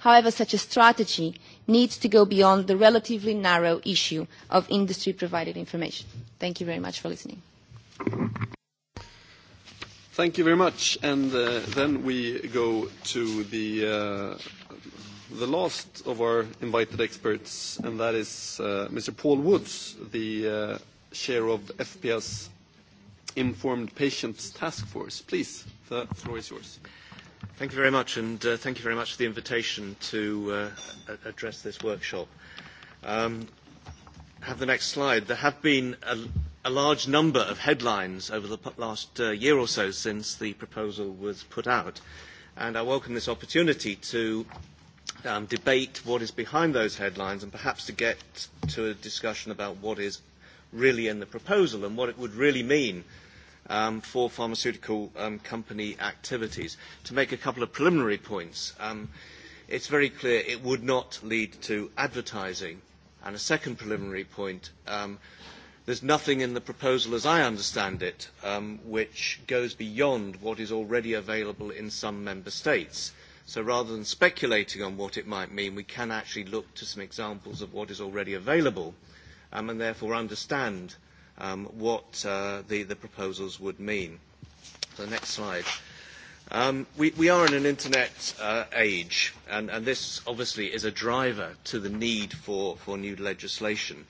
However, such a strategy needs to go beyond the relatively narrow issue of industry-provided information. Thank you very much for listening. Thank you very much. And then we go to the last of our invited experts, and that is Mr. Paul Woods, the chair of FPS Informed Patients Task Force. Please, the floor is yours. Thank you very much, and thank you very much for the invitation to address this workshop. Have the next slide. There have been a large number of headlines over the last year or so since the proposal was put out. And I welcome this opportunity to debate what is behind those headlines and perhaps to get to a discussion about what is really in the proposal and what it would really mean for pharmaceutical company activities. To make a couple of preliminary points, it's very clear it would not lead to advertising. And a second preliminary point, There is nothing in the proposal, as I understand it, which goes beyond what is already available in some member states. So rather than speculating on what it might mean, we can actually look to some examples of what is already available and therefore understand what the proposals would mean. next slide. We are in an Internet age, and this obviously is a driver to the need for new legislation.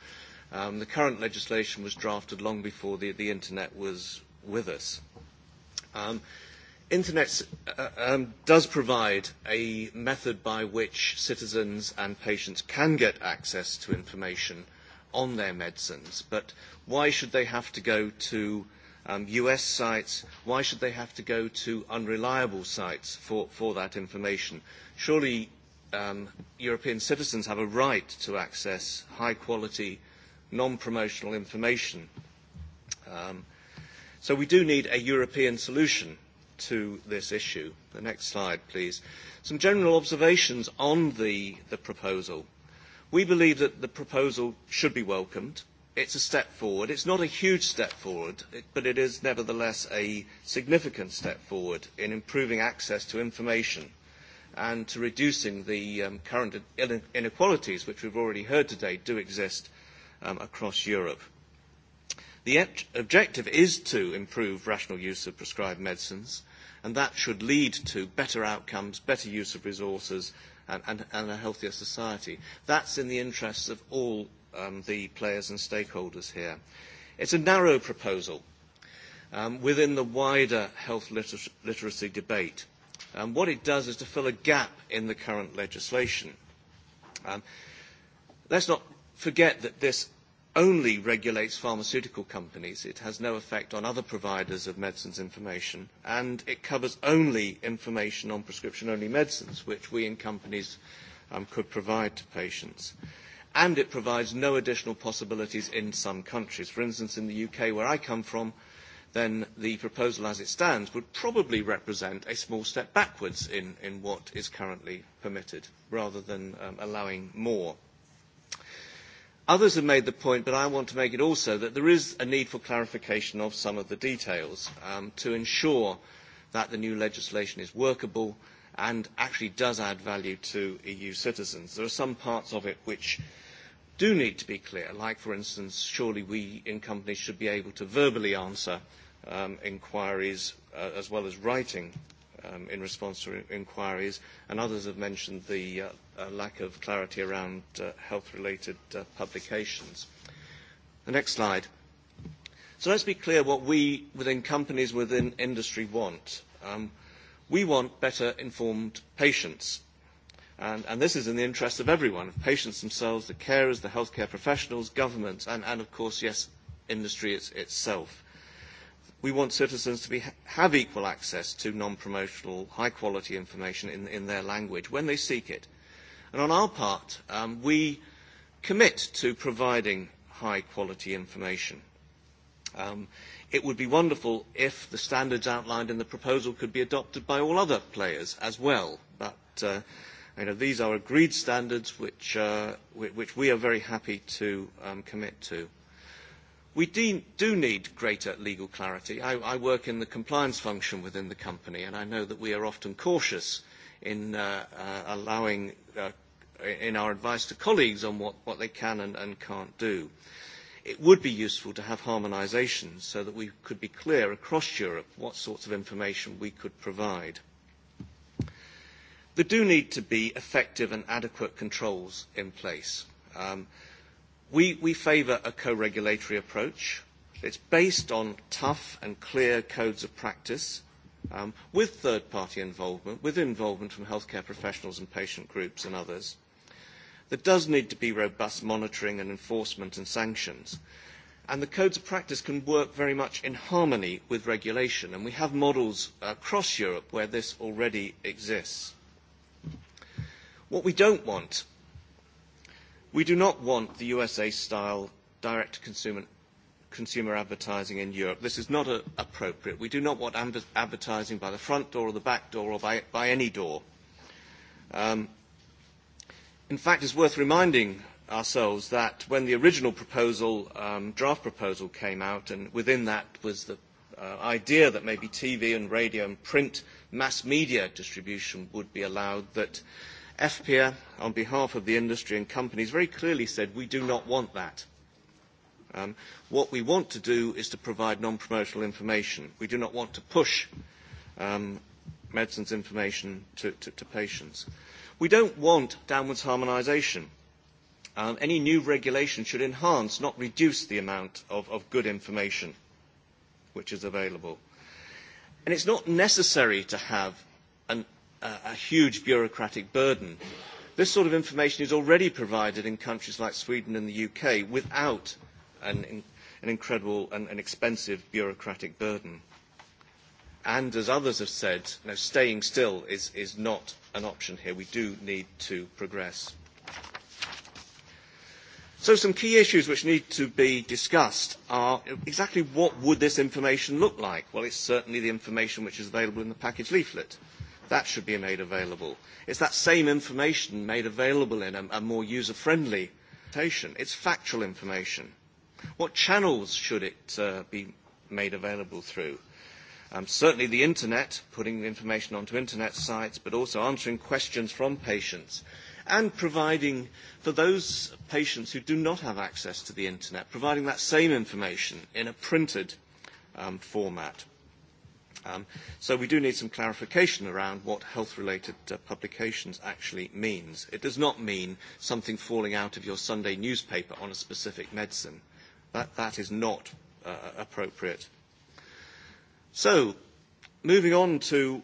The current legislation was drafted long before the Internet was with us. Internet does provide a method by which citizens and patients can get access to information on their medicines, but why should they have to go to US sites? Why should they have to go to unreliable sites for that information? Surely European citizens have a right to access high-quality non-promotional information. So we do need a European solution to this issue. The next slide, please. Some general observations on the proposal. We believe that the proposal should be welcomed. It's a step forward. It's not a huge step forward, but it is nevertheless a significant step forward in improving access to information and to reducing the current inequalities, which we've already heard today do exist across Europe. The objective is to improve rational use of prescribed medicines, and that should lead to better outcomes, better use of resources, and a healthier society. That's in the interests of all the players and stakeholders here. It's a narrow proposal within the wider health literacy debate. What it does is to fill a gap in the current legislation. Let's not forget that this only regulates pharmaceutical companies. It has no effect on other providers of medicines information, and it covers only information on prescription-only medicines, which we in companies could provide to patients. And it provides no additional possibilities in some countries. For instance, in the UK, where I come from, then the proposal as it stands would probably represent a small step backwards in what is currently permitted, rather than allowing more Others have made the point, but I want to make it also, that there is a need for clarification of some of the details to ensure that the new legislation is workable and actually does add value to EU citizens. There are some parts of it which do need to be clear, like, for instance, surely we in companies should be able to verbally answer inquiries as well as writing in response to inquiries, and others have mentioned the lack of clarity around health-related publications. The next slide. So let's be clear what we within companies within industry want. We want better informed patients. And this is in the interest of everyone, of patients themselves, the carers, the healthcare professionals, governments, and, of course, yes, industry itself. We want citizens to be have equal access to non-promotional, high-quality information in their language when they seek it. And on our part, we commit to providing high-quality information. It would be wonderful if the standards outlined in the proposal could be adopted by all other players as well. But these are agreed standards which we are very happy to commit to. We do need greater legal clarity. I work in the compliance function within the company, and I know that we are often cautious in allowing in our advice to colleagues on what, they can and, can't do. It would be useful to have harmonisation so that we could be clear across Europe what sorts of information we could provide. There do need to be effective and adequate controls in place. We we favour a co-regulatory approach. It's based on tough and clear codes of practice with third-party involvement, with involvement from healthcare professionals and patient groups and others. There does need to be robust monitoring and enforcement and sanctions. And the codes of practice can work very much in harmony with regulation, and we have models across Europe where this already exists. What we don't want, we do not want the USA-style direct-to-consumer advertising in Europe. This is not appropriate. We do not want advertising by the front door or the back door or by any door. In fact, it's worth reminding ourselves that when the original proposal, draft proposal came out, and within that was the idea that maybe TV and radio and print mass media distribution would be allowed, that FPA, on behalf of the industry and companies, very clearly said, we do not want that. What we want to do is to provide non-promotional information. We do not want to push medicines information to patients. We don't want downwards harmonisation. Any new regulation should enhance, not reduce, the amount of good information which is available. And it's not necessary to have a huge bureaucratic burden. This sort of information is already provided in countries like Sweden and the UK without an incredible and expensive bureaucratic burden and as others have said, staying still is not an option here. We do need to progress. So some key issues which need to be discussed are exactly what would this information look like? Well, is certainly the information which is available in the package leaflet. That should be made available. It's that same information made available in a more user-friendly presentation. It's factual information. What channels should it be made available through? Certainly the internet, putting information onto internet sites, but also answering questions from patients and providing for those patients who do not have access to the internet, providing that same information in a printed format. So we do need some clarification around what health-related publications actually means. It does not mean something falling out of your Sunday newspaper on a specific medicine. That is not appropriate So, moving on to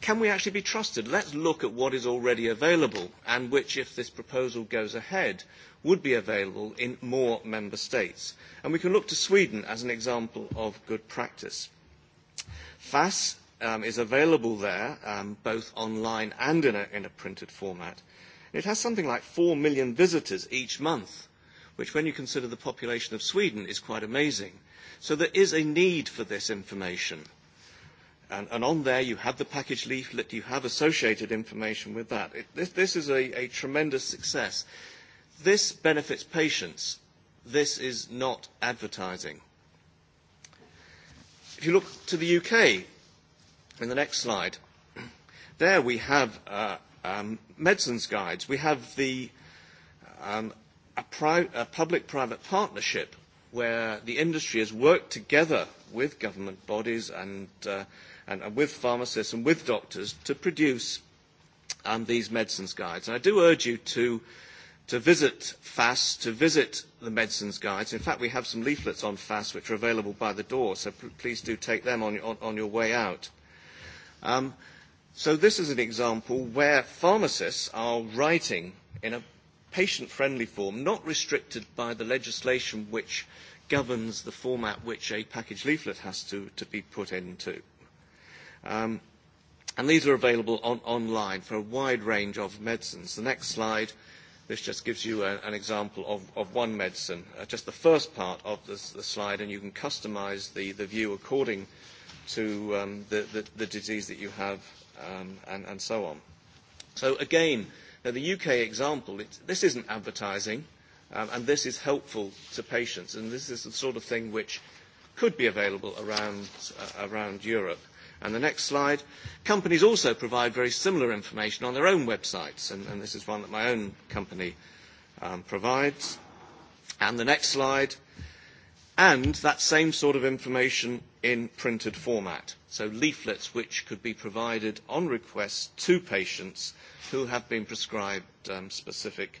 can we actually be trusted? Let's look at what is already available and which, if this proposal goes ahead, would be available in more member states. And we can look to Sweden as an example of good practice. FAS is available there, both online and in a printed format. It has something like 4 million visitors each month, which, when you consider the population of Sweden, is quite amazing. So there is a need for this information. And on there you have the package leaflet, you have associated information with that. This is a tremendous success. This benefits patients. This is not advertising. If you look to the UK, in the next slide, there we have medicines guides. We have the a public-private partnership where the industry has worked together with government bodies and with pharmacists and with doctors to produce these medicines guides. And I do urge you to visit FAS, to visit the medicines guides. In fact, we have some leaflets on FAS which are available by the door, so please do take them on your way out. So this is an example where pharmacists are writing in a patient-friendly form, not restricted by the legislation which governs the format which a package leaflet has to be put into. And these are available online for a wide range of medicines. The next slide, this just gives you an example of one medicine, just the first part of the slide, and you can customize the view according to the disease that you have and so on. So again, the UK example, this isn't advertising, and this is helpful to patients, and this is the sort of thing which could be available around Europe. And the next slide, companies also provide very similar information on their own websites, and this is one that my own company provides. And the next slide, and that same sort of information in printed format, so leaflets which could be provided on request to patients who have been prescribed specific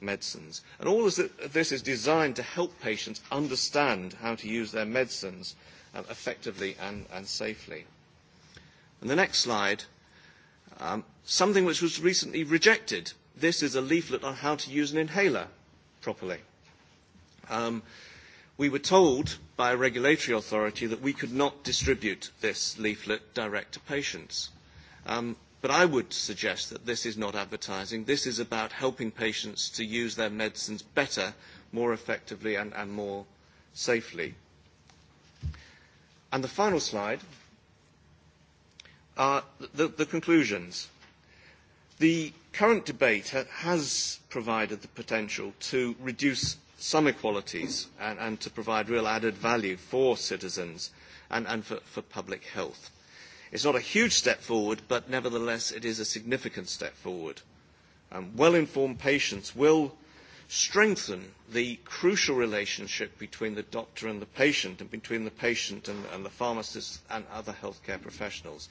medicines. And all of this is designed to help patients understand how to use their medicines effectively and safely. And the next slide, something which was recently rejected. This is a leaflet on how to use an inhaler properly. We were told by a regulatory authority that we could not distribute this leaflet direct to patients. But I would suggest that this is not advertising. This is about helping patients to use their medicines better, more effectively and more safely. And the final slide are the conclusions. The current debate has provided the potential to reduce some equalities and to provide real added value for citizens and for public health. It's not a huge step forward, but nevertheless it is a significant step forward. Well-informed patients will strengthen the crucial relationship between the doctor and the patient and between the patient and the pharmacist and other healthcare professionals.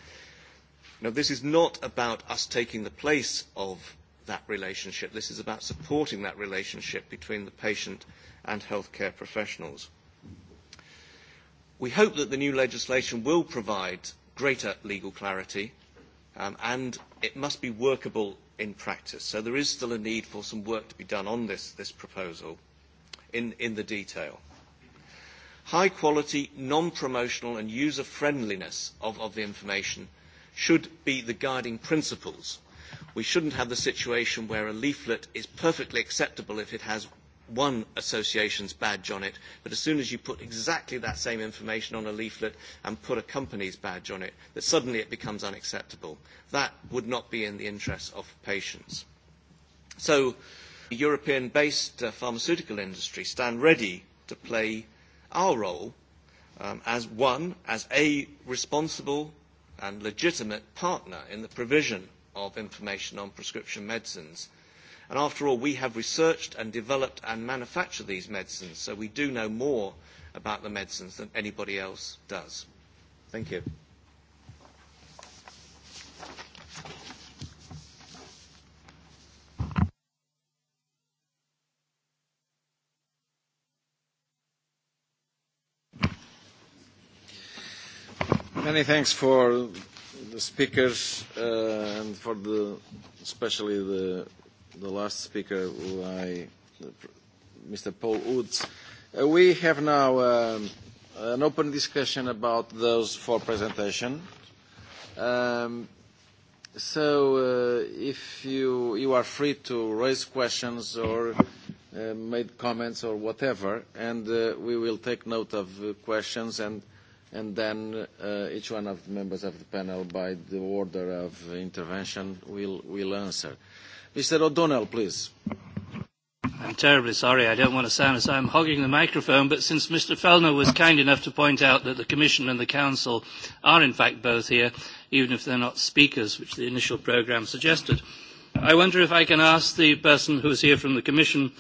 Now, this is not about us taking the place of that relationship. This is about supporting that relationship between the patient and healthcare professionals. We hope that the new legislation will provide greater legal clarity and it must be workable in practice. So there is still a need for some work to be done on this proposal in the detail. High quality, non-promotional and user friendliness of the information should be the guiding principles We shouldn't have the situation where a leaflet is perfectly acceptable if it has one association's badge on it, but as soon as you put exactly that same information on a leaflet and put a company's badge on it, that suddenly it becomes unacceptable. That would not be in the interests of patients. So the European-based pharmaceutical industry stand ready to play our role as one, as a responsible and legitimate partner in the provision of information on prescription medicines. And after all, we have researched and developed and manufactured these medicines, so we do know more about the medicines than anybody else does. Thank you. Many thanks for the speakers and for the especially the the last speaker who I Mr Paul Woods. We have now an open discussion about those four presentations. So if you you are free to raise questions or make comments or whatever and we will take note of questions and and then each one of the members of the panel, by the order of intervention, will answer. Mr. O'Donnell, please. I'm terribly sorry. I don't want to sound as I'm hogging the microphone, but since Mr. Fellner was kind enough to point out that the Commission and the Council are in fact both here, even if they're not speakers, which the initial programme suggested, I wonder if I can ask the person who is here from the Commission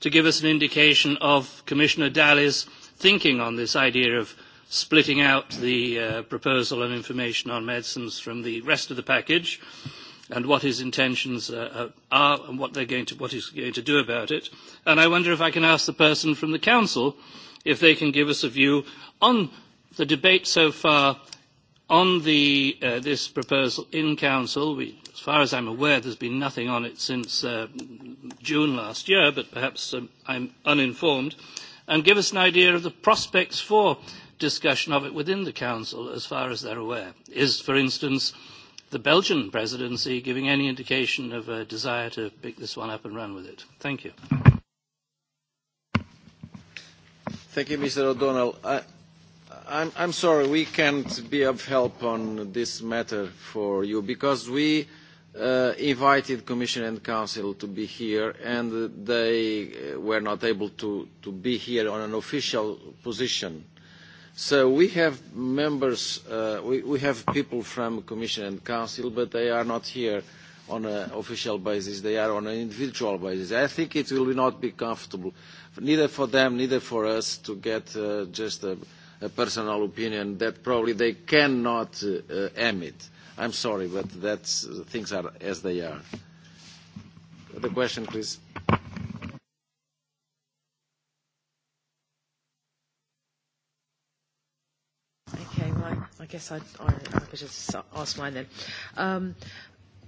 to give us an indication of Commissioner Dalli's thinking on this idea of splitting out the proposal on information on medicines from the rest of the package and what his intentions are and what they're going to what he's going to do about it and i wonder if i can ask the person from the council if they can give us a view on the debate so far on this proposal in council as far as i'm aware there's been nothing on it since june last year but perhaps i'm uninformed and give us an idea of the prospects for discussion of it within the Council, as far as they're aware. Is, for instance, the Belgian presidency giving any indication of a desire to pick this one up and run with it? Thank you. Thank you, Mr. O'Donnell. I I'm sorry, we can't be of help on this matter for you because we invited Commission and Council to be here and they were not able to be here on an official position So we have members, we have people from Commission and Council, but they are not here on an official basis. They are on an individual basis. I think it will not be comfortable, neither for them, neither for us, to get just a personal opinion that probably they cannot emit. I'm sorry, but that's things are as they are. The question, please. Okay, well, I guess I could just ask mine then.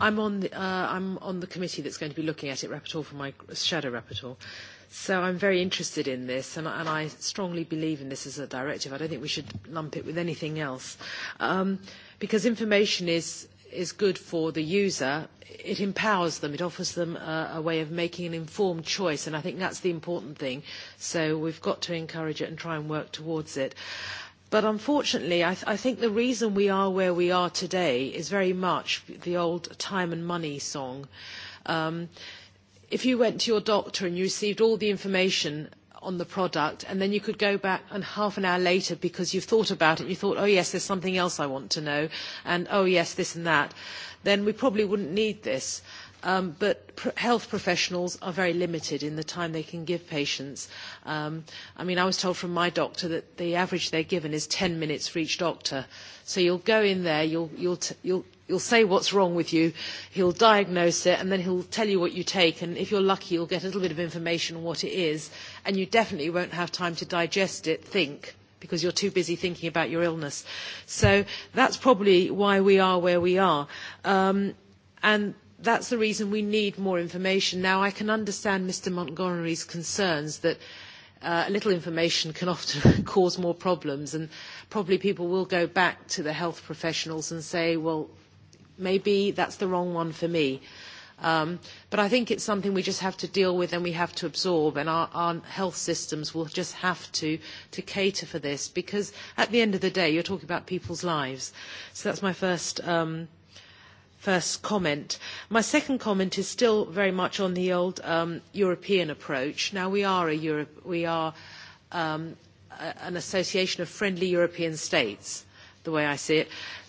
I'm on the I'm on the committee that's going to be looking at it, rapporteur for my shadow rapporteur. So I'm very interested in this, and I strongly believe in this as a directive. I don't think we should lump it with anything else, because information is is good for the user. It empowers them. It offers them a way of making an informed choice, and I think that's the important thing. So we've got to encourage it and try and work towards it. But unfortunately, I think the reason we are where we are today is very much the old time and money song. If you went to your doctor and you received all the information on the product and then you could go back and half an hour later because you've thought about it you thought, oh, yes, there's something else I want to know and, oh, yes, this and that, then we probably wouldn't need this but health professionals are very limited in the time they can give patients. I mean, I was told from my doctor that the average they're given is 10 minutes for each doctor. So you'll go in there, you'll say what's wrong with you, he'll diagnose it, and then he'll tell you what you take. And if you're lucky, you'll get a little bit of information on what it is, and you definitely won't have time to digest it, think because you're too busy thinking about your illness. So that's probably why we are where we are. And that's the reason we need more information. Now, I can understand Mr. Montgomery's concerns that a little information can often cause more problems, and probably people will go back to the health professionals and say, well, maybe that's the wrong one for me. But I think it's something we just have to deal with and we have to absorb, and our health systems will just have to cater for this, because at the end of the day, you're talking about people's lives. So that's my first first comment. My second comment is still very much on the old European approach. Now, we are an association of friendly European states, the way I see it,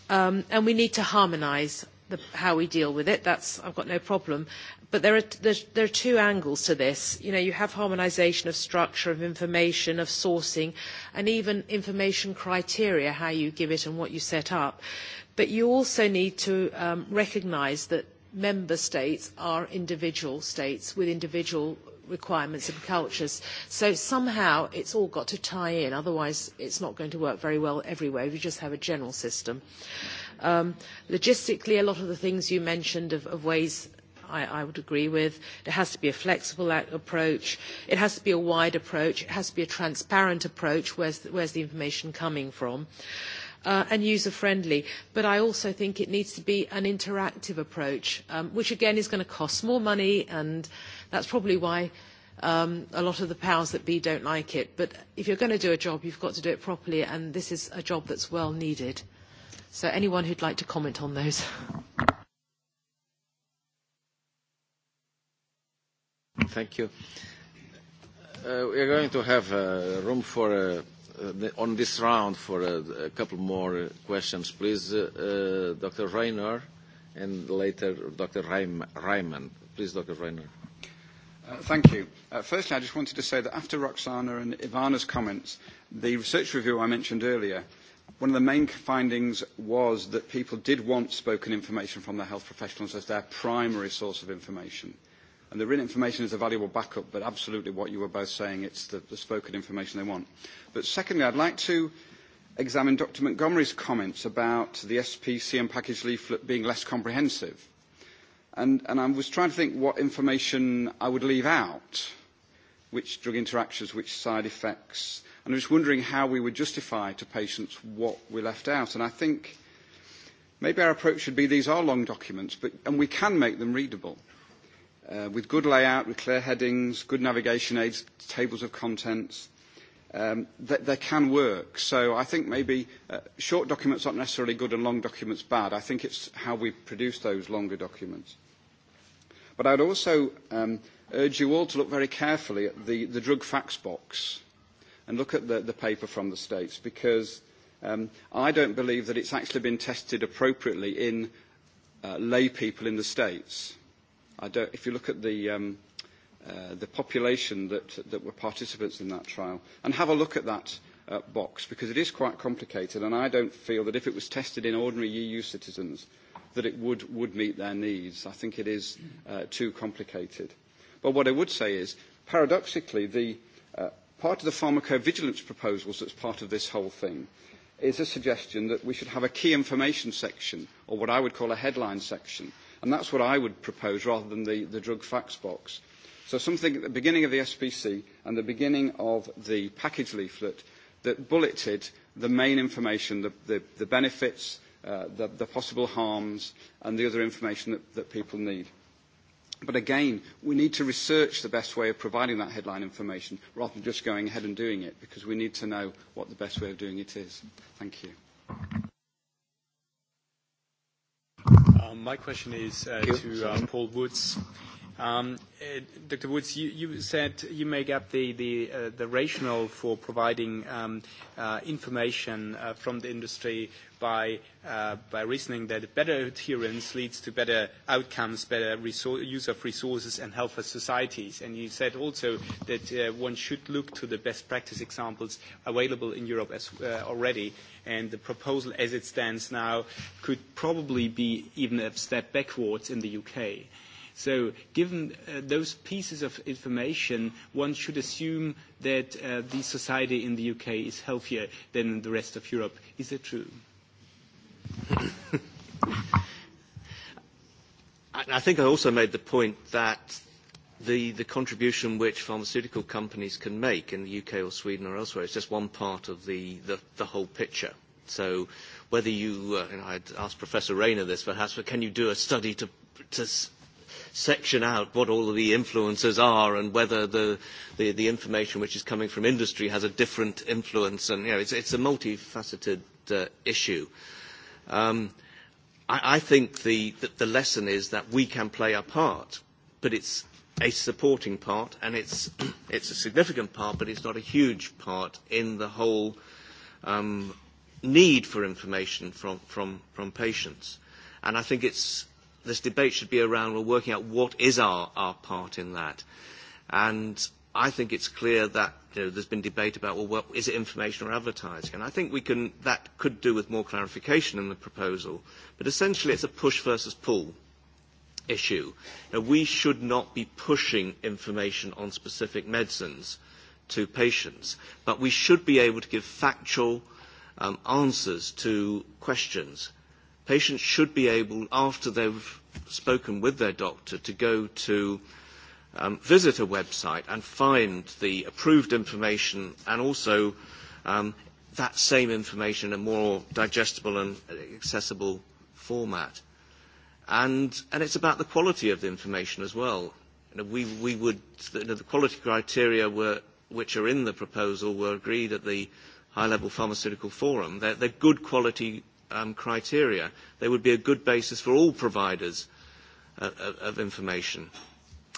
and we need to harmonise how we deal with it. I've got no problem. But there are two angles to this. You have harmonisation of structure, of information, of sourcing, and even information criteria, how you give it and what you set up but you also need to recognise that member states are individual states with individual requirements and cultures. So somehow it's all got to tie in, otherwise it's not going to work very well everywhere We just have a general system. Logistically, a lot of the things you mentioned of ways I would agree with. there has to be a flexible approach. It has to be a wide approach. It has to be a transparent approach. Where's the information coming from? and user-friendly. But I also think it needs to be an interactive approach, which again is going to cost more money, and that's probably why a lot of the powers that be don't like it. But if you're going to do a job, you've got to do it properly, and this is a job that's well needed. So anyone who'd like to comment on those. Thank you. We are going to have room for on this round for a couple more questions, please, Dr. Reiner and later Dr. Reimann. Please, Dr. Reiner. Thank you. Firstly, I just wanted to say that after Roxana and Ivana's comments, the research review I mentioned earlier, one of the main findings was that people did want spoken information from their health professionals as their primary source of information. And the written information is a valuable backup, but absolutely what you were both saying, it's the spoken information they want. But secondly, I'd like to examine Dr. Montgomery's comments about the SPCM package leaflet being less comprehensive. And I was trying to think what information I would leave out, which drug interactions, which side effects. And I was wondering how we would justify to patients what we left out. And I think maybe our approach should be these are long documents, and we can make them readable with good layout, with clear headings, good navigation aids, tables of contents, they can work. So I think maybe short documents aren't necessarily good and long documents bad. I think it's how we produce those longer documents. But I would also urge you all to look very carefully at the drug facts box and look at the paper from the States because I don't believe that it's actually been tested appropriately in lay people in the States If you look at the population that that were participants in that trial, and have a look at that box, because it is quite complicated, and I don't feel that if it was tested in ordinary EU citizens, that it would meet their needs. I think it is too complicated. But what I would say is, paradoxically, the part of the pharmacovigilance proposals that's part of this whole thing is a suggestion that we should have a key information section, or what I would call a headline section, And that's what I would propose rather than the drug facts box. So something at the beginning of the SPC and the beginning of the package leaflet that bulleted the main information, the benefits, the possible harms and the other information that people need. But again, we need to research the best way of providing that headline information rather than just going ahead and doing it because we need to know what the best way of doing it is. Thank you. My question is to Paul Woods. Dr. Woods, you said you make up the rationale for providing information from the industry by reasoning that better adherence leads to better outcomes, better use of resources, and healthier societies. And you said also that one should look to the best practice examples available in Europe already, and the proposal as it stands now could probably be even a step backwards in the UK. So given those pieces of information, one should assume that the society in the UK is healthier than in the rest of Europe. Is that true? I think I also made the point that the contribution which pharmaceutical companies can make in the UK or Sweden or elsewhere is just one part of the whole picture. So whether you, and I asked Professor Rayner this perhaps, but can you do a study to section out what all of the influences are and whether the information which is coming from industry has a different influence. And it's a multifaceted issue. I think the lesson is that we can play a part, but it's a supporting part and it's it's a significant part, but it's not a huge part in the whole need for information from patients. And I think it's this debate should be around well, working out what is our, our part in that. And I think it's clear that you know, there's been debate about, well, what, is it information or advertising? And I think we can, that could do with more clarification in the proposal. But essentially, it's a push versus pull issue. we should not be pushing information on specific medicines to patients, but we should be able to give factual answers to questions Patients should be able, after they've spoken with their doctor, to go to visit a website and find the approved information and also that same information in a more digestible and accessible format. And it's about the quality of the information as well. We would, the quality criteria were which are in the proposal were agreed at the High-Level Pharmaceutical Forum. They're good quality criteria, they would be a good basis for all providers of information.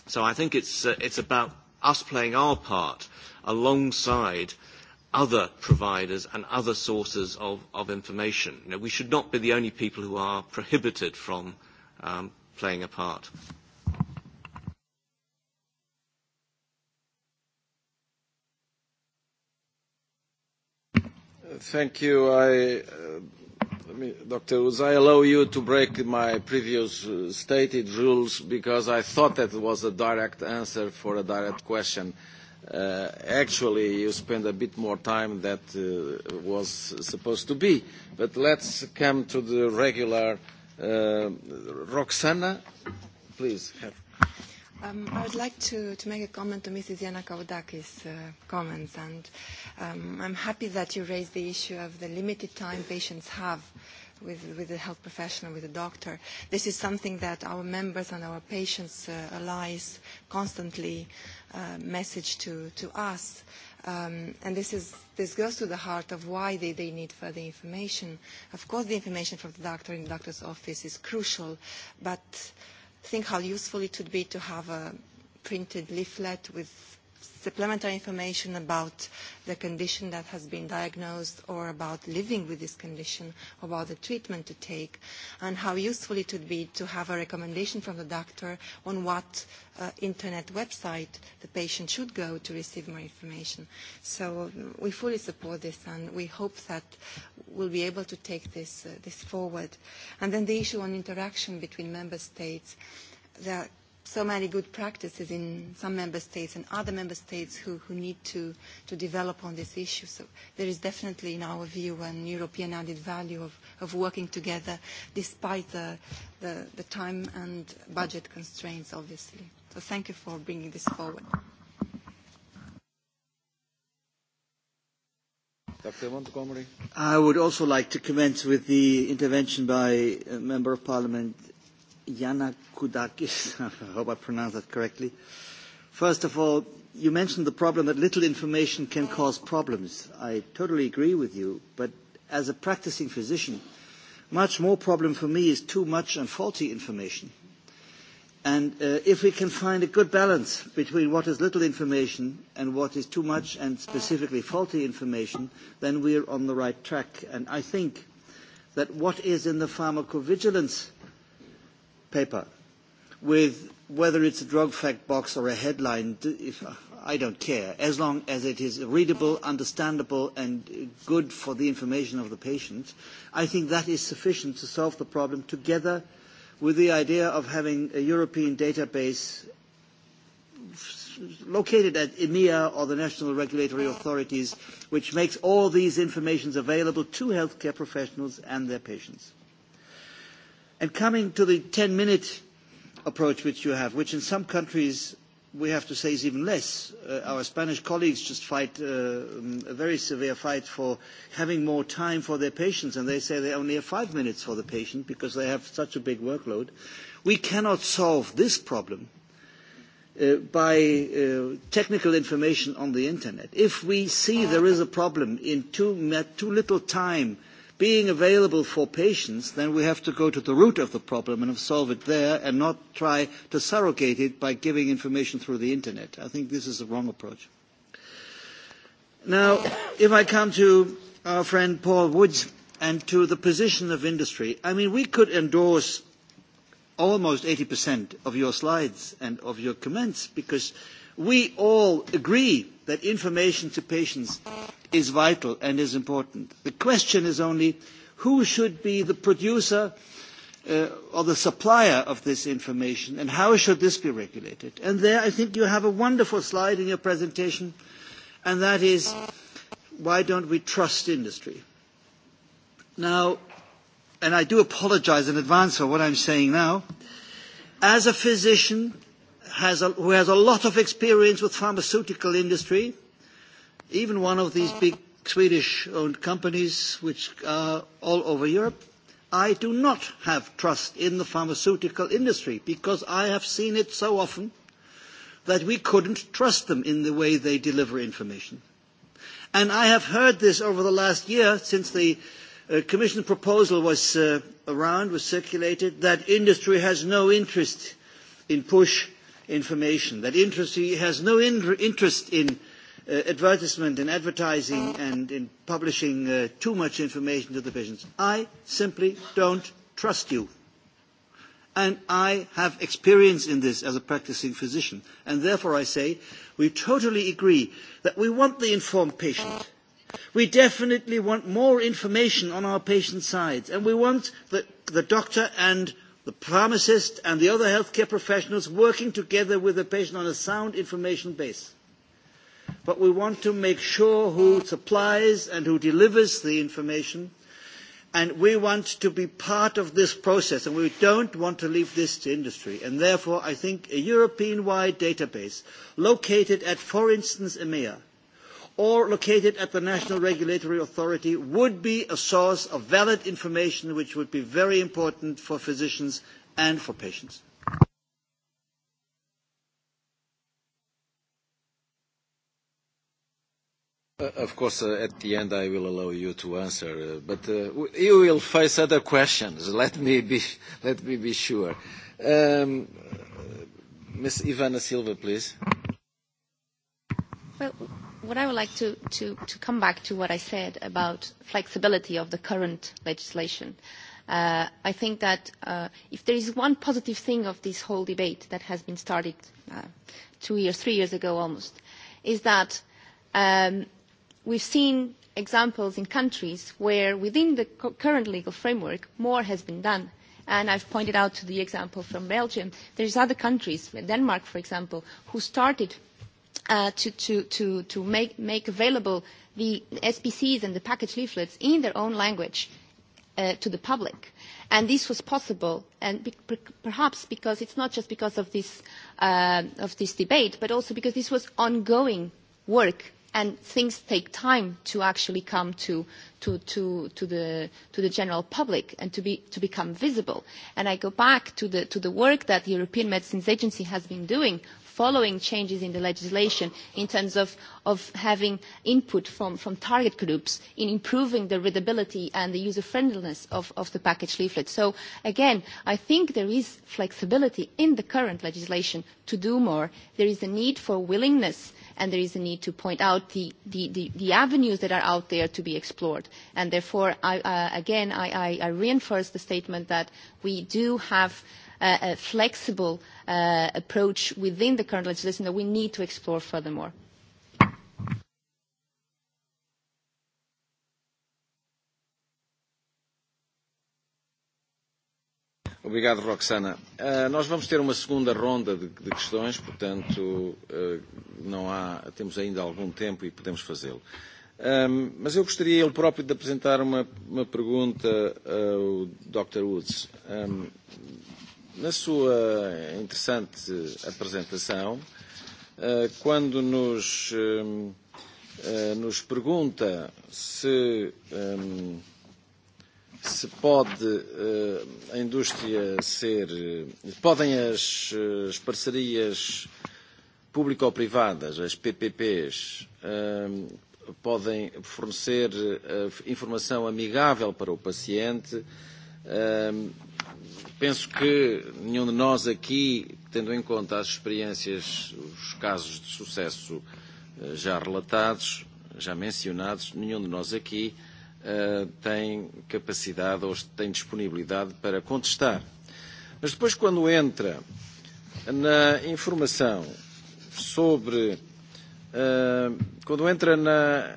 So I think it's about us playing our part alongside other providers and other sources of information. We should not be the only people who are prohibited from playing a part. Thank you. Dr. Woods, I allow you to break my previous stated rules because I thought that was a direct answer for a direct question. Actually, you spent a bit more time than was supposed to be. But let's come to the regular. Roxana, please I would like to make a comment to Mrs. Yana Kaudakis' comments, and I'm happy that you raised the issue of the limited time patients have with the health professional, with the doctor. This is something that our members and our patients' allies constantly message to us. And this goes to the heart of why they need further information. Of course, the information from the doctor in the doctor's office is crucial, but think how useful it would be to have a printed leaflet with supplementary information about the condition that has been diagnosed or about living with this condition, about the treatment to take, and how useful it would be to have a recommendation from the doctor on what internet website the patient should go to receive more information. So we fully support this, and we hope that we'll be able to take this forward. And then the issue on interaction between member states. There so many good practices in some member states and other member states who need to develop on this issue. So there is definitely, in our view, an European added value of working together despite the time and budget constraints, obviously. So thank you for bringing this forward. Dr. Montgomery? I would also like to commence with the intervention by a Member of Parliament Yana Kudakis, I hope I pronounced that correctly. First of all, you mentioned the problem that little information can cause problems. I totally agree with you, but as a practicing physician, much more problem for me is too much and faulty information. And if we can find a good balance between what is little information and what is too much and specifically faulty information, then we are on the right track. And I think that what is in the pharmacovigilance paper with whether it's a drug fact box or a headline, I don't care, as long as it is readable, understandable, and good for the information of the patient. I think that is sufficient to solve the problem together with the idea of having a European database located at EMEA or the national regulatory authorities, which makes all these informations available to healthcare professionals and their patients. And coming to the 10-minute approach which you have, which in some countries we have to say is even less. Our Spanish colleagues just fight a very severe fight for having more time for their patients, and they say they only have five minutes for the patient because they have such a big workload. We cannot solve this problem by technical information on the Internet. If we see there is a problem in too little time being available for patients, then we have to go to the root of the problem and solve it there and not try to surrogate it by giving information through the Internet. I think this is the wrong approach. Now, if I come to our friend Paul Woods and to the position of industry, I mean, we could endorse almost 80% of your slides and of your comments because we all agree that information to patients is vital and is important. The question is only who should be the producer or the supplier of this information and how should this be regulated. And there I think you have a wonderful slide in your presentation and that is why don't we trust industry? Now, and I do apologize in advance for what I'm saying now, as a physician who has a lot of experience with pharmaceutical industry, even one of these big Swedish-owned companies, which are all over Europe, I do not have trust in the pharmaceutical industry because I have seen it so often that we couldn't trust them in the way they deliver information. And I have heard this over the last year since the Commission proposal was around, was circulated, that industry has no interest in push information, that industry has no interest in advertisement in advertising and in publishing too much information to the patients. I simply don't trust you. And I have experience in this as a practicing physician. And therefore I say we totally agree that we want the informed patient. We definitely want more information on our patient sides. And we want the doctor and the pharmacist and the other healthcare professionals working together with the patient on a sound information base but we want to make sure who supplies and who delivers the information and we want to be part of this process and we don't want to leave this to industry and therefore i think a european wide database located at for instance emea or located at the national regulatory authority would be a source of valid information which would be very important for physicians and for patients Of course, at the end, I will allow you to answer, but you will face other questions. Let me be sure. Ms. Ivana Silva, please. Well, what I would like to come back to what I said about flexibility of the current legislation. I think that if there is one positive thing of this whole debate that has been started two years, three years ago almost, is that We've seen examples in countries where within the current legal framework more has been done. And I've pointed out to the example from Belgium. There are other countries, Denmark, for example, who started to make available the SPCs and the package leaflets in their own language to the public. And this was possible, and perhaps because it's not just because of this debate, but also because this was ongoing work and things take time to actually come to the general public and to become visible and i go back to the work that the european medicines agency has been doing following changes in the legislation in terms of having input from target groups in improving the readability and the user friendliness of the package leaflet so again i think there is flexibility in the current legislation to do more there is a need for willingness and there is a need to point out the avenues that are out there to be explored. And therefore, again, I reinforce the statement that we do have a flexible approach within the current legislation that we need to explore furthermore. Obrigado, Roxana. Nós vamos ter uma segunda ronda de questões, portanto, não há, temos ainda algum tempo e podemos fazê-lo. Mas eu gostaria, ele próprio, de apresentar uma pergunta ao Dr. Woods. Na sua interessante apresentação, quando nos pergunta se se pode a indústria ser. Podem as parcerias público-privadas, as PPPs, podem fornecer informação amigável para o paciente. Penso que nenhum de nós aqui, tendo em conta as experiências, os casos de sucesso já relatados, já mencionados, nenhum de nós aqui tem capacidade ou tem disponibilidade para contestar. Mas depois, quando entra na informação sobre. Quando entra na.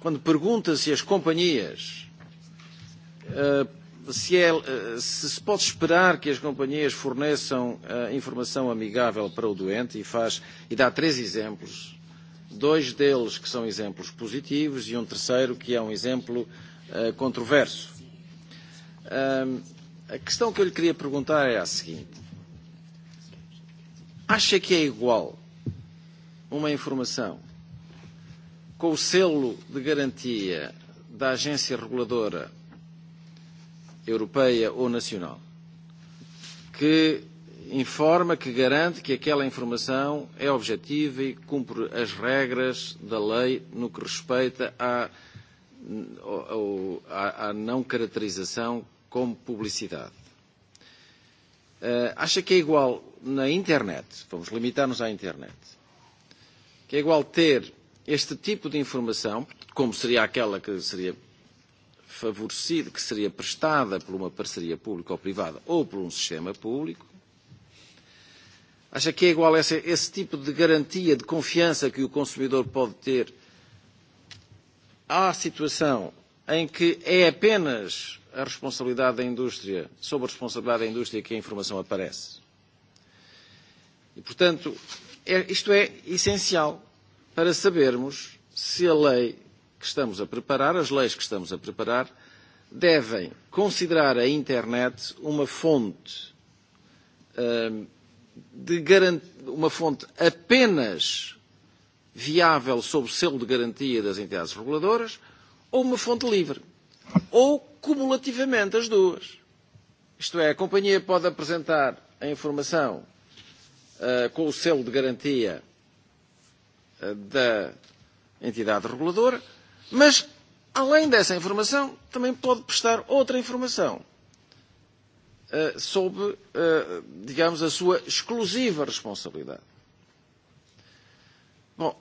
Quando pergunta se as companhias. Se se pode esperar que as companhias forneçam informação amigável para o doente, e dá três exemplos dois deles que são exemplos positivos e um terceiro que é um exemplo controverso. A questão que eu lhe queria perguntar é a seguinte. Acha que é igual uma informação com o selo de garantia da agência reguladora europeia ou nacional que informa que garante que aquela informação é objetiva e cumpre as regras da lei no que respeita à não caracterização como publicidade. Acha que é igual na internet, vamos limitar-nos à internet, que é igual ter este tipo de informação, como seria aquela que seria favorecida, que seria prestada por uma parceria pública ou privada ou por um sistema público, Acha que é igual esse tipo de garantia de confiança que o consumidor pode ter à situação em que é apenas a responsabilidade da indústria, sob a responsabilidade da indústria que a informação aparece? E, portanto, isto é essencial para sabermos se a lei que estamos a preparar, as leis que estamos a preparar, devem considerar a internet uma fonte de uma fonte apenas viável sob o selo de garantia das entidades reguladoras ou uma fonte livre, ou cumulativamente as duas. Isto é, a companhia pode apresentar a informação com o selo de garantia da entidade reguladora, mas, além dessa informação, também pode prestar outra informação sob, digamos, a sua exclusiva responsabilidade. Bom,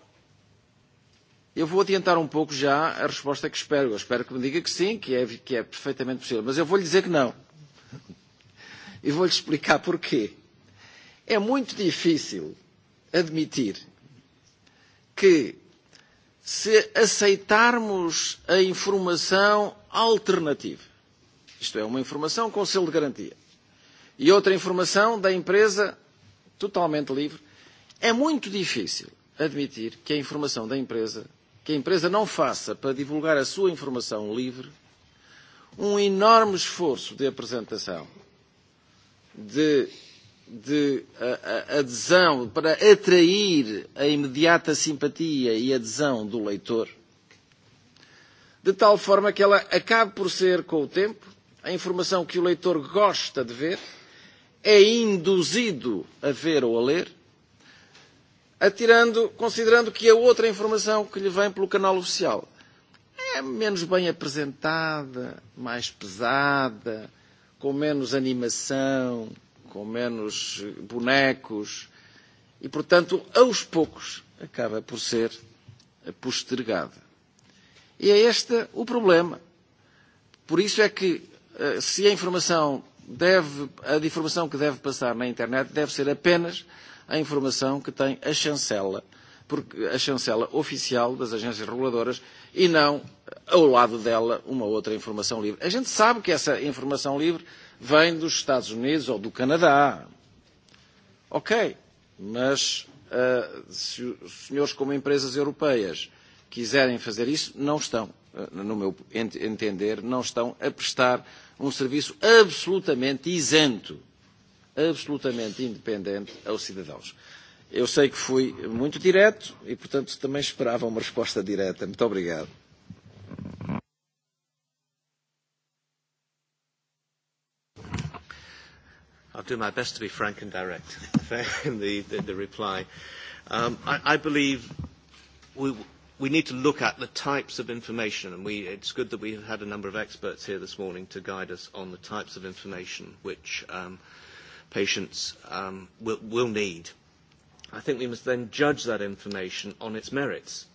eu vou adiantar um pouco já a resposta que espero. Eu espero que me diga que sim, que é, que é perfeitamente possível, mas eu vou-lhe dizer que não. E vou-lhe explicar porquê. É muito difícil admitir que se aceitarmos a informação alternativa, isto é, uma informação com selo de garantia, e outra informação da empresa totalmente livre. É muito difícil admitir que a informação da empresa, que a empresa não faça para divulgar a sua informação livre, um enorme esforço de apresentação, de, de adesão, para atrair a imediata simpatia e adesão do leitor, de tal forma que ela acabe por ser, com o tempo, a informação que o leitor gosta de ver é induzido a ver ou a ler, atirando, considerando que a outra informação que lhe vem pelo canal oficial é menos bem apresentada, mais pesada, com menos animação, com menos bonecos e, portanto, aos poucos acaba por ser postergada. E é este o problema. Por isso é que, se a informação deve, a informação que deve passar na internet deve ser apenas a informação que tem a chancela, porque a chancela oficial das agências reguladoras e não ao lado dela uma outra informação livre. A gente sabe que essa informação livre vem dos Estados Unidos ou do Canadá. Ok, mas se os senhores como empresas europeias quiserem fazer isso, não estão, no meu entender, não estão a prestar um serviço absolutamente isento, absolutamente independente aos cidadãos. Eu sei que fui muito direto e, portanto, também esperava uma resposta direta. Muito obrigado. I'll do my best to be frank and direct in the reply. I believe we need to look at the types of information, and we, it's good that we have had a number of experts here this morning to guide us on the types of information which patients will, need. I think we must then judge that information on its merits.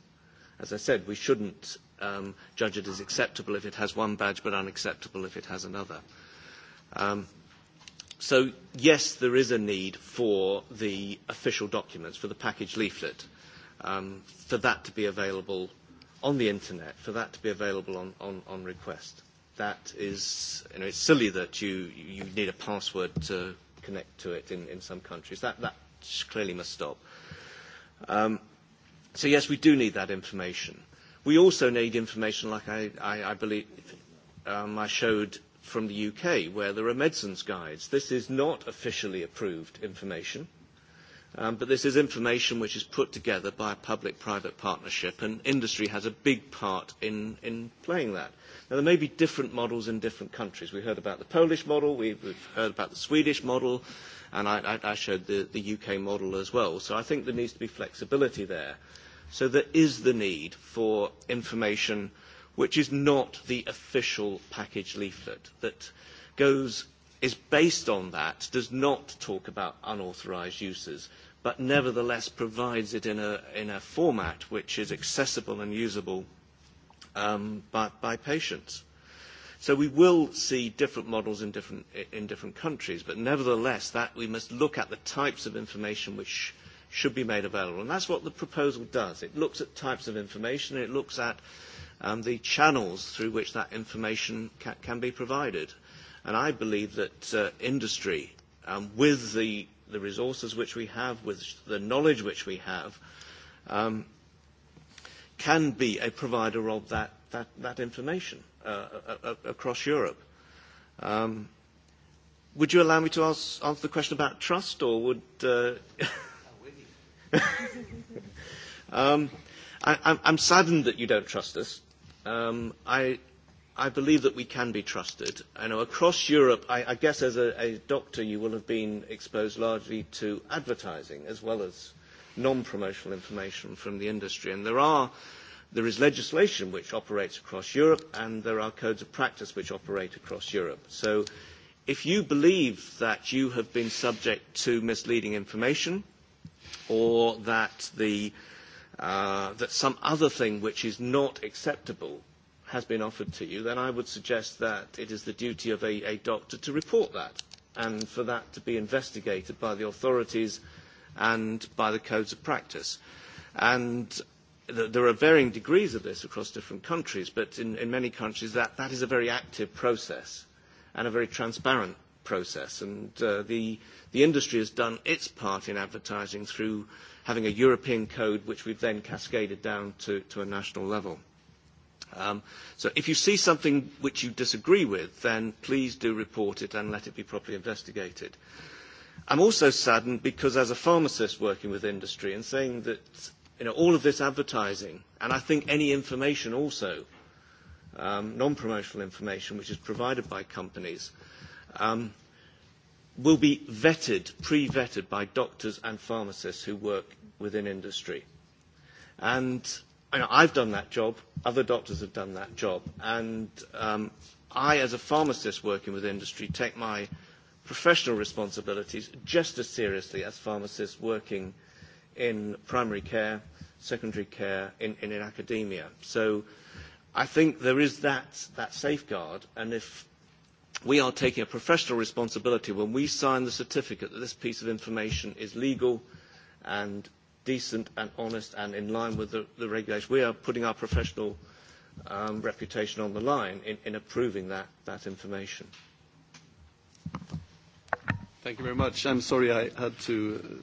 As I said, we shouldn't um, judge it as acceptable if it has one badge, but unacceptable if it has another. so, yes, there is a need for the official documents, for the package leaflet for that to be available on the internet, for that to be available on request. That is, you know, it's silly that you you need a password to connect to it in some countries. That that clearly must stop. So yes, we do need that information. We also need information, like I believe I showed from the UK, where there are medicines guides. This is not officially approved information. But this is information which is put together by a public-private partnership, and industry has a big part in playing that. Now, there may be different models in different countries. We heard about the Polish model, we've heard about the Swedish model, and I showed the UK model as well. So I think there needs to be flexibility there. So there is the need for information which is not the official package leaflet, that goes is based on that, does not talk about unauthorised uses, but nevertheless provides it in a format which is accessible and usable by patients. So we will see different models in different countries, but nevertheless we must look at the types of information which should be made available. And that's what the proposal does. It looks at types of information, it looks at the channels through which that information can be provided. And I believe that industry, with the resources which we have, with the knowledge which we have, can be a provider of that that that information across Europe. Um Would you allow me to ask answer the question about trust, or would? I I'm saddened that you don't trust us. Um I I believe that we can be trusted. I across Europe, I guess as a doctor you will have been exposed largely to advertising as well as non-promotional information from the industry. And there are, there is legislation which operates across Europe and there are codes of practice which operate across Europe. So if you believe that you have been subject to misleading information or that the, that some other thing which is not acceptable has been offered to you, then I would suggest that it is the duty of a doctor to report that and for that to be investigated by the authorities and by the codes of practice. And there are varying degrees of this across different countries, but in many countries that is a very active process and a very transparent process. And the industry has done its part in advertising through having a European code, which we've then cascaded down to a national level. So if you see something which you disagree with, then please do report it and let it be properly investigated. I'm also saddened because as a pharmacist working with industry and saying that all of this advertising, and I think any information also, non-promotional information which is provided by companies, will be vetted, pre-vetted by doctors and pharmacists who work within industry. And I've done that job, other doctors have done that job, and um I, as a pharmacist working with industry, take my professional responsibilities just as seriously as pharmacists working in primary care, secondary care, in in academia. So I think there is that that safeguard, and if we are taking a professional responsibility when we sign the certificate that this piece of information is legal and decent and honest and in line with the regulation. We are putting our professional reputation on the line in approving that information. Thank you very much. I'm sorry I had to.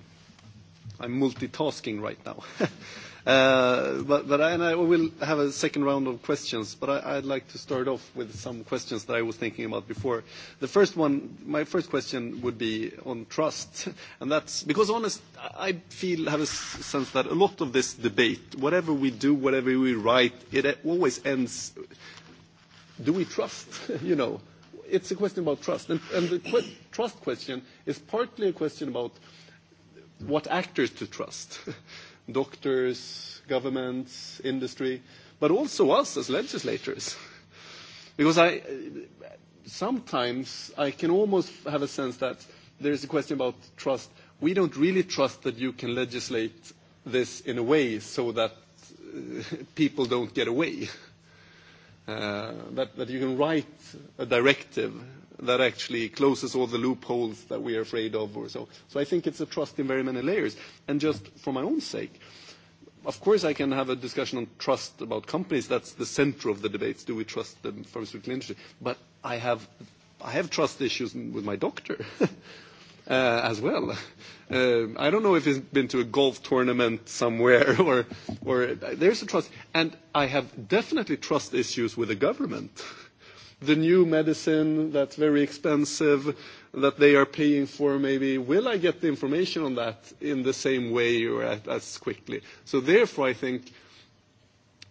I'm multitasking right now. But I will have a second round of questions, but I'd like to start off with some questions that I was thinking about before. The first one, my first question would be on trust, and that's because honest, I feel have a sense that a lot of this debate, whatever we do, whatever we write, it always ends. Do we trust? You know, it's a question about trust, and the trust question is partly a question about what actors to trust doctors, governments, industry, but also us as legislators. Because I sometimes I can almost have a sense that there is a question about trust. We don't really trust that you can legislate this in a way so that people don't get away. That you can write a directive that actually closes all the loopholes that we are afraid of or so. So I think it's a trust in very many layers. And just for my own sake, of course I can have a discussion on trust about companies. That's the center of the debates. Do we trust the pharmaceutical industry? But I have, I have trust issues with my doctor as well. I don't know if he's been to a golf tournament somewhere or, or there's a trust. And I have definitely trust issues with the government the new medicine that's very expensive that they are paying for maybe will I get the information on that in the same way or as quickly. So therefore I think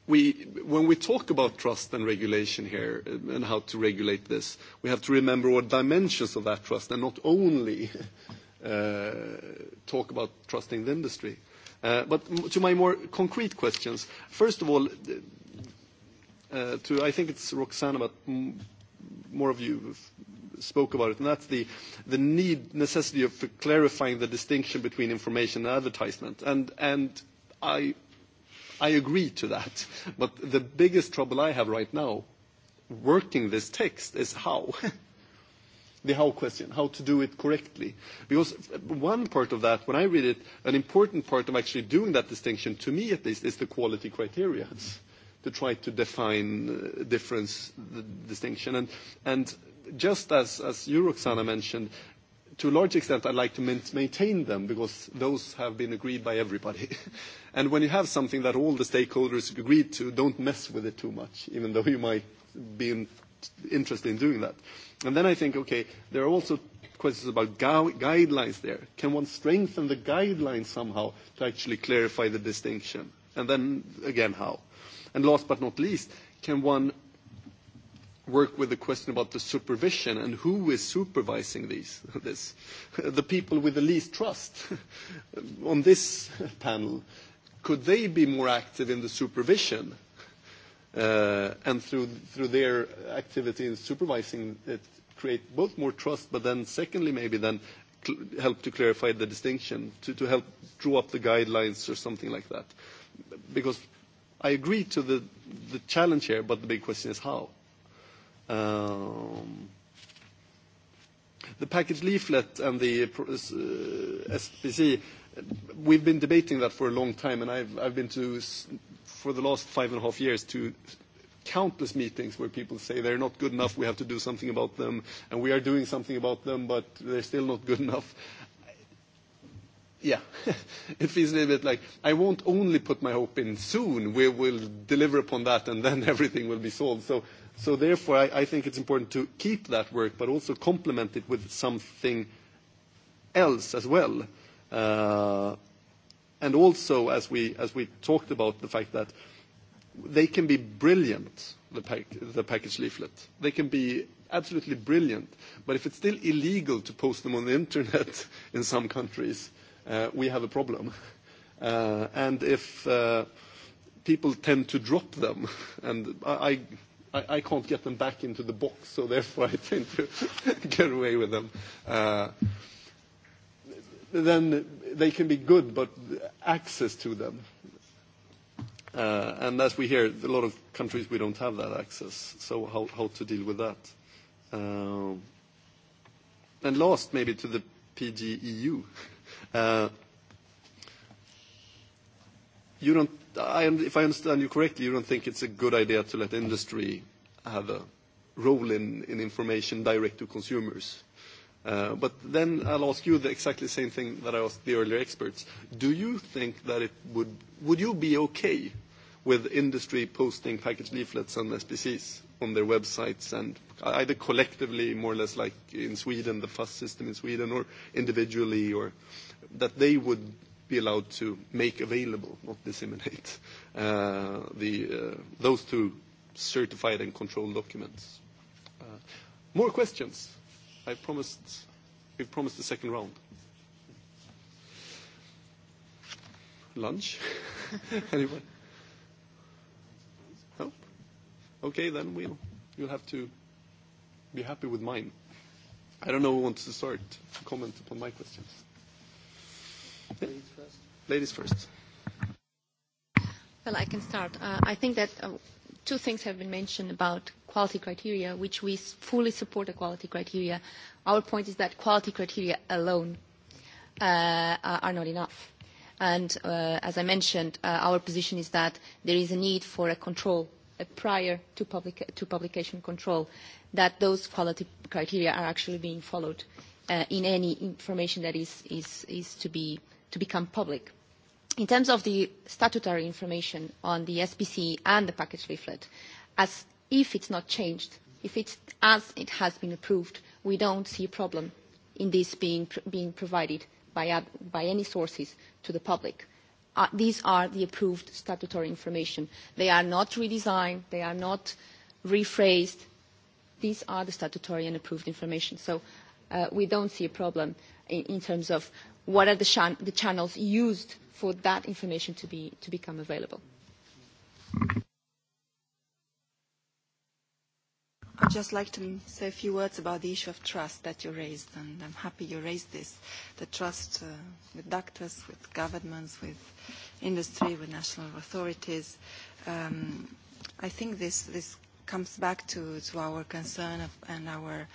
we when we talk about trust and regulation here and how to regulate this, we have to remember what dimensions of that trust and not only talk about trusting the industry. But to my more concrete questions, first of all to, I think it's Roxana, but more of you spoke about it, and that's the need, necessity of clarifying the distinction between information and advertisement. And I agree to that, but the biggest trouble I have right now working this text is how. The how question, how to do it correctly. Because one part of that, when I read it, an important part of actually doing that distinction, to me at least, is the quality criteria to try to define difference, distinction. And just as Roxana mentioned, to a large extent, I like to maintain them because those have been agreed by everybody. And when you have something that all the stakeholders agreed to, don't mess with it too much, even though you might be interested in doing that. And then I think, okay, there are also questions about guidelines there. Can one strengthen the guidelines somehow to actually clarify the distinction? And then, again, how? And last but not least, can one work with the question about the supervision and who is supervising these this the people with the least trust on this panel could they be more active in the supervision and through their activity in supervising it create both more trust but then secondly maybe then help to clarify the distinction to to help draw up the guidelines or something like that because I agree to the the challenge here, but the big question is how. The package leaflet and the SPC, we've been debating that for a long time, and I've I've been to, for the last five and a half years, to countless meetings where people say they're not good enough, we have to do something about them, and we are doing something about them, but they're still not good enough. Yeah, it feels a little bit like I won't only put my hope in soon. We will deliver upon that, and then everything will be solved. So, so therefore, I think it's important to keep that work, but also complement it with something else as well. And also, as we as we talked about, the fact that they can be brilliant, the package leaflet. They can be absolutely brilliant, but if it's still illegal to post them on the internet in some countries we have a problem. And if people tend to drop them, and I I can't get them back into the box, so therefore I tend to get away with them. Then they can be good, but access to them. And as we hear, a lot of countries, we don't have that access, so how to deal with that. And last, maybe to the PGEU if I understand you correctly, you don't think it's a good idea to let industry have a role in information direct to consumers. But then I'll ask you the exactly same thing that I asked the earlier experts. Do you think that it would, would you be okay with industry posting package leaflets and SPCs on their websites and either collectively, more or less like in Sweden, the FUS system in Sweden, or individually, or that they would be allowed to make available, not disseminate, those two certified and controlled documents. More questions? I promised we've promised the second round. Lunch? Anyone? No? Okay, then we'll you'll have to be happy with mine. I don't know who wants to start to comment upon my questions. Ladies first. Well, I can start. I think that two things have been mentioned about quality criteria, which we fully support the quality criteria. Our point is that quality criteria alone are not enough. And as I mentioned, our position is that there is a need for a control a prior to publication control, that those quality criteria are actually being followed in any information that is is is to be to become public. In terms of the statutory information on the SPC and the package leaflet, as if it's not changed, if it's as it has been approved, we don't see a problem in this being being provided by any sources to the public. These are the approved statutory information. They are not redesigned. They are not rephrased. These are the statutory and approved information. So we don't see a problem in terms of what are the channels used for that information to be to become available. I'd just like to say a few words about the issue of trust that you raised, and I'm happy you raised this, the trust with doctors, with governments, with industry, with national authorities. I think this comes back to to our concern and our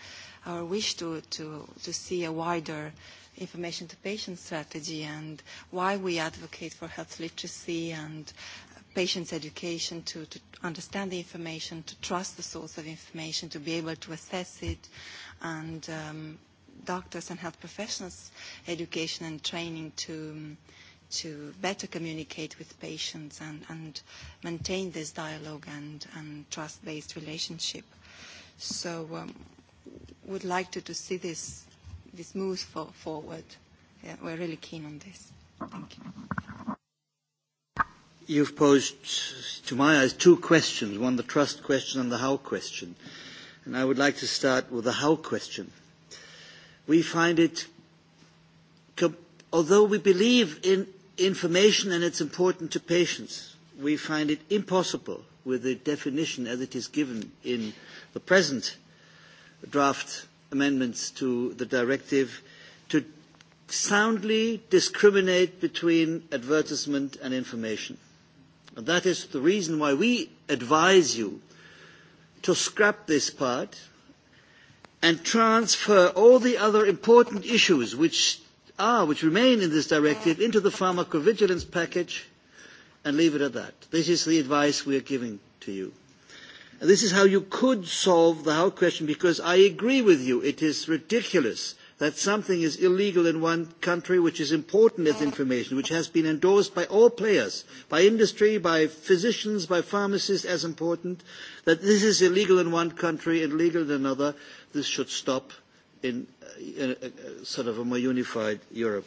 our wish to to to see a wider information to patient strategy and why we advocate for health literacy and patients' education to understand the information, to trust the source of information, to be able to assess it, and doctors and health professionals' education and training to to better communicate with patients and maintain this dialogue and trust-based relationship. So would like to see this this move forward. We're really keen on this. Thank you. You've posed, to my eyes, two questions, one the trust question and the how question. And I would like to start with the how question. We find it, although we believe in information and it's important to patients. We find it impossible with the definition as it is given in the present draft amendments to the directive to soundly discriminate between advertisement and information. That is the reason why we advise you to scrap this part and transfer all the other important issues which are, which remain in this directive, into the pharmacovigilance package and leave it at that. This is the advice we are giving to you. this is how you could solve the how question, because I agree with you, it is ridiculous that something is illegal in one country which is important as information, which has been endorsed by all players, by industry, by physicians, by pharmacists as important, that this is illegal in one country and legal in another. This should stop in sort of a more unified Europe.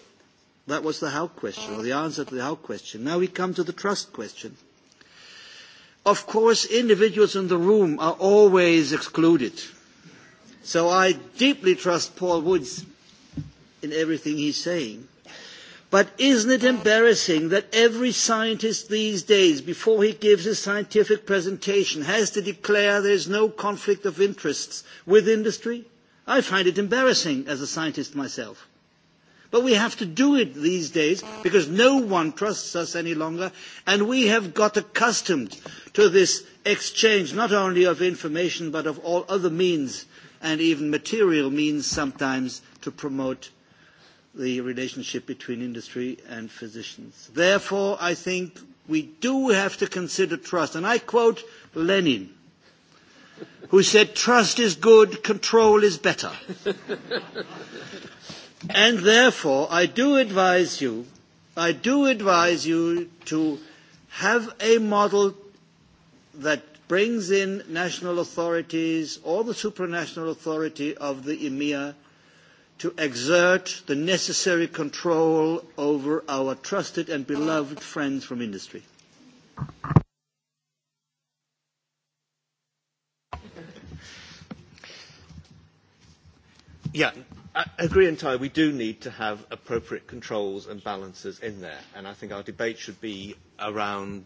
That was the how question, or the answer to the how question. Now we come to the trust question. Of course, individuals in the room are always excluded. So I deeply trust Paul Woods in everything he's saying. But isn't it embarrassing that every scientist these days, before he gives his scientific presentation, has to declare there is no conflict of interests with industry? I find it embarrassing as a scientist myself. But we have to do it these days because no one trusts us any longer and we have got accustomed to this exchange not only of information but of all other means and even material means sometimes to promote the relationship between industry and physicians. Therefore, I think we do have to consider trust. And I quote Lenin who said trust is good, control is better. And therefore, I do advise you, I do advise you to have a model that brings in national authorities or the supranational authority of the EMEA to exert the necessary control over our trusted and beloved friends from industry. Yeah, I agree entirely. We do need to have appropriate controls and balances in there. And I think our debate should be around,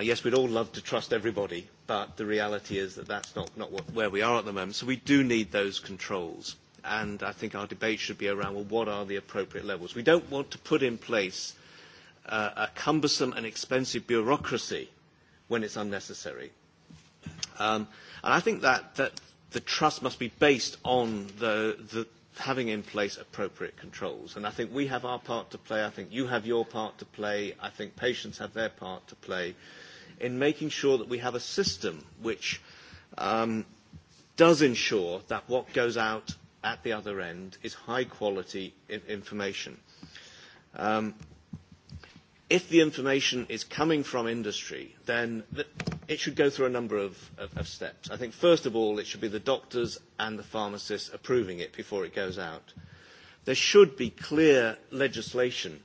yes, we'd all love to trust everybody, but the reality is that that's not not what where we are at the moment. So we do need those controls. And I think our debate should be around, well, what are the appropriate levels? We don't want to put in place a cumbersome and expensive bureaucracy when it's unnecessary. And I think that that the trust must be based on the having in place appropriate controls. And I think we have our part to play. I think you have your part to play. I think patients have their part to play in making sure that we have a system which does ensure that what goes out at the other end is high quality information if the information is coming from industry, then it should go through a number of steps. I think, first of all, it should be the doctors and the pharmacists approving it before it goes out. There should be clear legislation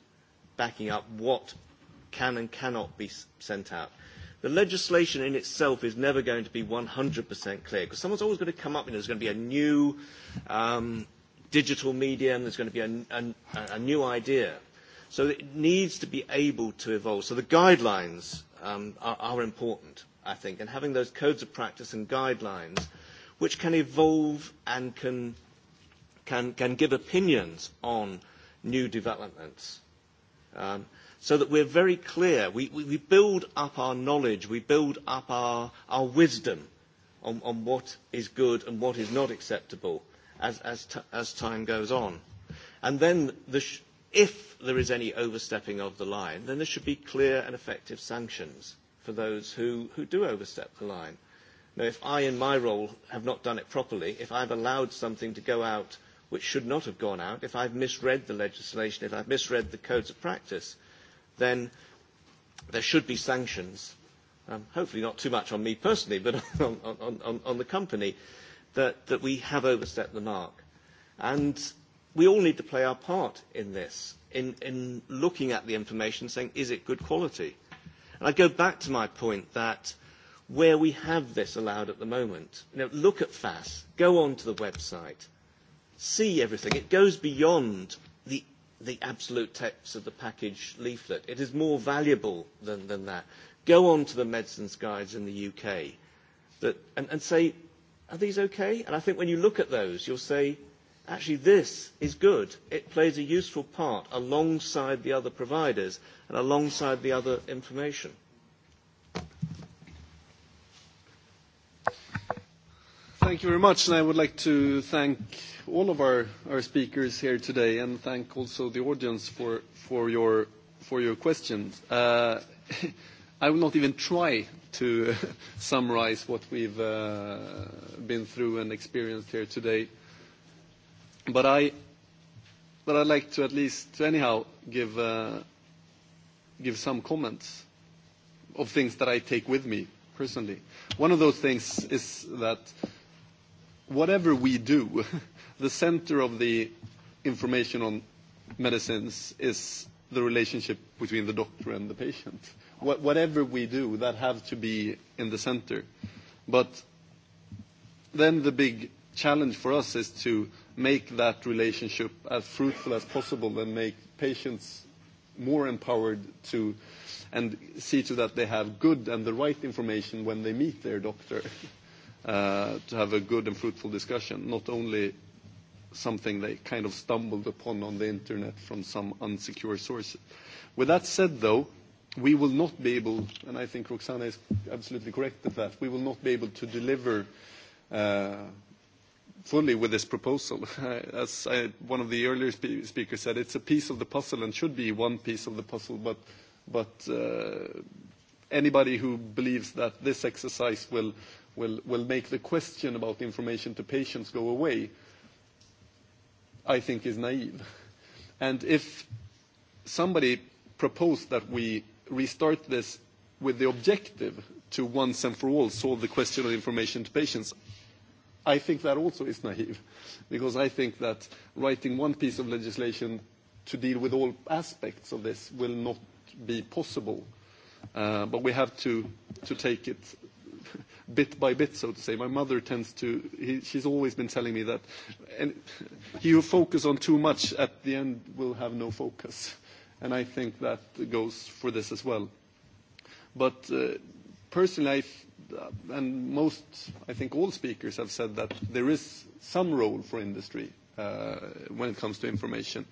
backing up what can and cannot be sent out. The legislation in itself is never going to be 100% clear, because someone's always going to come up and there's going to be a new digital medium, there's going to be a new idea. So it needs to be able to evolve. So the guidelines are important, I think, and having those codes of practice and guidelines which can evolve and can can can give opinions on new developments so that we're very clear. We we build up our knowledge, we build up our our wisdom on what is good and what is not acceptable as as time goes on. And then the if there is any overstepping of the line, then there should be clear and effective sanctions for those who do overstep the line. Now, if I, in my role, have not done it properly, if I've allowed something to go out which should not have gone out, if I've misread the legislation, if I've misread the codes of practice, then there should be sanctions, hopefully not too much on me personally, but on the company, that we have overstepped the mark. And we all need to play our part in this, in, in looking at the information, saying, is it good quality? And I go back to my point that where we have this allowed at the moment, you know, look at FAS, go on to the website, see everything. It goes beyond the, the absolute text of the package leaflet. It is more valuable than, than that. Go on to the medicines guides in the UK that, and say, are these okay? And I think when you look at those, you'll say, Actually, this is good. It plays a useful part alongside the other providers and alongside the other information. Thank you very much, and I would like to thank all of our speakers here today, and thank also the audience for for your for your questions. I will not even try to summarize what we've been through and experienced here today But I but I'd like to at least anyhow give give some comments of things that I take with me personally. One of those things is that whatever we do, the center of the information on medicines is the relationship between the doctor and the patient. Whatever we do, that has to be in the center. But then the big challenge for us is to make that relationship as fruitful as possible and make patients more empowered to and see to that they have good and the right information when they meet their doctor to have a good and fruitful discussion, not only something they kind of stumbled upon on the internet from some unsecure sources. With that said, though, we will not be able, and I think Roxana is absolutely correct with that, we will not be able to deliver fully with this proposal. As one of the earlier speakers said, it's a piece of the puzzle and should be one piece of the puzzle, but anybody who believes that this exercise will make the question about information to patients go away, I think is naive. And if somebody proposed that we restart this with the objective to once and for all solve the question of information to patients, I think that also is naive, because I think that writing one piece of legislation to deal with all aspects of this will not be possible. But we have to take it bit by bit, so to say. My mother tends to, she's always been telling me that he who focus on too much at the end will have no focus. And I think that goes for this as well. But Personally, and most, I think all speakers have said that there is some role for industry when it comes to information.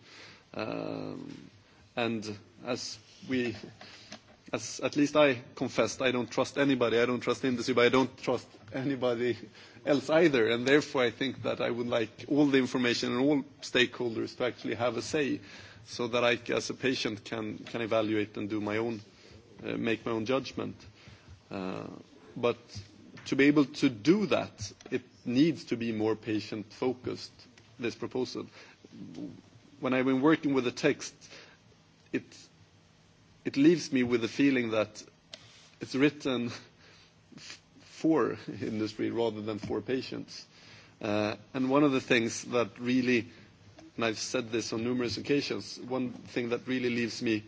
And as we, as at least I confessed, I don't trust anybody. I don't trust industry, but I don't trust anybody else either. And therefore, I think that I would like all the information and all stakeholders to actually have a say, so that I, as a patient, can can evaluate and do my own, make my own judgment. But to be able to do that, it needs to be more patient-focused, this proposal. When I've been working with the text, it it leaves me with the feeling that it's written for industry rather than for patients. And one of the things that really, and I've said this on numerous occasions, one thing that really leaves me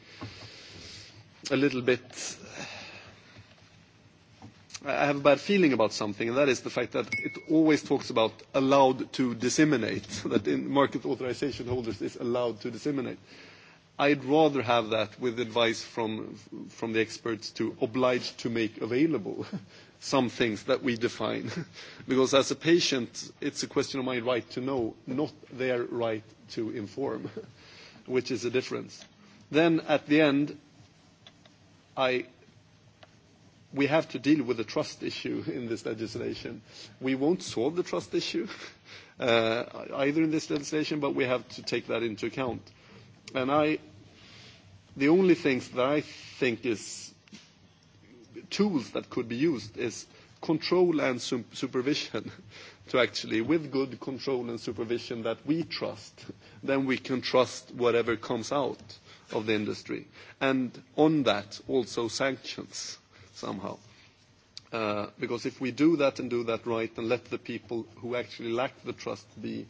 a little bit I have a bad feeling about something, and that is the fact that it always talks about allowed to disseminate, that in market authorisation holders is allowed to disseminate. I'd rather have that with advice from the experts to oblige to make available some things that we define. Because as a patient, it's a question of my right to know, not their right to inform, which is a difference. Then at the end, I we have to deal with the trust issue in this legislation. We won't solve the trust issue either in this legislation, but we have to take that into account. And I, the only things that I think is tools that could be used is control and supervision to actually, with good control and supervision that we trust, then we can trust whatever comes out of the industry. And on that, also sanctions somehow. Because if we do that and do that right and let the people who actually lack the trust be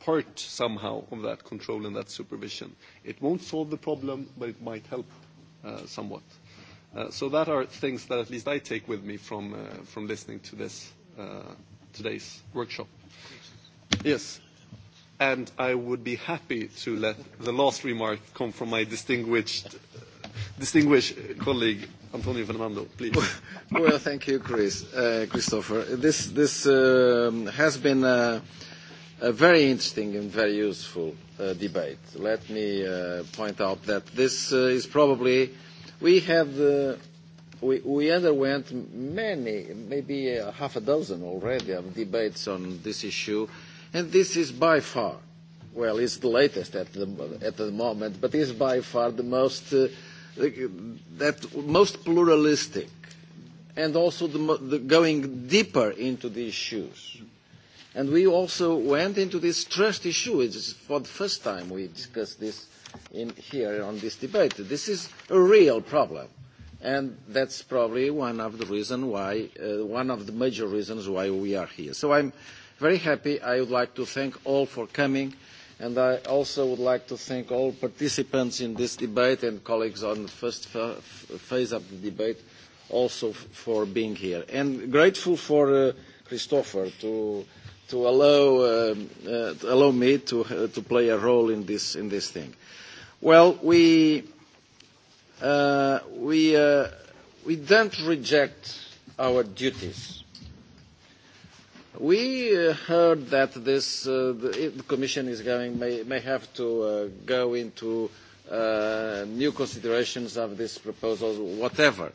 part somehow of that control and that supervision. It won't solve the problem, but it might help somewhat. So that are things that at least I take with me from listening to this today's workshop. Yes, and I would be happy to let the last remark come from my distinguished colleague Antonio Fernando, please. Well, thank you, Chris, Christopher. This this has been a very interesting and very useful debate. Let me point out that this is probably we had we underwent many, maybe half a dozen already of debates on this issue, and this is by far, well, it's the latest at the moment, but is by far the most that most pluralistic and also the going deeper into the issues. And we also went into this trust issue. It's for the first time we discussed this in here on this debate. This is a real problem. And that's probably one of the reasons why, one of the major reasons why we are here. So I'm very happy. I would like to thank all for coming and I also would like to thank all participants in this debate and colleagues on the first phase of the debate also for being here. And grateful for Christopher to to allow me to play a role in this in this thing. Well, we we we don't reject our duties We heard that this the Commission is going may may have to go into new considerations of this proposal, whatever.